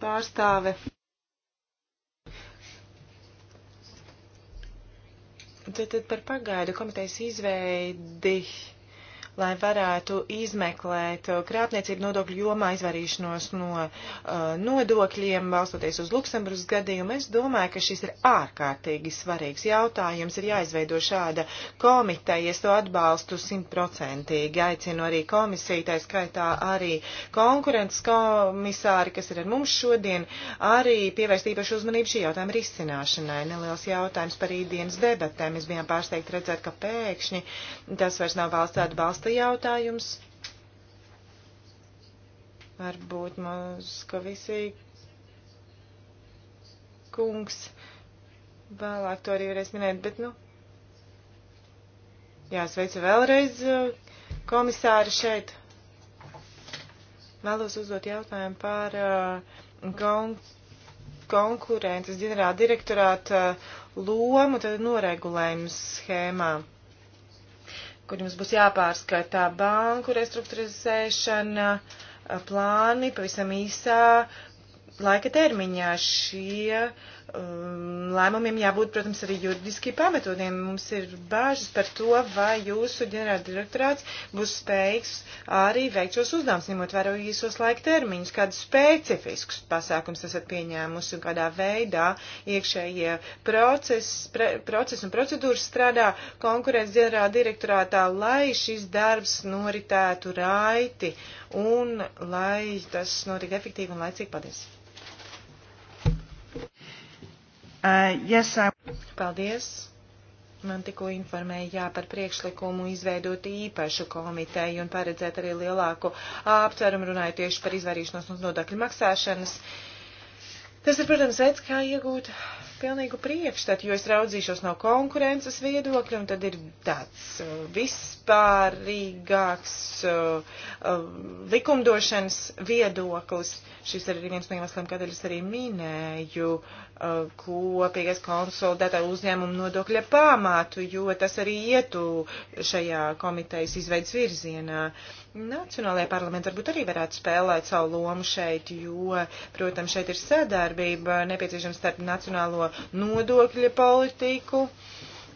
pārstāve. Tad, tad par pagaidu komitejas izveidi lai varētu izmeklēt uh, krāpniecību nodokļu jomā izvarīšanos no uh, nodokļiem, balstoties uz Luksemburgas gadījumu. Es domāju, ka šis ir ārkārtīgi svarīgs jautājums. Ir jāizveido šāda komiteja. Es to atbalstu simtprocentīgi. Aicinu arī komisiju, tā skaitā arī konkurences komisāri, kas ir ar mums šodien, arī pievērst īpašu uzmanību šī jautājuma risināšanai. Neliels jautājums par rītdienas debatēm. Mēs bijām pārsteigti redzēt, ka pēkšņi tas vairs nav valsts atbalsta nodokļu jautājums. Varbūt Moskavisī kungs vēlāk to arī varēs minēt, bet nu. Jā, sveicu vēlreiz uh, komisāri šeit. Vēlos uzdot jautājumu par uh, konkurences ģenerāla direktorāta uh, lomu tad noregulējumu schēmā kur jums būs jāpārskatā banku restruktūrizēšana, plāni pavisam īsā laika termiņā. Šie Um, lēmumiem jābūt, protams, arī juridiski pamatotiem. Mums ir bāžas par to, vai jūsu ģenerāldirektorāts būs spējīgs arī veikt šos uzdevumus, ņemot vērā īsos laika termiņus, kādus specifiskus pasākums esat pieņēmusi un kādā veidā iekšējie procesi pre, proces un procedūras strādā konkurēts ģenerāldirektorātā, lai šis darbs noritētu raiti un lai tas notiktu efektīvi un laicīgi. Paldies! Uh, yes, I... Paldies. Man tikko informēja jā, par priekšlikumu izveidot īpašu komiteju un paredzēt arī lielāku aptverumu runāju tieši par izvairīšanos no nodokļu maksāšanas. Tas ir, protams, veids, kā iegūt pilnīgu priekšstatu, jo es raudzīšos no konkurences viedokļa un tad ir tāds uh, vispārīgāks uh, uh, likumdošanas viedoklis. Šis ir arī viens no iemesliem, kādēļ es arī minēju uh, Uh, kopīgais konsolidētā uzņēmuma nodokļa pamātu, jo tas arī ietu šajā komitejas izveids virzienā. Nacionālajā parlamentā varbūt arī varētu spēlēt savu lomu šeit, jo, protams, šeit ir sadarbība nepieciešams starp nacionālo nodokļa politiku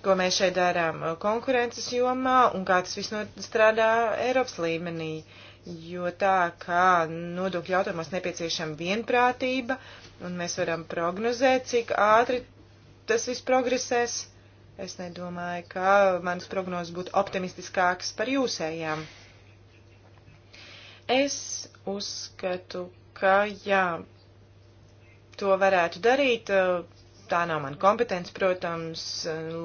ko mēs šeit darām konkurences jomā un kā tas viss strādā Eiropas līmenī. Jo tā kā nodokļu jautājumos nepieciešama vienprātība, uh, un mēs varam prognozēt, cik ātri tas viss progresēs. Es nedomāju, ka manas prognozes būtu optimistiskākas par jūsējām. Es uzskatu, ka jā, to varētu darīt. Tā nav mana kompetence, protams,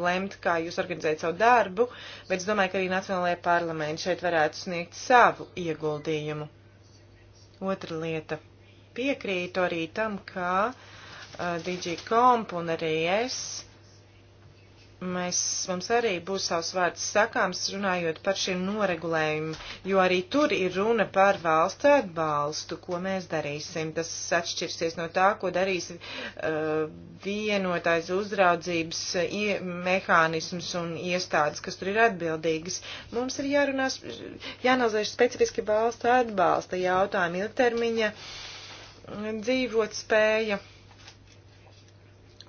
lemt, kā jūs organizējat savu darbu, bet es domāju, ka arī Nacionālajie parlamenti šeit varētu sniegt savu ieguldījumu. Otra lieta piekrītu arī tam, ka uh, DG Komp un arī es, mēs, mums arī būs savs vārds sakāms runājot par šiem noregulējumu, jo arī tur ir runa par valstu atbalstu, ko mēs darīsim. Tas atšķirsies no tā, ko darīs uh, vienotājs uzraudzības ie, mehānisms un iestādes, kas tur ir atbildīgas. Mums ir jārunās, jāanalizē specifiski valstu atbalsta jautājumi ilgtermiņa. Uh, dzīvot spēja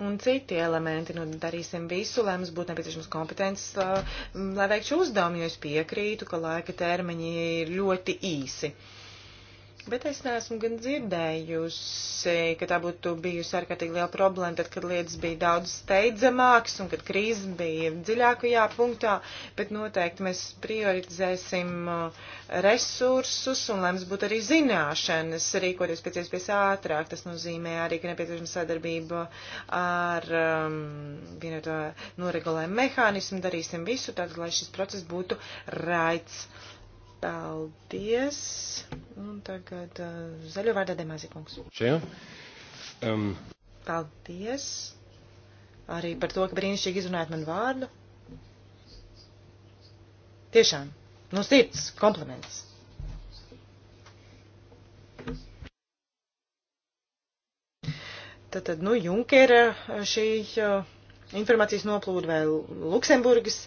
un citi elementi. Nu, darīsim visu, lai mums būtu nepieciešams kompetences, uh, lai veiktu uzdevumu, jo es piekrītu, ka laika termiņi ir ļoti īsi. Uh, Bet es neesmu gan dzirdējusi, ka tā būtu bijusi ārkārtīgi liela problēma, tad, kad lietas bija daudz steidzamākas un kad krīze bija dziļākajā punktā, bet noteikti mēs prioritizēsim uh, resursus un, lai mums būtu arī zināšanas, rīkoties pēc iespējas ātrāk. Tas nozīmē arī, ka nepieciešama sadarbība ar um, vienoto noregulējumu mehānismu. Darīsim visu, tad, lai šis process būtu raids. Right Paldies. Un tagad uh, zaļo vārdā Demāzikungs. Čia. Um. Paldies. Arī par to, ka brīnišķīgi izrunājat man vārdu. Tiešām. No sirds. Kompliments. Tātad, nu, Junkera uh, šī uh, informācijas noplūda vai Luksemburgas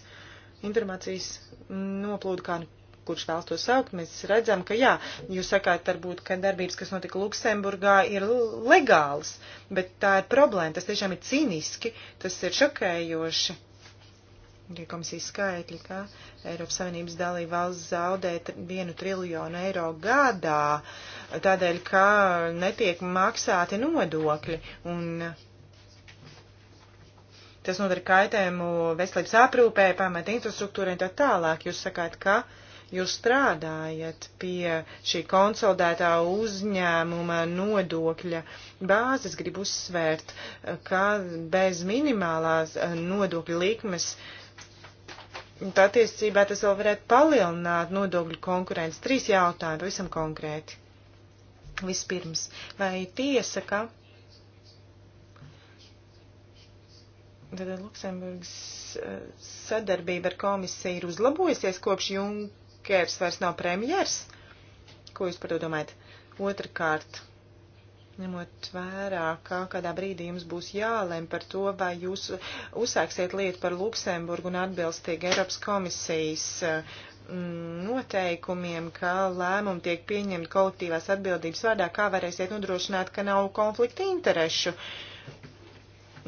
informācijas noplūda, kā nu kurš vēlas to saukt, mēs redzam, ka jā, jūs sakāt varbūt, ka darbības, kas notika Luksemburgā, ir legāls, bet tā ir problēma, tas tiešām ir cīniski, tas ir šokējoši. Ja komisijas skaitļi, ka Eiropas Savienības dalība valsts zaudē vienu triljonu eiro gadā, tādēļ, ka netiek maksāti nodokļi. Un tas nodara kaitējumu veselības aprūpē, pamata infrastruktūrai un tā tālāk. Jūs sakāt, ka uh, Jūs strādājat pie šī konsolidētā uzņēmuma nodokļa bāzes, gribu uzsvērt, ka bez minimālās eh, nodokļa likmes attiecībā tas vēl varētu palielināt nodokļu konkurences. Trīs jautājumi pavisam konkrēti. Vispirms, vai tiesa, ka tad Luksemburgas eh, sadarbība ar komisiju ir uzlabojusies kopš Junkas Junkers vairs nav premjers. Ko jūs par to domājat? Otrakārt, ņemot vērā, ka kādā brīdī jums būs jālem par to, vai jūs uzsāksiet lietu par Luksemburgu un atbilstīgi Eiropas komisijas mm, noteikumiem, ka lēmumi tiek pieņemti kolektīvās atbildības vārdā, kā varēsiet nodrošināt, ka nav konflikta interešu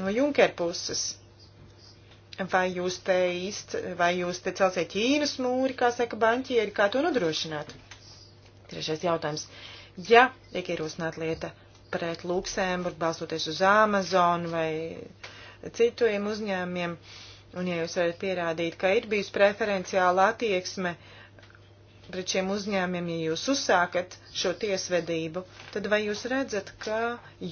no Junker puses. Vai jūs te īst, vai jūs te celsiet Ķīnas mūri, kā saka banķieri, kā to nodrošināt? Trešais jautājums. Ja tiek ierosināt lieta pret Luksemburgu, balstoties uz Amazon vai citiem uzņēmumiem, un ja jūs varat pierādīt, ka ir bijusi preferenciāla attieksme uh, pret šiem uzņēmiem, ja jūs uzsākat šo tiesvedību, tad vai jūs redzat, ka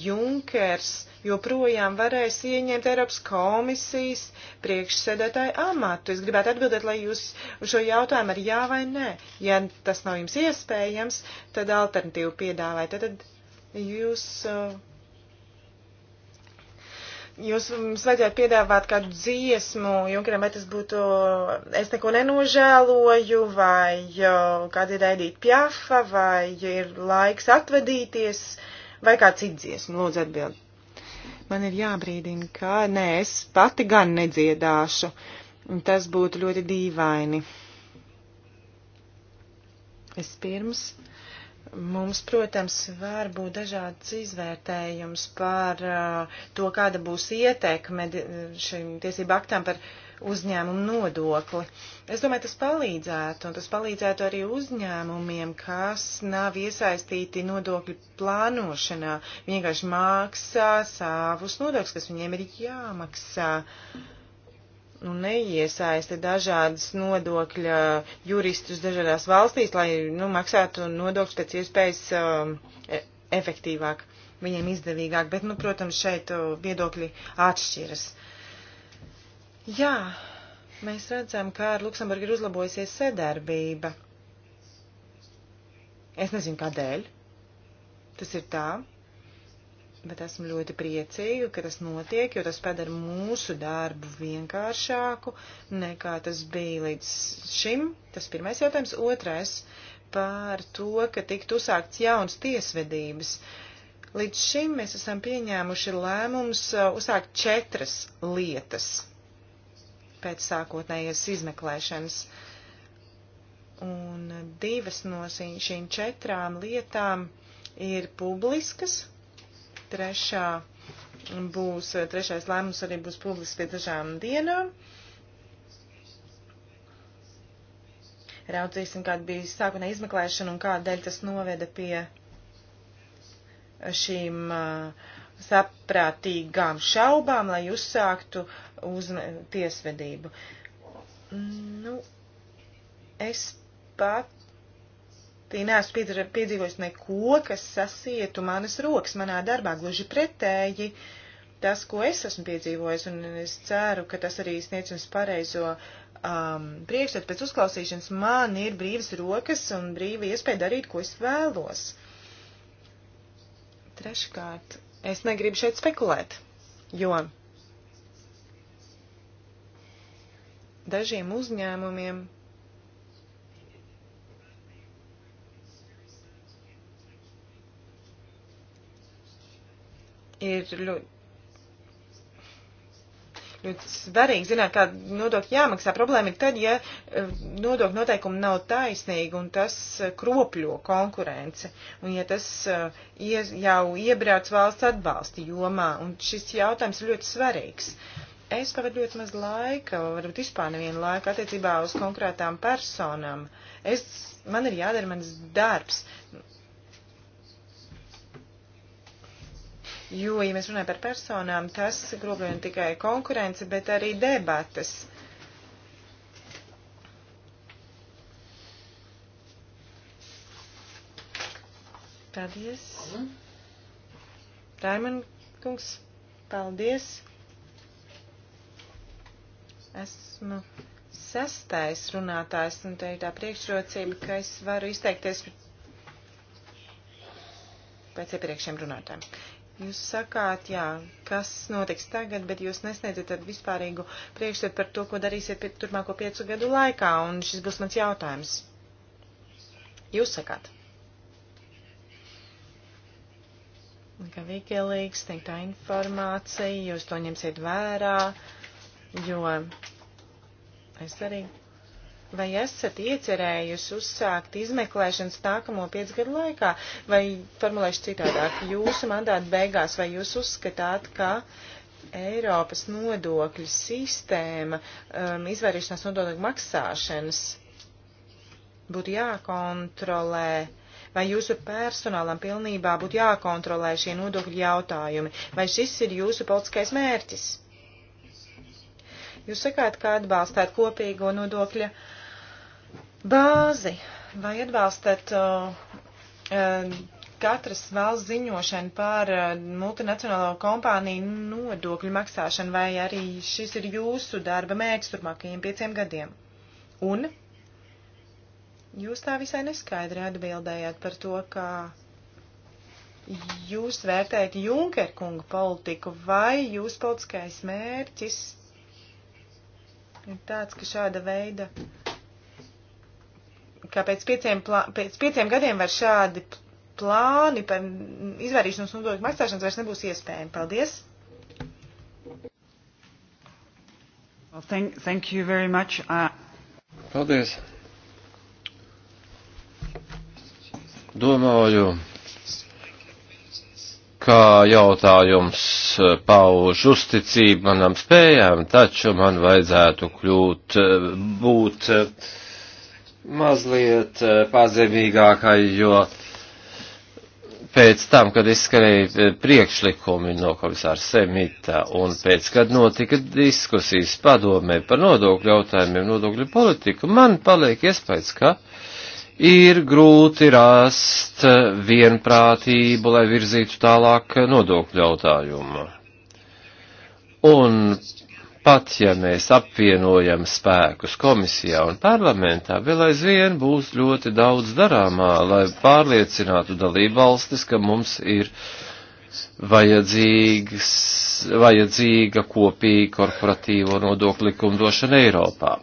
Junkers joprojām varēs ieņemt Eiropas komisijas priekšsēdētāju amatu? Es gribētu atbildēt, lai jūs šo jautājumu ar jā vai nē. Ja tas nav jums iespējams, tad alternatīvu piedāvājat. Tad, tad jūs. Uh, Jūs mums vajadzētu piedāvāt kādu dziesmu, Junkeram, vai tas būtu Es neko nenožēloju, vai kāda ir Aidīt Pjafa, vai ir laiks atvadīties, vai kā cits dziesmu, lūdzu atbild. Man ir jābrīdina, ka nē, es pati gan nedziedāšu, un tas būtu ļoti dīvaini. Es pirms Mums, protams, var būt dažādas izvērtējums par uh, to, kāda būs ietekme uh, šīm tiesību aktām par uzņēmumu nodokli. Es domāju, tas palīdzētu, un tas palīdzētu arī uzņēmumiem, kas nav iesaistīti nodokļu plānošanā, vienkārši maksā savus nodokļus, kas viņiem ir jāmaksā. Uh, nu, neiesaisti dažādas nodokļa juristus dažādās valstīs, lai nu, maksātu nodokļus pēc iespējas um, e, efektīvāk, viņiem izdevīgāk. Bet, nu, protams, šeit uh, viedokļi atšķiras. Jā, mēs redzam, kā ar Luksemburgu ir uzlabojusies sadarbība. Es nezinu, kādēļ. Tas ir tā, Bet esmu ļoti priecīga, ka tas notiek, jo tas padara mūsu darbu vienkāršāku nekā tas bija līdz šim. Tas pirmais jautājums. Otrais par to, ka tiktu uzsākts jauns tiesvedības. Līdz šim mēs esam pieņēmuši lēmums uh, uzsākt četras lietas pēc sākotnējas izmeklēšanas. Un divas no šīm četrām lietām ir publiskas, Trešā būs, trešais lēmums arī būs publisks pie dažām dienām. Raudzīsim, kāda bija sākuma izmeklēšana un kādēļ tas noveda pie šīm uh, saprātīgām šaubām, lai uzsāktu uz tiesvedību. Nu, es pat Tī neesmu piedzīvojis neko, kas sasietu manas rokas manā darbā, gluži pretēji tas, ko es esmu piedzīvojis, un es ceru, ka tas arī sniedz jums pareizo um, priekšstatu pēc uzklausīšanas. Man ir brīvas rokas un brīva iespēja darīt, ko es vēlos. Treškārt, es negribu šeit spekulēt, jo dažiem uzņēmumiem ir ļoti. Ļoti svarīgi zināt, kāda nodokļa jāmaksā. Problēma ir tad, ja eh, nodokļu noteikumi nav taisnīgi un tas eh, kropļo konkurence un ja tas eh, jau iebrauc valsts atbalsta jomā. Un šis jautājums ir ļoti svarīgs. Es pavadu ļoti maz laika, varbūt vispār nevienu laiku attiecībā uz konkrētām personām. Es, man ir jādara mans darbs. jo, ja mēs runājam par personām, tas grobļo ne tikai konkurence, bet arī debatas. Paldies. Raiman kungs, paldies. Esmu sastais runātājs, un te ir tā priekšrocība, ka es varu izteikties pēc iepriekšējiem runātājiem. Jūs sakāt, jā, kas notiks tagad, bet jūs nesniedzat tādu vispārīgu priekšstatu par to, ko darīsiet turpmāko piecu gadu laikā, un šis būs mans jautājums. Jūs sakāt. Ka Wikileaks, sniegtā informācija, jūs to ņemsiet vērā, jo es arī Vai esat iecerējusi uzsākt izmeklēšanas nākamo piecgadu laikā, vai formulēšu citādāk, jūsu mandāta beigās, vai jūs uzskatāt, ka Eiropas nodokļu sistēma um, izvairīšanās nodokļu maksāšanas būtu jākontrolē? Vai jūsu personālam pilnībā būtu jākontrolē šie nodokļu jautājumi? Vai šis ir jūsu politiskais mērķis? Jūs sakāt, ka atbalstāt kopīgo nodokļa uh, bāzi. Vai atbalstat uh, uh, katras valsts ziņošanu par uh, multinacionālo kompāniju nodokļu maksāšanu, vai arī šis ir jūsu darba mērķis turpmākajiem pieciem gadiem? Un jūs tā visai neskaidri atbildējāt par to, kā jūs vērtējat Junker kunga politiku, vai jūs politiskais mērķis ir tāds, ka šāda veida ka pēc pieciem, plā, pēc pieciem gadiem var šādi plāni par izvairīšanos nodokļu maksāšanas vairs nebūs iespējami. Paldies! Well, thank, thank you very much. Uh... Paldies! Domāju, kā jautājums pauž uzticību manam spējām, taču man vajadzētu kļūt, būt uh, mazliet eh, pazemīgākai, jo pēc tam, kad izskanēja eh, priekšlikumi no komisāra Semita un pēc, kad notika diskusijas padomē par nodokļu jautājumiem, nodokļu politiku, man paliek iespējas, ka ir grūti rast eh, vienprātību, lai virzītu tālāk nodokļu jautājumu. Un pat ja mēs apvienojam spēkus komisijā un parlamentā, vēl aizvien būs ļoti daudz darāmā, lai pārliecinātu dalību valstis, ka mums ir vajadzīgs, vajadzīga kopīga korporatīvo nodokļu likumdošana Eiropā.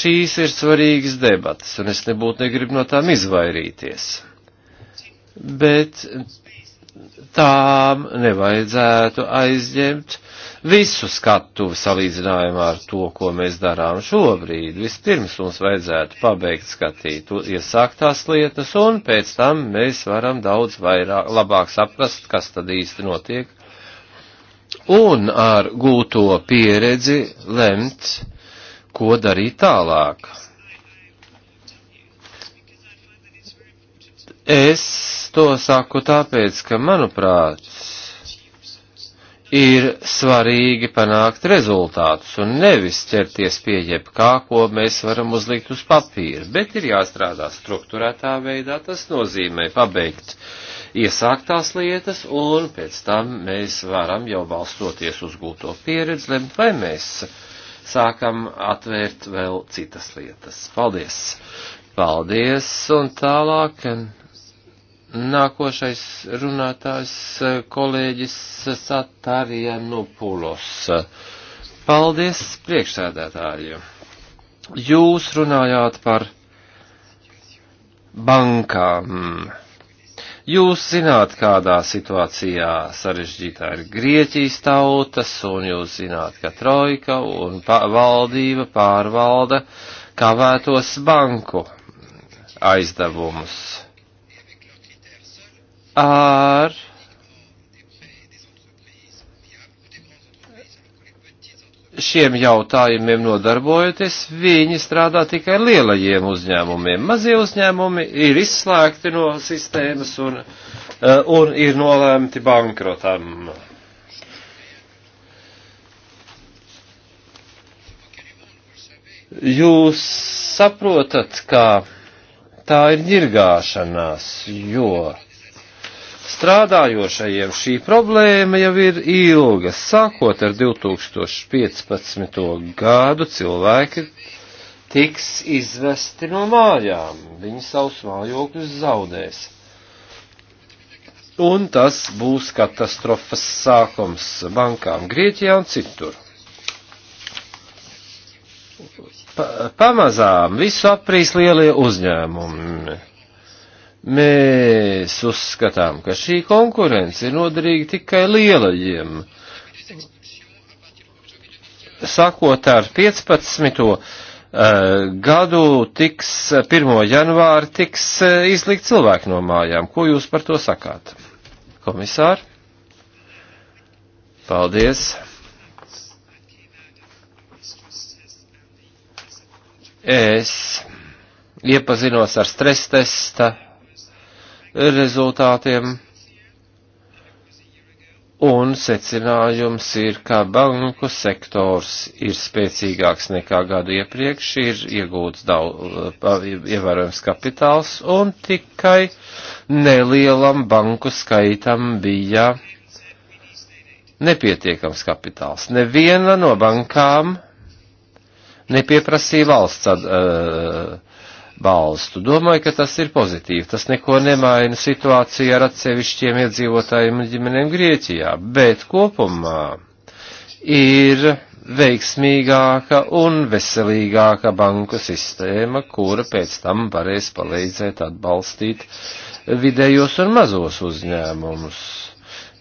Šīs ir svarīgas debatas, un es nebūtu negribu no tām izvairīties. Bet tām nevajadzētu aizņemt visu skatuvi salīdzinājumā ar to, ko mēs darām šobrīd. Vispirms mums vajadzētu pabeigt skatīt iesāktās lietas, un pēc tam mēs varam daudz vairāk, labāk saprast, kas tad īsti notiek. Un ar gūto pieredzi lemt, ko darīt tālāk. Es to saku tāpēc, ka, manuprāt, ir svarīgi panākt rezultātus un nevis ķerties pie jebkā, ko mēs varam uzlikt uz papīra, bet ir jāstrādā struktūrētā veidā, tas nozīmē pabeigt iesāktās lietas un pēc tam mēs varam jau balstoties uz gūto pieredzi lemt, vai mēs sākam atvērt vēl citas lietas. Paldies! Paldies un tālāk! Nākošais runātājs eh, kolēģis Satarianupulos. Paldies priekšsēdētāju. Jūs runājāt par bankām. Jūs zināt, kādā situācijā sarežģītā ir Grieķijas tautas, un jūs zināt, ka trojka un valdība pārvalda kavētos banku aizdevumus ar šiem jautājumiem nodarbojoties, viņi strādā tikai lielajiem uzņēmumiem. Mazie uzņēmumi ir izslēgti no sistēmas un, eh, un ir nolēmti bankrotam. Jūs saprotat, ka tā ir ņirgāšanās, jo strādājošajiem šī problēma jau ir ilga. Sākot ar 2015. gadu cilvēki tiks izvesti no mājām, viņi savus mājokļus zaudēs. Un tas būs katastrofas sākums bankām Grieķijā un citur pamazām visu aprīs lielie uzņēmumi. Mēs uzskatām, ka šī konkurence ir noderīga tikai lielajiem. Sakot ar 15. Eh, gadu tiks 1. janvāri tiks eh, izlikt cilvēki no mājām. Ko jūs par to sakāt? Komisāri? Paldies! Es iepazinos ar stres testa rezultātiem. Un secinājums ir, ka banku sektors ir spēcīgāks nekā gadu iepriekš, ir iegūts daudz, ievērojams kapitāls, un tikai nelielam banku skaitam bija nepietiekams kapitāls. Neviena no bankām nepieprasīja valsts. Uh, balstu. Domāju, ka tas ir pozitīvi. Tas neko nemaina situācija ar atsevišķiem iedzīvotājiem un ģimenēm Grieķijā, bet kopumā ir veiksmīgāka un veselīgāka banku sistēma, kura pēc tam varēs palīdzēt atbalstīt vidējos un mazos uzņēmumus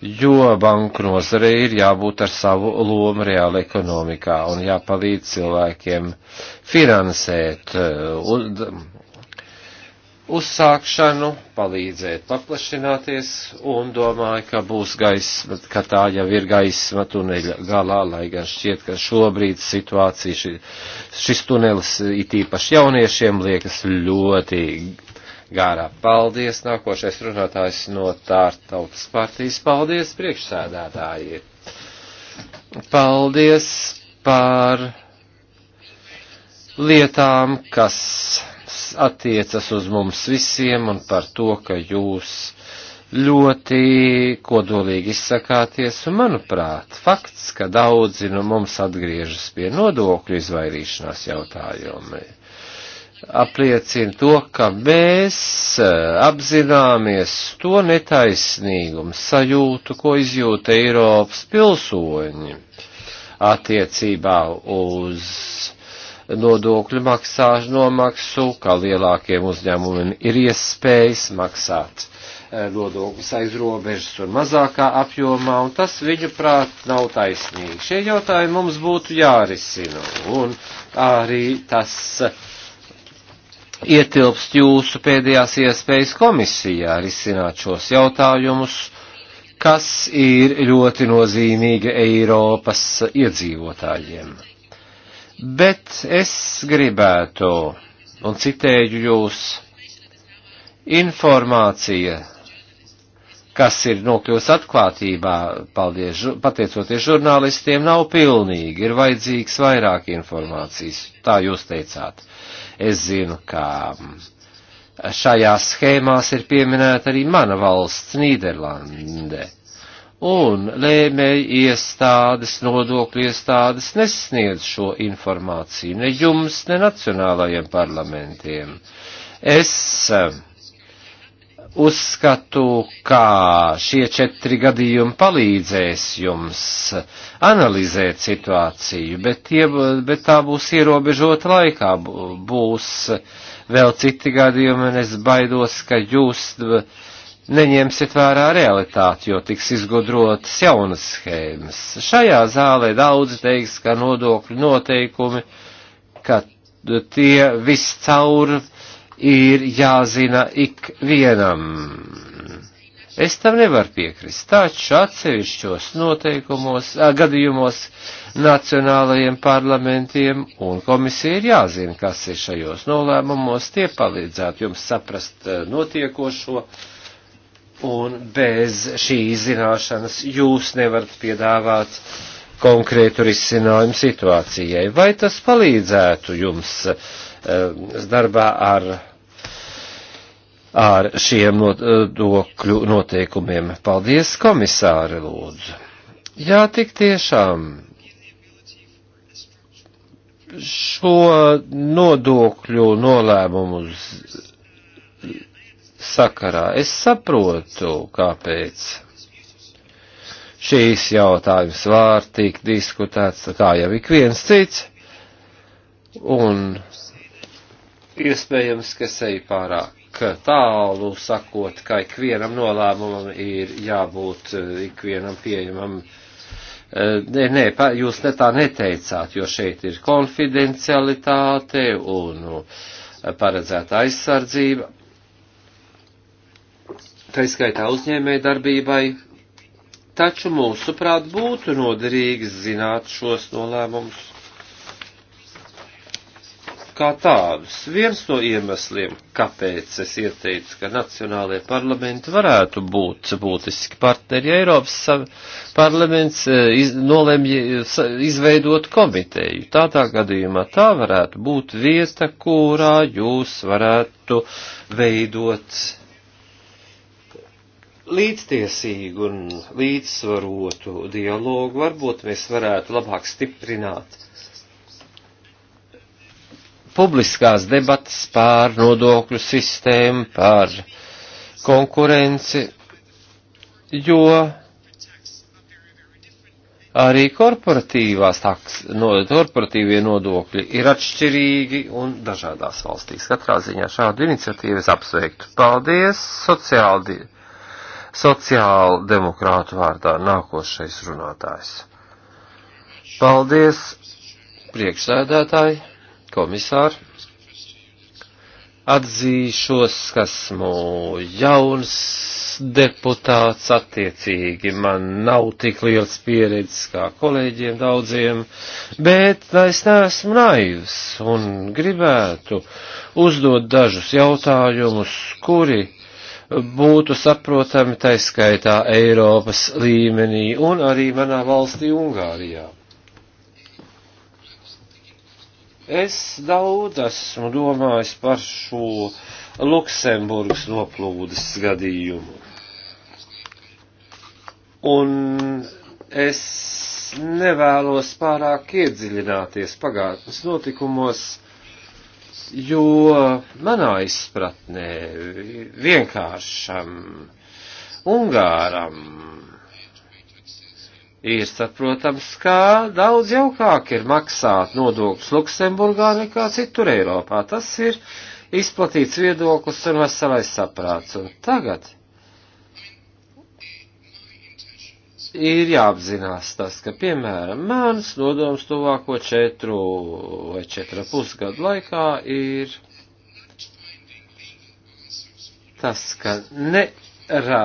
jo banku nozarei ir jābūt ar savu lomu reāli ekonomikā un jāpalīdz cilvēkiem finansēt uh, uzsākšanu, palīdzēt paplašināties un domāju, ka būs gaisma, ka tā jau ir gaisma tuneļa galā, lai gan šķiet, ka šobrīd situācija, šis, šis tunelis it īpaši jauniešiem liekas ļoti gārā. Paldies, nākošais runātājs no Tārtautas partijas. Paldies, priekšsēdētāji. Paldies par lietām, kas attiecas uz mums visiem un par to, ka jūs ļoti kodolīgi izsakāties, un manuprāt, fakts, ka daudzi no mums atgriežas pie nodokļu izvairīšanās jautājumi, apliecina to, ka mēs eh, apzināmies to netaisnīgumu sajūtu, ko izjūta Eiropas pilsoņi attiecībā uz nodokļu maksāšanu nomaksu, ka lielākiem uzņēmumiem ir iespējas maksāt eh, nodokļus aiz robežas un mazākā apjomā, un tas viņu prāt nav taisnīgi. Šie jautājumi mums būtu jārisina, un arī tas uh, ietilpst jūsu pēdējās iespējas komisijā risināt šos jautājumus, kas ir ļoti nozīmīgi Eiropas iedzīvotājiem. Bet es gribētu, un citēju jūs, informācija, kas ir nokļūst atklātībā, paldies, pateicoties žurnālistiem, nav pilnīgi, ir vajadzīgs vairāk informācijas, tā jūs teicāt. Es zinu, ka šajās schēmās ir pieminēta arī mana valsts, Nīderlande. Un lēmēji iestādes, nodokļu iestādes nesniedz šo informāciju ne jums, ne nacionālajiem parlamentiem. Es uh, uzskatu, ka šie četri gadījumi palīdzēs jums analizēt situāciju, bet, tie, bet tā būs ierobežota laikā, būs vēl citi gadījumi, un es baidos, ka jūs neņemsiet vērā realitāti, jo tiks izgudrotas jaunas schēmas. Šajā zālē daudz teiks, ka nodokļu noteikumi, ka tie viss cauri ir jāzina ikvienam. Es tam nevaru piekrist, taču atsevišķos noteikumos, gadījumos nacionālajiem parlamentiem un komisija ir jāzina, kas ir šajos nolēmumos, tie palīdzētu jums saprast notiekošo, un bez šīs zināšanas jūs nevarat piedāvāt konkrētu risinājumu situācijai. Vai tas palīdzētu jums darbā ar ar šiem nodokļu noteikumiem. Paldies, komisāri, lūdzu. Jā, tik tiešām šo nodokļu nolēmumu sakarā es saprotu, kāpēc šīs jautājums var tikt diskutēts, kā jau ik viens cits, un iespējams, ka seju pārāk pārāk tālu sakot, ka ikvienam nolēmumam ir jābūt e, ikvienam pieejamam. Nē, e, nē, jūs ne tā neteicāt, jo šeit ir konfidencialitāte un nu, paredzēta aizsardzība. Tā skaitā uzņēmē darbībai, taču mūsuprāt būtu noderīgi zināt šos nolēmumus kā tādus. Viens no iemesliem, kāpēc es ieteicu, ka nacionālajie parlamenti varētu būt būtiski partneri, ja Eiropas parlaments eh, iz, nolemj izveidot komiteju. Tādā gadījumā tā varētu būt vieta, kurā jūs varētu veidot līdztiesīgu un līdzsvarotu dialogu. Varbūt mēs varētu labāk stiprināt publiskās debatas pār nodokļu sistēmu, pār konkurenci, jo arī korporatīvās taks, no, korporatīvie nodokļi ir atšķirīgi un dažādās valstīs. Katrā ziņā šādu iniciatīvu es apsveiktu. Paldies! Sociāli, sociāli demokrātu vārdā nākošais runātājs. Paldies, priekšsēdētāji! komisāri. Atzīšos, ka esmu jauns deputāts, attiecīgi man nav tik liels pieredzes kā kolēģiem daudziem, bet es neesmu naivs un gribētu uzdot dažus jautājumus, kuri būtu saprotami taiskaitā Eiropas līmenī un arī manā valstī Ungārijā. Es daudz esmu domājis par šo Luksemburgas noplūdes gadījumu. Un es nevēlos pārāk iedziļināties pagātnes notikumos, jo manā izpratnē vienkāršam Ungāram ir saprotams, kā daudz jaukāk ir maksāt nodokļus Luksemburgā nekā citur Eiropā. Tas ir izplatīts viedoklis un veselais saprāts. Un tagad ir jāapzinās tas, ka, piemēram, mans nodoms tuvāko četru vai četra pusgadu laikā ir tas, ka ne ra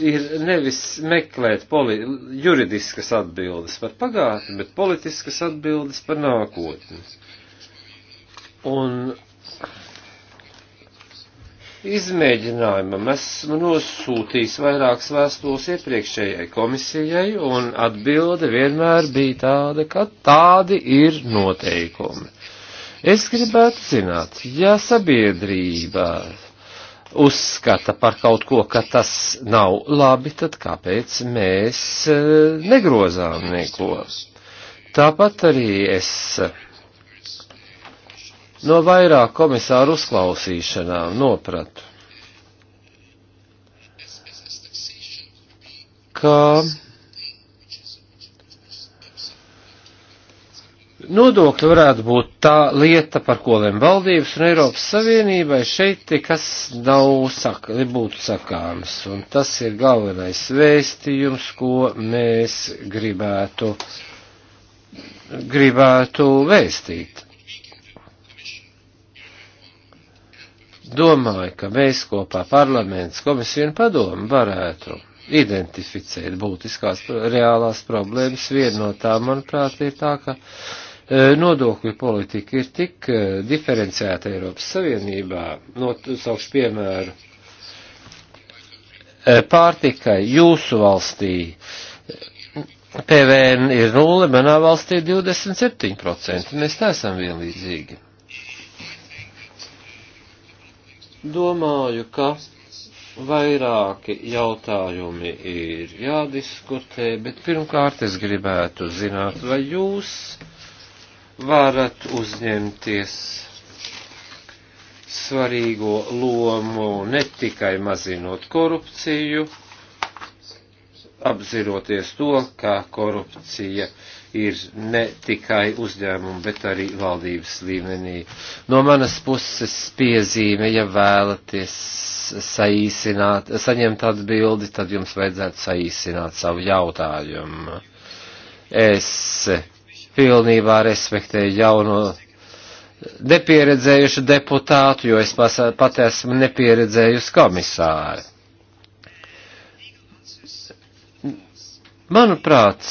ir nevis meklēt poli, juridiskas atbildes par pagātni, bet politiskas atbildes par nākotni. Un izmēģinājumam esmu nosūtījis vairākas vēstules iepriekšējai komisijai, un atbilde vienmēr bija tāda, ka tādi ir noteikumi. Es gribētu zināt, ja sabiedrībā uzskata par kaut ko, ka tas nav labi, tad kāpēc mēs e, negrozām neko? Tāpat arī es e, no vairāk komisāru uzklausīšanām nopratu, ka Nodokļi varētu būt tā lieta, par ko lem valdības un Eiropas Savienībai šeit nekas nav saka, būtu sakāms. Un tas ir galvenais vēstījums, ko mēs gribētu, gribētu vēstīt. Domāju, ka mēs kopā parlaments, komisija un padomu varētu identificēt būtiskās reālās problēmas. Viena no tām, manuprāt, ir tā, ka nodokļu politika ir tik diferencēta Eiropas Savienībā, nosaukšu piemēru, pārtikai jūsu valstī PVN ir nulle, manā valstī 27%. Mēs neesam vienlīdzīgi. Domāju, ka vairāki jautājumi ir jādiskutē, bet pirmkārt es gribētu zināt, vai jūs varat uzņemties svarīgo lomu ne tikai mazinot korupciju, apziroties to, ka korupcija ir ne tikai uzņēmumu, bet arī valdības līmenī. No manas puses piezīme, ja vēlaties saīsināt, saņemt atbildi, tad jums vajadzētu saīsināt savu jautājumu. Es pilnībā respektēju jauno nepieredzējušu deputātu, jo es pat esmu nepieredzējusi komisāri. Manuprāt,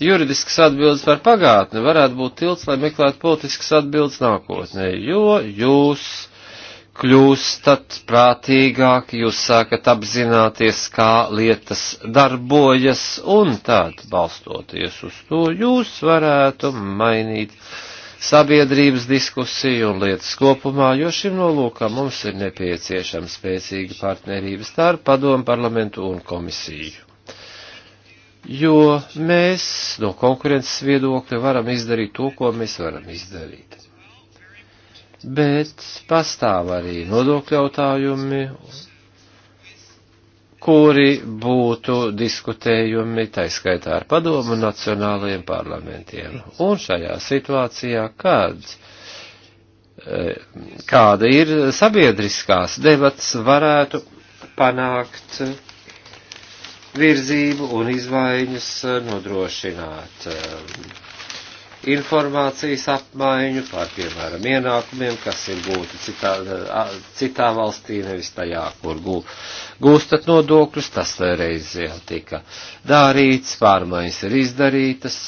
juridiskas atbildes par pagātni varētu būt tilts, lai meklētu politiskas atbildes nākotnē, jo jūs kļūstat prātīgāki, jūs sākat apzināties, kā lietas darbojas, un tad, balstoties uz to, jūs varētu mainīt sabiedrības diskusiju un lietas kopumā, jo šim nolūkam mums ir nepieciešama spēcīga partnerība starp padomu parlamentu un komisiju. Jo mēs no konkurences viedokļa varam izdarīt to, ko mēs varam izdarīt bet pastāv arī nodokļu jautājumi, kuri būtu diskutējumi taiskaitā ar padomu nacionālajiem parlamentiem. Un šajā situācijā, kad e, kāda ir sabiedriskās debats, varētu panākt virzību un izvaiņas nodrošināt e, informācijas apmaiņu par, piemēram, ienākumiem, kas ir gūti citā, citā valstī, nevis tajā, kur gūstat nodokļus. Tas reiz jau tika darīts, pārmaiņas ir izdarītas.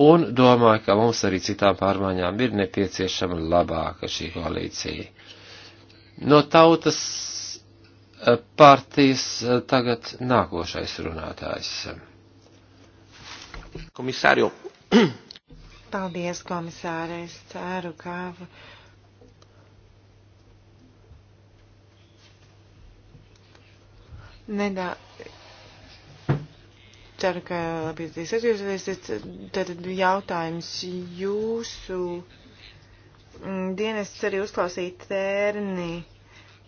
Un domāju, ka mums arī citām pārmaiņām ir nepieciešama labāka šī koalīcija. No tautas partijas tagad nākošais runātājs. Komisārio, Paldies, komisārai. Es ceru, ka nedā. Ceru, ka labi jūs atgriezīsies. Tad jautājums jūsu mm, dienests arī uzklausīja tērni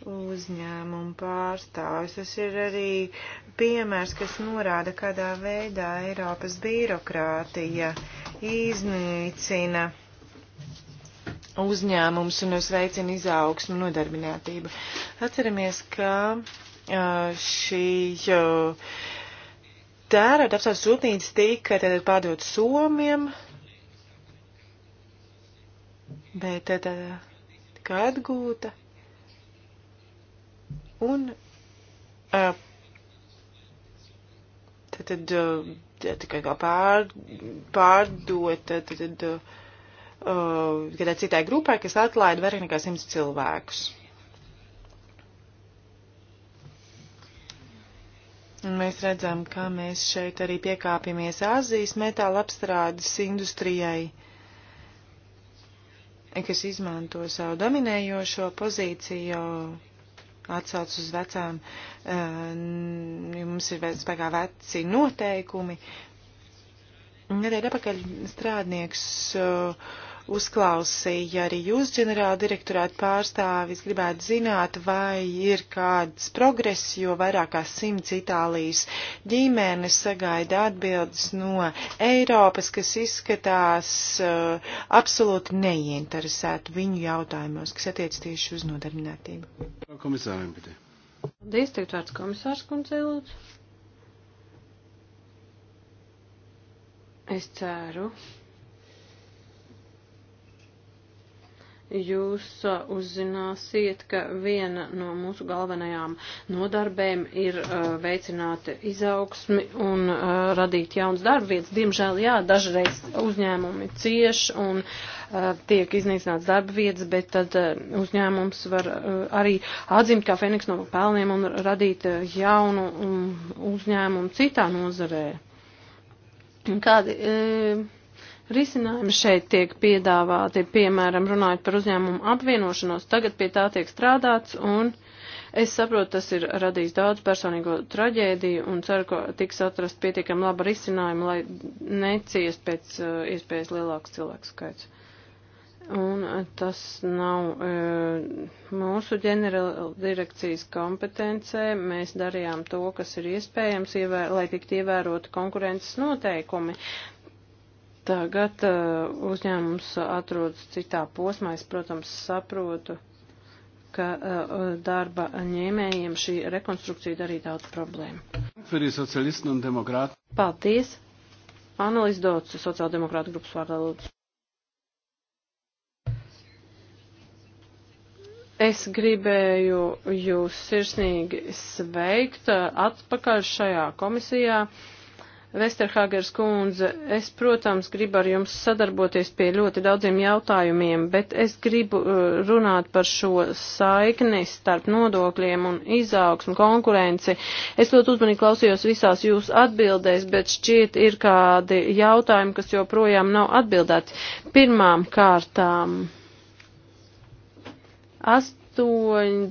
uzņēmumu pārstāvis. Tas ir arī piemērs, kas norāda, kādā veidā Eiropas birokrātija iznīcina uzņēmums un uzveicina izaugsmu nodarbinātību. Atceramies, ka šī tērauda apsaules rūpnīca tika tad pārdot somiem, bet tad tika atgūta. Un uh, tad, tad uh, tikai kā pār, pārdot, tad, tad uh, kādai citai grupai, kas atlaida vairāk nekā simts cilvēkus. Un mēs redzam, ka mēs šeit arī piekāpjamies Azijas metāla apstrādes industrijai, kas izmanto savu dominējošo pozīciju atsauc uz vecām, eh, mums ir spēkā veci noteikumi. Nedēļ apakaļ strādnieks uh, uzklausīja arī jūs, ģenerāla direktorāta pārstāvis, gribētu zināt, vai ir kāds progress, jo vairākās simts Itālijas ģimenes sagaida atbildes no Eiropas, kas izskatās uh, absolūti neinteresētu viņu jautājumos, kas attiec tieši uz nodarbinātību. Komisāram, bitte. Paldies, tagad vārds komisārs kundzei lūdzu. Es ceru, jūs uh, uzzināsiet, ka viena no mūsu galvenajām nodarbēm ir uh, veicināt izaugsmi un uh, radīt jaunas darbvietas. Diemžēl, jā, dažreiz uzņēmumi cieš un tiek iznīcināts darbvietas, bet tad uzņēmums var arī atzimt kā Feniks no pelniem un radīt jaunu um, uzņēmumu citā nozarē. Kādi, e Risinājumi šeit tiek piedāvāti, piemēram, runājot par uzņēmumu apvienošanos, tagad pie tā tiek strādāts un es saprotu, tas ir radījis daudz personīgo traģēdiju un ceru, ka tiks atrast pietiekam laba risinājuma, lai neciest pēc uh, iespējas lielāks cilvēku skaits. Un uh, tas nav e, mūsu ģenerāla direkcijas kompetencē. Mēs darījām to, kas ir iespējams, ievēr, lai tiktu ievēroti konkurences noteikumi. Tagad uh, uzņēmums atrodas citā posmā. Es, protams, saprotu, ka uh, darba ņēmējiem šī rekonstrukcija darīja daudz problēmu. Paldies! Annelies Dots, sociāldemokrāta grupas vārdā lūdzu. Es gribēju jūs sirsnīgi sveikt eh, atpakaļ šajā komisijā. Uh, Vesterhāgers kundze, es, protams, gribu ar jums sadarboties pie ļoti daudziem jautājumiem, bet es gribu eh, runāt par šo saikni starp nodokļiem un izaugsmu konkurenci. Es ļoti uzmanīgi klausījos visās jūsu atbildēs, bet šķiet ir kādi jautājumi, kas joprojām nav atbildēti. Pirmām kārtām. 80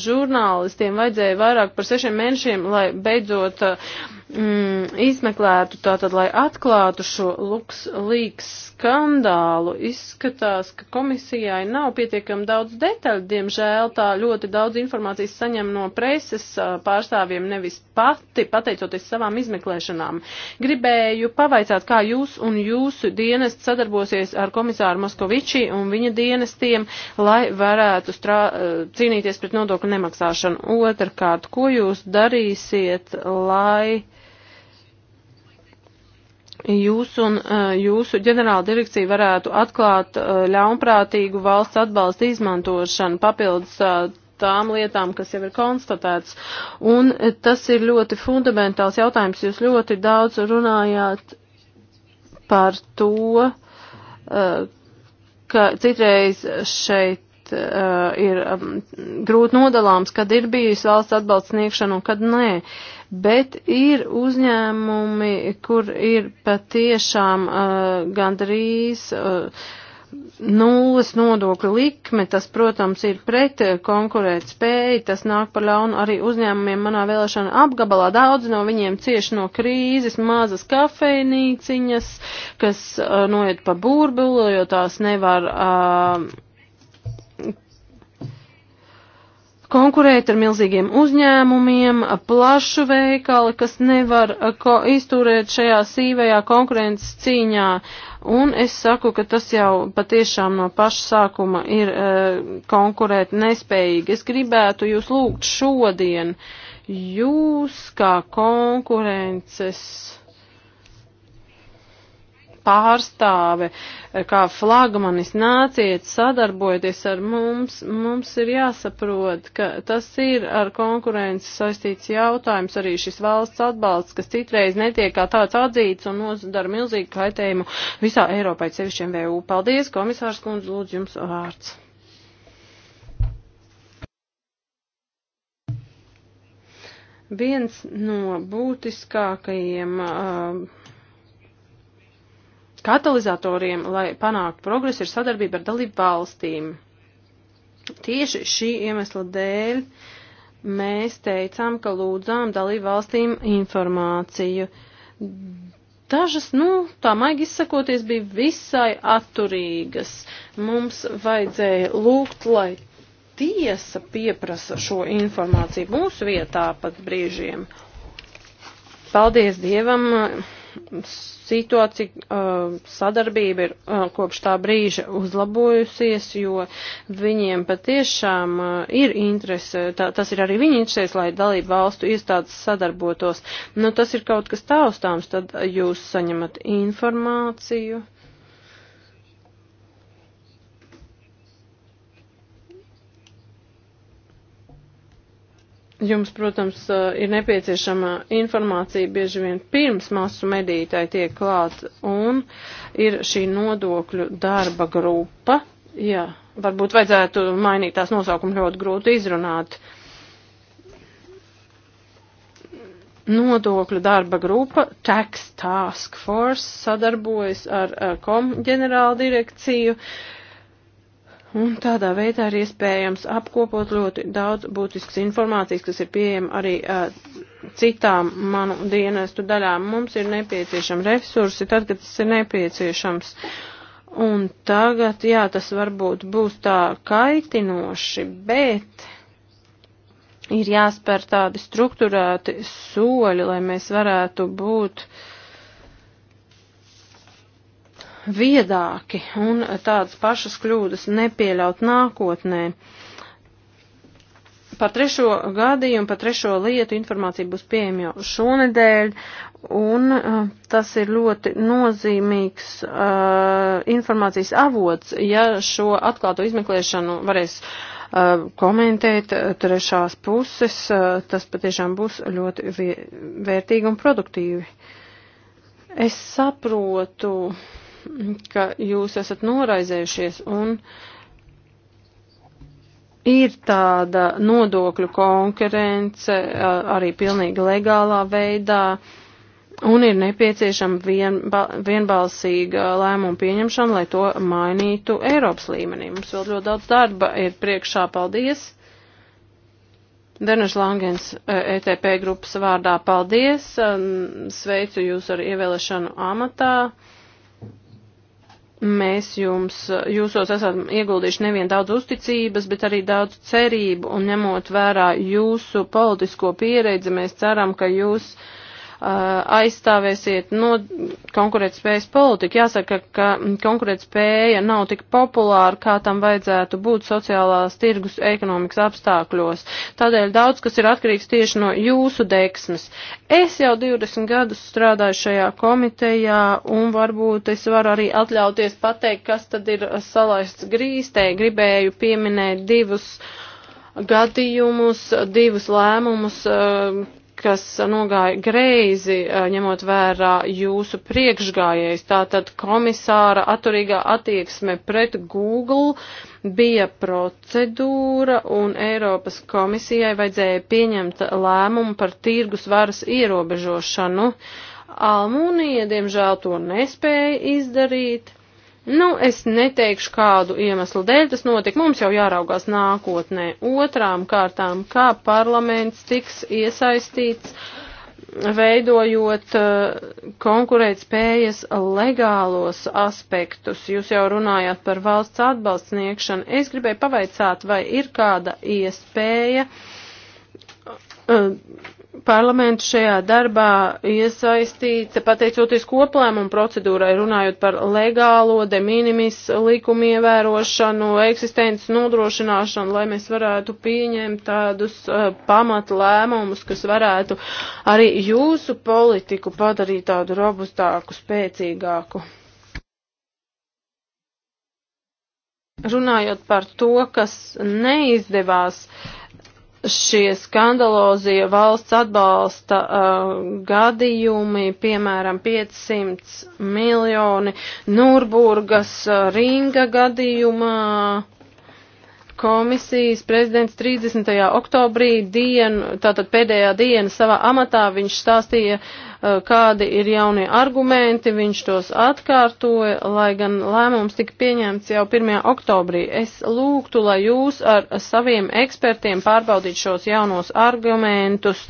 žurnālistiem vajadzēja vairāk par sešiem mēnešiem, lai beidzot uh, mm, izmeklētu, tātad, lai atklātu šo LuxLeaks skandālu, izskatās, ka komisijai nav pietiekami daudz detaļu. Diemžēl tā ļoti daudz informācijas saņem no preses pārstāvjiem nevis pati, pateicoties savām izmeklēšanām. Gribēju pavaicāt, kā jūs un jūsu dienests sadarbosies ar komisāru Moskoviči un viņa dienestiem, lai varētu strā, cīnīties pret nodokļu nemaksāšanu. Otrkārt, ko jūs darīsiet, lai jūs un e, jūsu ģenerāla direkcija varētu atklāt e, ļaunprātīgu valsts atbalsta izmantošanu papildus e, tām lietām, kas jau ir konstatēts. Un tas ir ļoti fundamentāls jautājums. Jūs ļoti daudz runājāt par to, ka citreiz šeit šeit uh, eh, ir um, grūti nodalāms, kad ir bijis valsts atbalsts sniegšana un kad nē. Bet ir uzņēmumi, kur ir patiešām uh, gandrīz. Uh, nulles nodokļu likme, tas, protams, ir pret konkurēt spēju, tas nāk par ļaunu arī uzņēmumiem manā vēlēšana apgabalā. Daudz no viņiem cieši no krīzes, mazas kafejnīciņas, kas uh, noiet pa burbulu, jo tās nevar. Uh, konkurēt ar milzīgiem uzņēmumiem, plašu veikali, kas nevar eh, ko izturēt šajā sīvajā konkurences cīņā. Un es saku, ka tas jau patiešām no paša sākuma ir e, konkurēt nespējīgi. Es gribētu jūs lūgt šodien, jūs kā konkurences pārstāve, kā flagmanis, nāciet, sadarbojieties ar mums. Mums ir jāsaprot, ka tas ir ar konkurences saistīts jautājums, arī šis valsts atbalsts, kas citreiz netiek kā tāds atzīts un nozadara milzīgu kaitējumu visā Eiropai, sevišķiem VU. Paldies, komisārs kundze, lūdzu jums vārds. Viens no būtiskākajiem uh, Katalizatoriem, lai panāktu progresu, ir sadarbība ar dalību valstīm. Tieši šī iemesla dēļ mēs teicām, ka lūdzām dalību valstīm informāciju. Dažas, nu, tā maigi izsakoties, bija visai atturīgas. Mums vajadzēja lūgt, lai tiesa pieprasa šo informāciju mūsu vietā pat brīžiem. Paldies Dievam! situācija, uh, sadarbība ir uh, kopš tā brīža uzlabojusies, jo viņiem patiešām uh, ir interese, tā, tas ir arī viņa interesēs, lai dalību valstu iestādes sadarbotos. Nu, tas ir kaut kas taustāms, tad jūs saņemat informāciju. Uh, Jums, protams, uh, ir nepieciešama informācija bieži vien pirms masu medītāji tiek klāt, un ir šī nodokļu darba grupa. Jā, varbūt vajadzētu mainīt tās nosaukumu ļoti grūti izrunāt. Nodokļu darba grupa Tax Task Force sadarbojas ar uh, kom ģenerāldirekciju. direkciju Un tādā veidā ir iespējams apkopot ļoti daudz būtiskas informācijas, kas ir pieejama arī uh, citām manu dienestu daļām. Mums ir nepieciešami resursi tad, kad tas ir nepieciešams. Un tagad, jā, tas varbūt būs tā kaitinoši, bet ir jāspēr tādi struktūrēti soļi, lai mēs varētu būt uh, viedāki un tādas pašas kļūdas nepieļaut nākotnē. Par trešo gadījumu, par trešo lietu informācija būs pieejama jau šonedēļ, un uh, tas ir ļoti nozīmīgs uh, informācijas avots, ja šo atklāto izmeklēšanu varēs uh, komentēt uh, trešās puses, uh, tas patiešām būs ļoti vērtīgi un produktīvi. Es saprotu ka jūs esat noraizējušies un ir tāda nodokļu konkurence arī pilnīgi legālā veidā un ir nepieciešama vienba, vienbalsīga lēmuma pieņemšana, lai to mainītu Eiropas līmenī. Mums vēl ļoti daudz darba ir priekšā. Paldies! Denis Langens, ETP grupas vārdā, paldies! Sveicu jūs ar ievēlēšanu amatā! mēs jums, jūsos esam ieguldījuši nevien daudz uzticības, bet arī daudz cerību, un ņemot vērā jūsu politisko pieredzi, mēs ceram, ka jūs uh, Uh, aizstāvēsiet no konkurētspējas politiku. Jāsaka, ka mm, konkurētspēja nav tik populāra, kā tam vajadzētu būt sociālās tirgus ekonomikas apstākļos. Tādēļ daudz, kas ir atkarīgs tieši no jūsu deksmes. Es jau 20 gadus strādāju šajā komitejā un varbūt es varu arī atļauties pateikt, kas tad ir salaists grīstē. Gribēju pieminēt divus gadījumus, divus lēmumus, uh, kas nogāja greizi, eh, ņemot vērā jūsu priekšgājējs. Tātad komisāra atturīgā attieksme pret Google bija procedūra un Eiropas komisijai vajadzēja pieņemt lēmumu par tirgus varas ierobežošanu. Almūnija, diemžēl, to nespēja izdarīt. Nu, es neteikšu, kādu iemeslu dēļ tas notika. Mums jau jāraugās nākotnē. Otrām kārtām, kā parlaments tiks iesaistīts, veidojot eh, konkurēt spējas legālos aspektus. Jūs jau runājāt par valsts atbalsts sniegšanu. Es gribēju pavaicāt, vai ir kāda iespēja. Uh, Parlaments šajā darbā iesaistīta pateicoties koplēmumu procedūrai, runājot par legālo de minimis likumu ievērošanu, eksistences nodrošināšanu, lai mēs varētu pieņemt tādus uh, pamatlēmumus, kas varētu arī jūsu politiku padarīt tādu robustāku, spēcīgāku. Runājot par to, kas neizdevās, uh, šie skandalozie valsts atbalsta uh, gadījumi, piemēram, 500 miljoni Nūrburgas uh, ringa gadījumā. Komisijas prezidents 30. oktobrī dienu, tātad pēdējā diena savā amatā, viņš stāstīja uh, Eh, kādi ir jaunie argumenti, viņš tos atkārtoja, lai gan lēmums tika pieņemts jau 1. oktobrī. Es lūgtu, lai jūs ar saviem ekspertiem pārbaudītu šos jaunos argumentus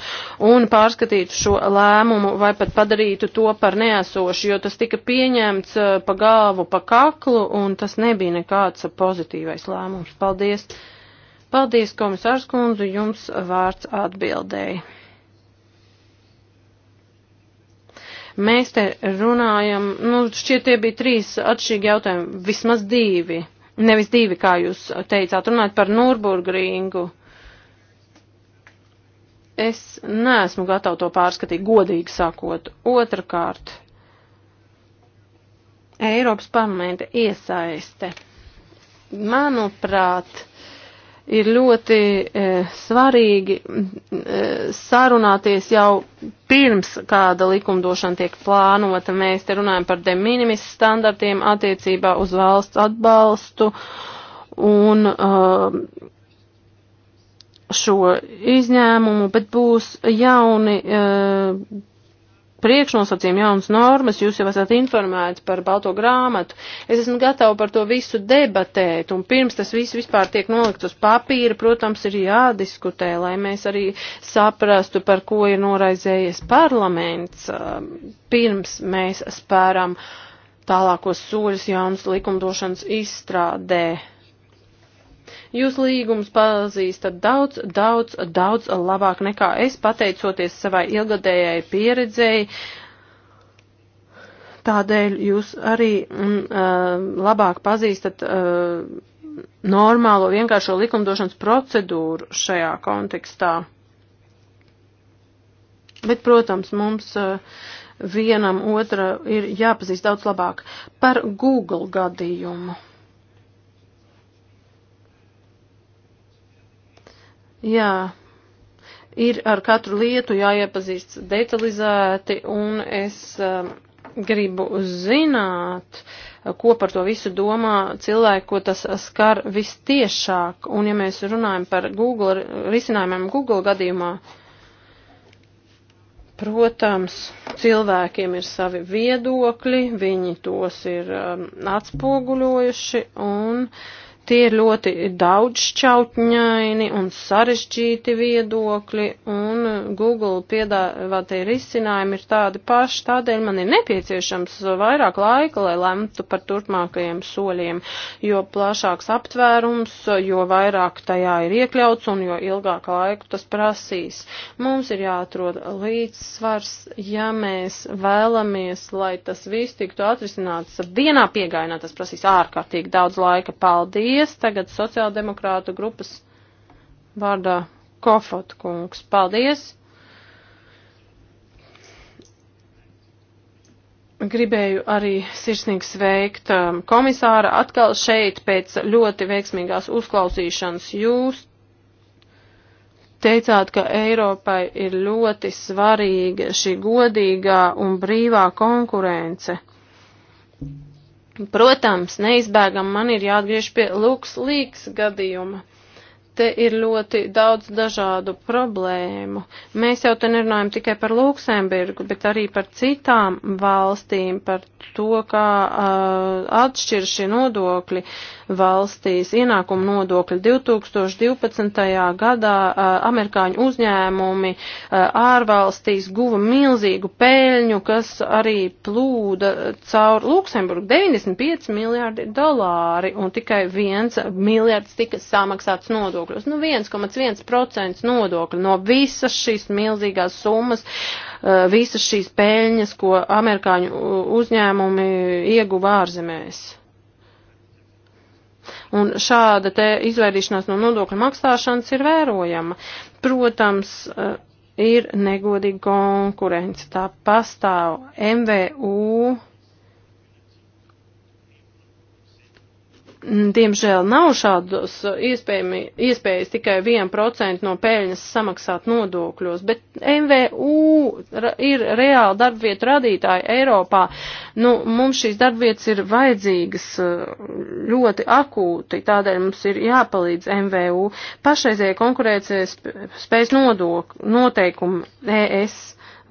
un pārskatītu šo lēmumu vai pat padarītu to par neesošu, jo tas tika pieņemts eh, pa galvu, pa kaklu un tas nebija nekāds pozitīvais lēmums. Paldies! Paldies, komisārs kundze, jums vārds atbildēja. Mēs te runājam, nu, šķiet tie bija trīs atšķirīgi jautājumi, vismaz divi. Nevis divi, kā jūs teicāt, runājot par Nūrburgringu. Es neesmu gatava to pārskatīt, godīgi sakot. Otrakārt, Eiropas parlamenta iesaiste. Manuprāt, ir ļoti e, svarīgi e, sarunāties jau pirms kāda likumdošana tiek plānota. Mēs te runājam par de minimis standartiem attiecībā uz valsts atbalstu un e, šo izņēmumu, bet būs jauni. E, priekšnosacījumi, jaunas normas, jūs jau esat informēti par balto grāmatu. Es esmu gatava par to visu debatēt, un pirms tas viss vispār tiek nolikt uz papīra, protams, ir jādiskutē, lai mēs arī saprastu, par ko ir noraizējies parlaments, um, pirms mēs spēram tālākos soļus jaunas likumdošanas izstrādē. Jūs līgums pazīstat daudz, daudz, daudz labāk nekā es, pateicoties savai ilgadējai pieredzēji. Tādēļ jūs arī mm, eh, labāk pazīstat mm, normālo vienkāršo likumdošanas procedūru šajā kontekstā. Bet, protams, mums eh, vienam otra ir jāpazīst daudz labāk par Google gadījumu. Jā, ir ar katru lietu jāiepazīst detalizēti, un es um, gribu zināt, ko par to visu domā cilvēki, ko tas skar vistiešāk. Un ja mēs runājam par Google, risinājumiem Google gadījumā, protams, cilvēkiem ir savi viedokļi, viņi tos ir um, atspoguļojuši, un uh, Tie ir ļoti daudzšķautņaini un sarežģīti viedokļi, un Google piedāvātie risinājumi ir tādi paši, tādēļ man ir nepieciešams vairāk laika, lai lemtu par turpmākajiem soļiem, jo plašāks aptvērums, jo vairāk tajā ir iekļauts un jo ilgāk laiku tas prasīs. Mums ir jāatrod līdzsvars, ja mēs vēlamies, lai tas viss tiktu atrisināts vienā piegainā, tas prasīs ārkārtīgi daudz laika. Paldies! Paldies tagad sociāldemokrātu grupas vārdā Kofot kungs. Paldies! Gribēju arī sirsnīgi sveikt um, komisāra atkal šeit pēc ļoti veiksmīgās uzklausīšanas. Jūs teicāt, ka Eiropai ir ļoti svarīga šī godīgā un brīvā konkurence. Protams, neizbēgam man ir jāatgriež pie Lūks Līks gadījuma. Te ir ļoti daudz dažādu problēmu. Mēs jau te nerunājam tikai par Luksemburgu, bet arī par citām valstīm, par to, kā uh, atšķir šie nodokļi. Uh, valstīs. Ienākuma nodokļa 2012. gadā amerikāņu uzņēmumi ārvalstīs guva milzīgu peļņu, kas arī plūda caur Luksemburgu 95 miljārdi dolāri un tikai viens miljards tika samaksāts nodokļos. Nu 1,1% nodokļu no visas šīs milzīgās summas, visas šīs peļņas, ko amerikāņu uzņēmumi ieguva ārzemēs. Un šāda te izvairīšanās no nodokļu maksāšanas ir vērojama. Protams, eh, ir negodīga konkurence, tā pastāv MVU Mm, diemžēl nav šādas iespējas tikai 1% no peļņas samaksāt nodokļos, bet MVU ir reāli darbvietu radītāji Eiropā. Nu, mums šīs darbvietas ir vajadzīgas eh, ļoti akūti, tādēļ mums ir jāpalīdz MVU pašreizie konkurēcijas spējas nodokļu noteikumu ES,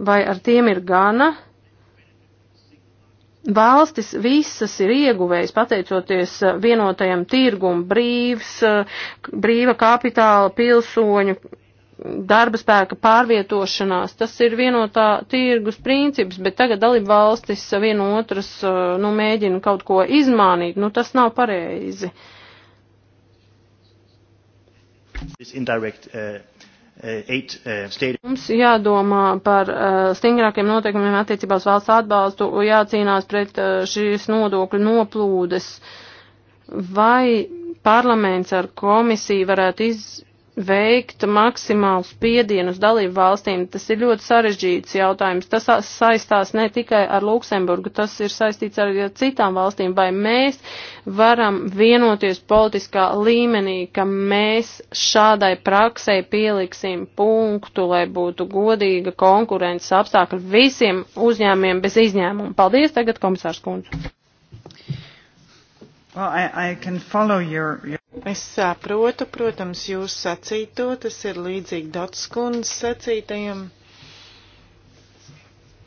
vai ar tiem ir gana, Valstis visas ir ieguvējis pateicoties eh, vienotajam tirgum brīvs, eh, brīva kapitāla pilsoņu darba spēka pārvietošanās. Tas ir vienotā tirgus princips, bet tagad dalība valstis vienu otras eh, nu, mēģina kaut ko izmānīt. Nu, tas nav pareizi. This indirect uh, Uh, uh, Mums jādomā par uh, stingrākiem noteikumiem attiecībā uz valsts atbalstu, jācīnās pret šīs nodokļu noplūdes. Vai parlaments ar komisiju varētu iz, veikt maksimālu spiedienu uz dalību valstīm, tas ir ļoti sarežģīts jautājums. Tas saistās ne tikai ar Luksemburgu, tas ir saistīts arī ar citām valstīm. Vai mēs varam vienoties politiskā līmenī, ka mēs šādai praksē pieliksim punktu, lai būtu godīga konkurences apstākļi visiem uzņēmiem bez izņēmuma? Paldies, tagad komisārs Kundze. Well, I, I can follow your, your... Es saprotu, protams, jūs sacīto, tas ir līdzīgi Dots kundzes sacītajam.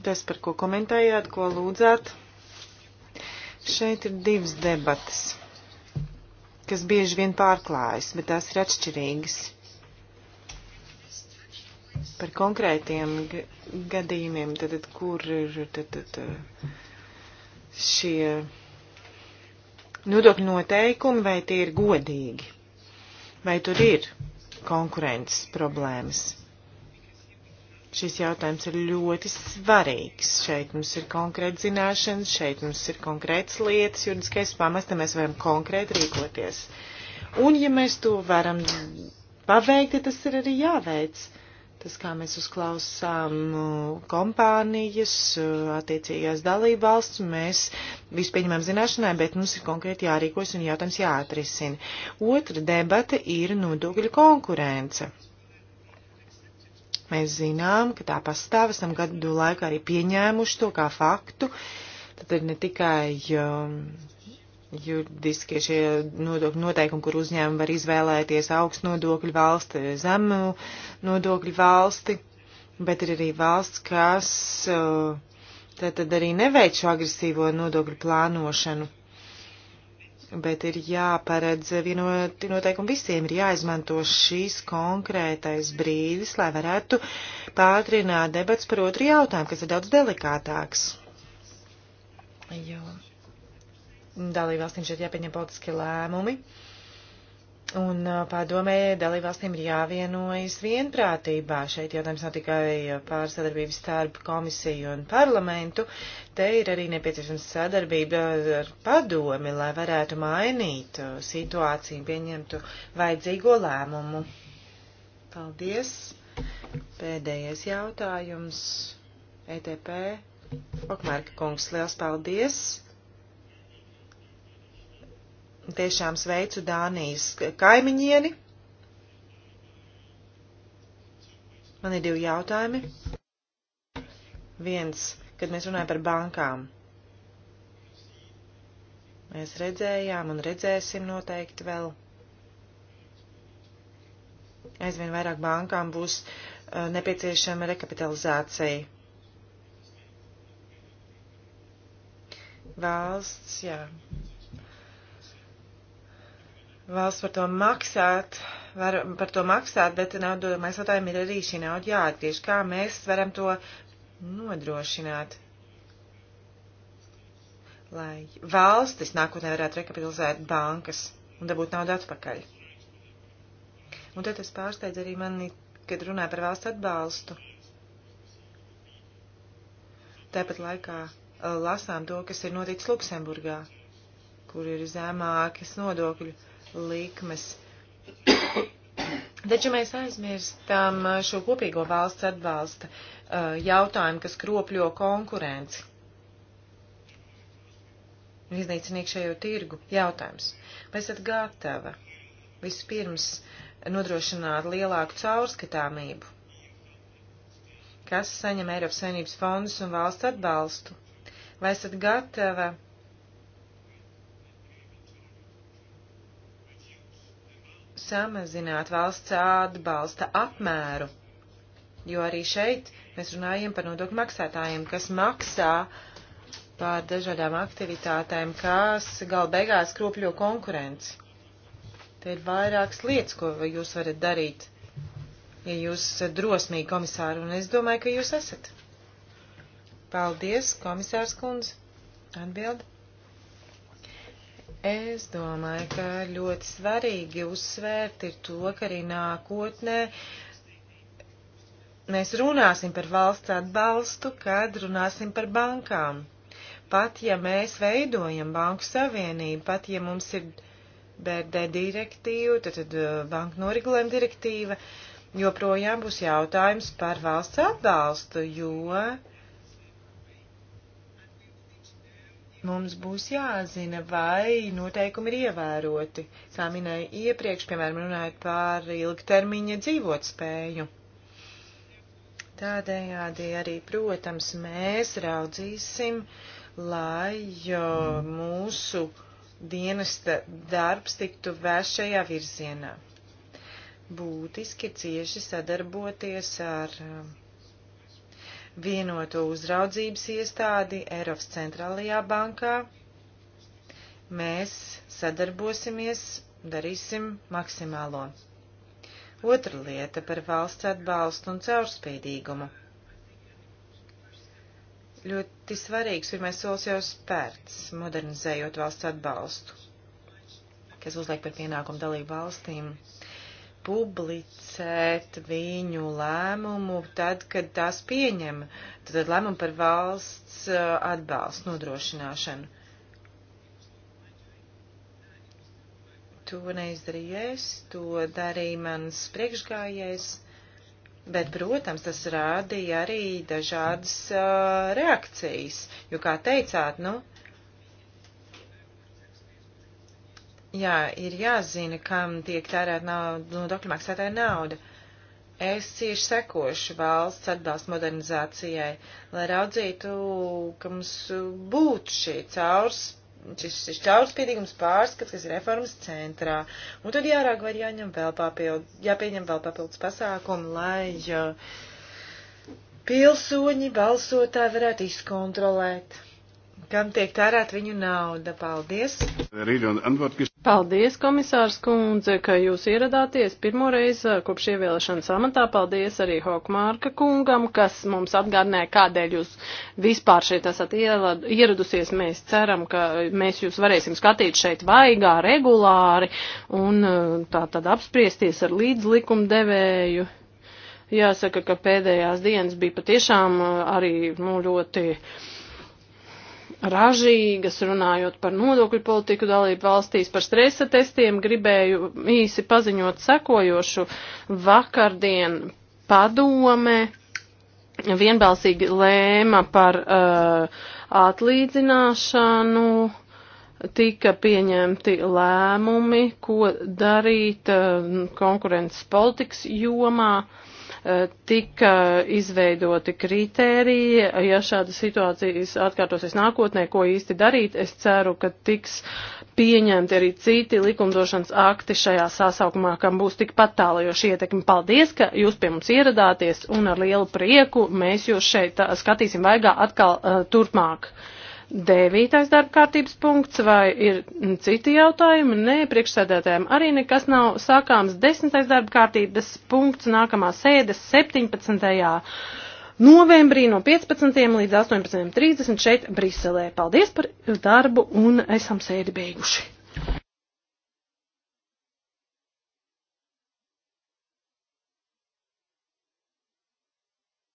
Tas, par ko komentējāt, ko lūdzāt. Šeit ir divas debatas, kas bieži vien pārklājas, bet tās ir atšķirīgas par konkrētiem gadījumiem, tad, kur ir tad, tad, šie nodokļu nu, noteikumi, vai tie ir godīgi, vai tur ir konkurences problēmas. Šis jautājums ir ļoti svarīgs. Šeit mums ir konkrēti zināšanas, šeit mums ir konkrētas lietas, juridiskais pamats, tad mēs varam konkrēti rīkoties. Un ja mēs to varam paveikt, tad tas ir arī jāveic. Uh, Tas, kā mēs uzklausām uh, kompānijas, uh, attiecīgās dalību valsts, mēs visu pieņemam zināšanai, bet mums ir konkrēti jārīkojas un jautājums jāatrisina. Otra debata ir nodokļu konkurence. Mēs zinām, ka tā pastāv, esam gadu laikā arī pieņēmuši to kā faktu. Tad ir ne tikai. Um, juridiskie šie nodokļu noteikumi, kur uzņēmumi var izvēlēties augstu nodokļu valsti, zemu nodokļu valsti, bet ir arī valsts, kas uh, tad arī neveic šo agresīvo nodokļu plānošanu. Bet ir jāparedz vienoti noteikumi visiem, ir jāizmanto šīs konkrētais brīdis, lai varētu pātrināt debats par otru jautājumu, kas ir daudz delikātāks. Jo dalībvalstīm šeit jāpieņem politiski lēmumi. Un uh, padomē dalībvalstīm ir jāvienojas vienprātībā. Šeit jautājums nav tikai pār sadarbības starp komisiju un parlamentu, te ir arī nepieciešams sadarbība ar padomi, lai varētu mainīt uh, situāciju un pieņemtu vajadzīgo lēmumu. Paldies! Pēdējais jautājums. ETP. Okmērka kungs, liels paldies! Tiešām sveicu Dānijas kaimiņieni. Man ir divi jautājumi. Viens, kad mēs runājam par bankām. Mēs redzējām un redzēsim noteikti vēl. Aizvien vairāk bankām būs uh, nepieciešama rekapitalizācija. Valsts, jā, valsts par to maksāt, var par to maksāt, bet naudu nu, maksātājiem ir arī šī nauda jāatgriež. Kā mēs varam to nodrošināt? Lai valstis nākotnē varētu rekapitalizēt bankas un dabūt naudu atpakaļ. Un tad tas pārsteidz arī mani, kad runāja par valsts atbalstu. Tāpat laikā lasām to, kas ir noticis Luksemburgā, kur ir zemākas nodokļu likmes. Taču mēs aizmirstam šo kopīgo valsts atbalsta eh, jautājumu, kas kropļo konkurenci. Iznīcinīgi šajā tirgu jautājums. Vai esat gatava vispirms nodrošināt lielāku caurskatāmību? Kas saņem Eiropas Savienības fondus un valsts atbalstu? Vai esat gatava samazināt valsts atbalsta apmēru, jo arī šeit mēs runājam par nodokļu maksātājiem, kas maksā par dažādām aktivitātēm, kas gal beigās kropļo konkurenci. Te ir vairākas lietas, ko jūs varat darīt, ja jūs esat drosmīgi komisāri, un es domāju, ka jūs esat. Paldies, komisārs kundze. Atbildi. Es domāju, ka ļoti svarīgi uzsvērt ir to, ka arī nākotnē mēs runāsim par valsts atbalstu, kad runāsim par bankām. Pat ja mēs veidojam banku savienību, pat ja mums ir BRD direktīva, tad, tad uh, banka noregulējuma direktīva, joprojām būs jautājums par valsts atbalstu, jo mums būs jāzina, vai noteikumi ir ievēroti. Kā minēju iepriekš, piemēram, runājot par ilgtermiņa dzīvotspēju. Tādējādi arī, protams, mēs raudzīsim, lai mūsu dienesta darbs tiktu vērst šajā virzienā. Būtiski cieši sadarboties ar uh, vienoto uzraudzības iestādi Eiropas centrālajā bankā. Mēs sadarbosimies, darīsim maksimālo. Otra lieta par valsts atbalstu un caurspīdīgumu. Ļoti svarīgs pirmais solis jau spērts, modernizējot valsts atbalstu, kas uzliek par pienākumu dalību valstīm publicēt viņu lēmumu tad, kad tās pieņem, tad lēmumu par valsts uh, atbalstu nodrošināšanu. To neizdarīju es, to darīja mans priekšgājējs, bet, protams, tas rādīja arī dažādas uh, reakcijas, jo, kā teicāt, nu, Jā, ir jāzina, kam tiek tērēta nauda, no dokļu maksātāja nauda. Es cieši sekošu valsts atbalstu modernizācijai, lai raudzītu, ka mums būtu šī caurs, šis, šis caurspīdīgums pārskats, kas ir reformas centrā. Un tad jārāk var jāņem vēl papildu, jāpieņem vēl papildus pasākumu, lai uh, pilsoņi balsotāji varētu izkontrolēt kam tiek tērēt viņu nauda. Paldies! Paldies, komisārs kundze, ka jūs ieradāties pirmoreiz uh, kopš ievēlēšanas amatā. Paldies arī Hokmārka kungam, kas mums atgādināja, kādēļ jūs vispār šeit esat ieradusies. Mēs ceram, ka mēs jūs varēsim skatīt šeit vaigā, regulāri un uh, tā tad apspriesties ar līdzlikumdevēju. Jāsaka, ka pēdējās dienas bija patiešām uh, arī nu, ļoti ražīgas, runājot par nodokļu politiku dalību valstīs, par stresa testiem, gribēju īsi paziņot sekojošu vakardien padome vienbalsīgi lēma par uh, atlīdzināšanu, tika pieņemti lēmumi, ko darīt uh, konkurences politikas jomā. Uh, Eh, tika izveidoti kritēriji. Ja šāda situācijas atkārtosies nākotnē, ko īsti darīt, es ceru, ka tiks pieņemti arī citi likumdošanas akti šajā sasaukumā, kam būs tikpat tālajoši ietekmi. Paldies, ka jūs pie mums ieradāties un ar lielu prieku mēs jūs šeit eh, skatīsim vaigā atkal uh, turpmāk. Devītais darbkārtības punkts vai ir citi jautājumi? Nē, priekšsēdētājiem arī nekas nav sākāms. Desmitais darbkārtības punkts nākamā sēdes 17. novembrī no 15. līdz 18.30 šeit Briselē. Paldies par darbu un esam sēdi beiguši.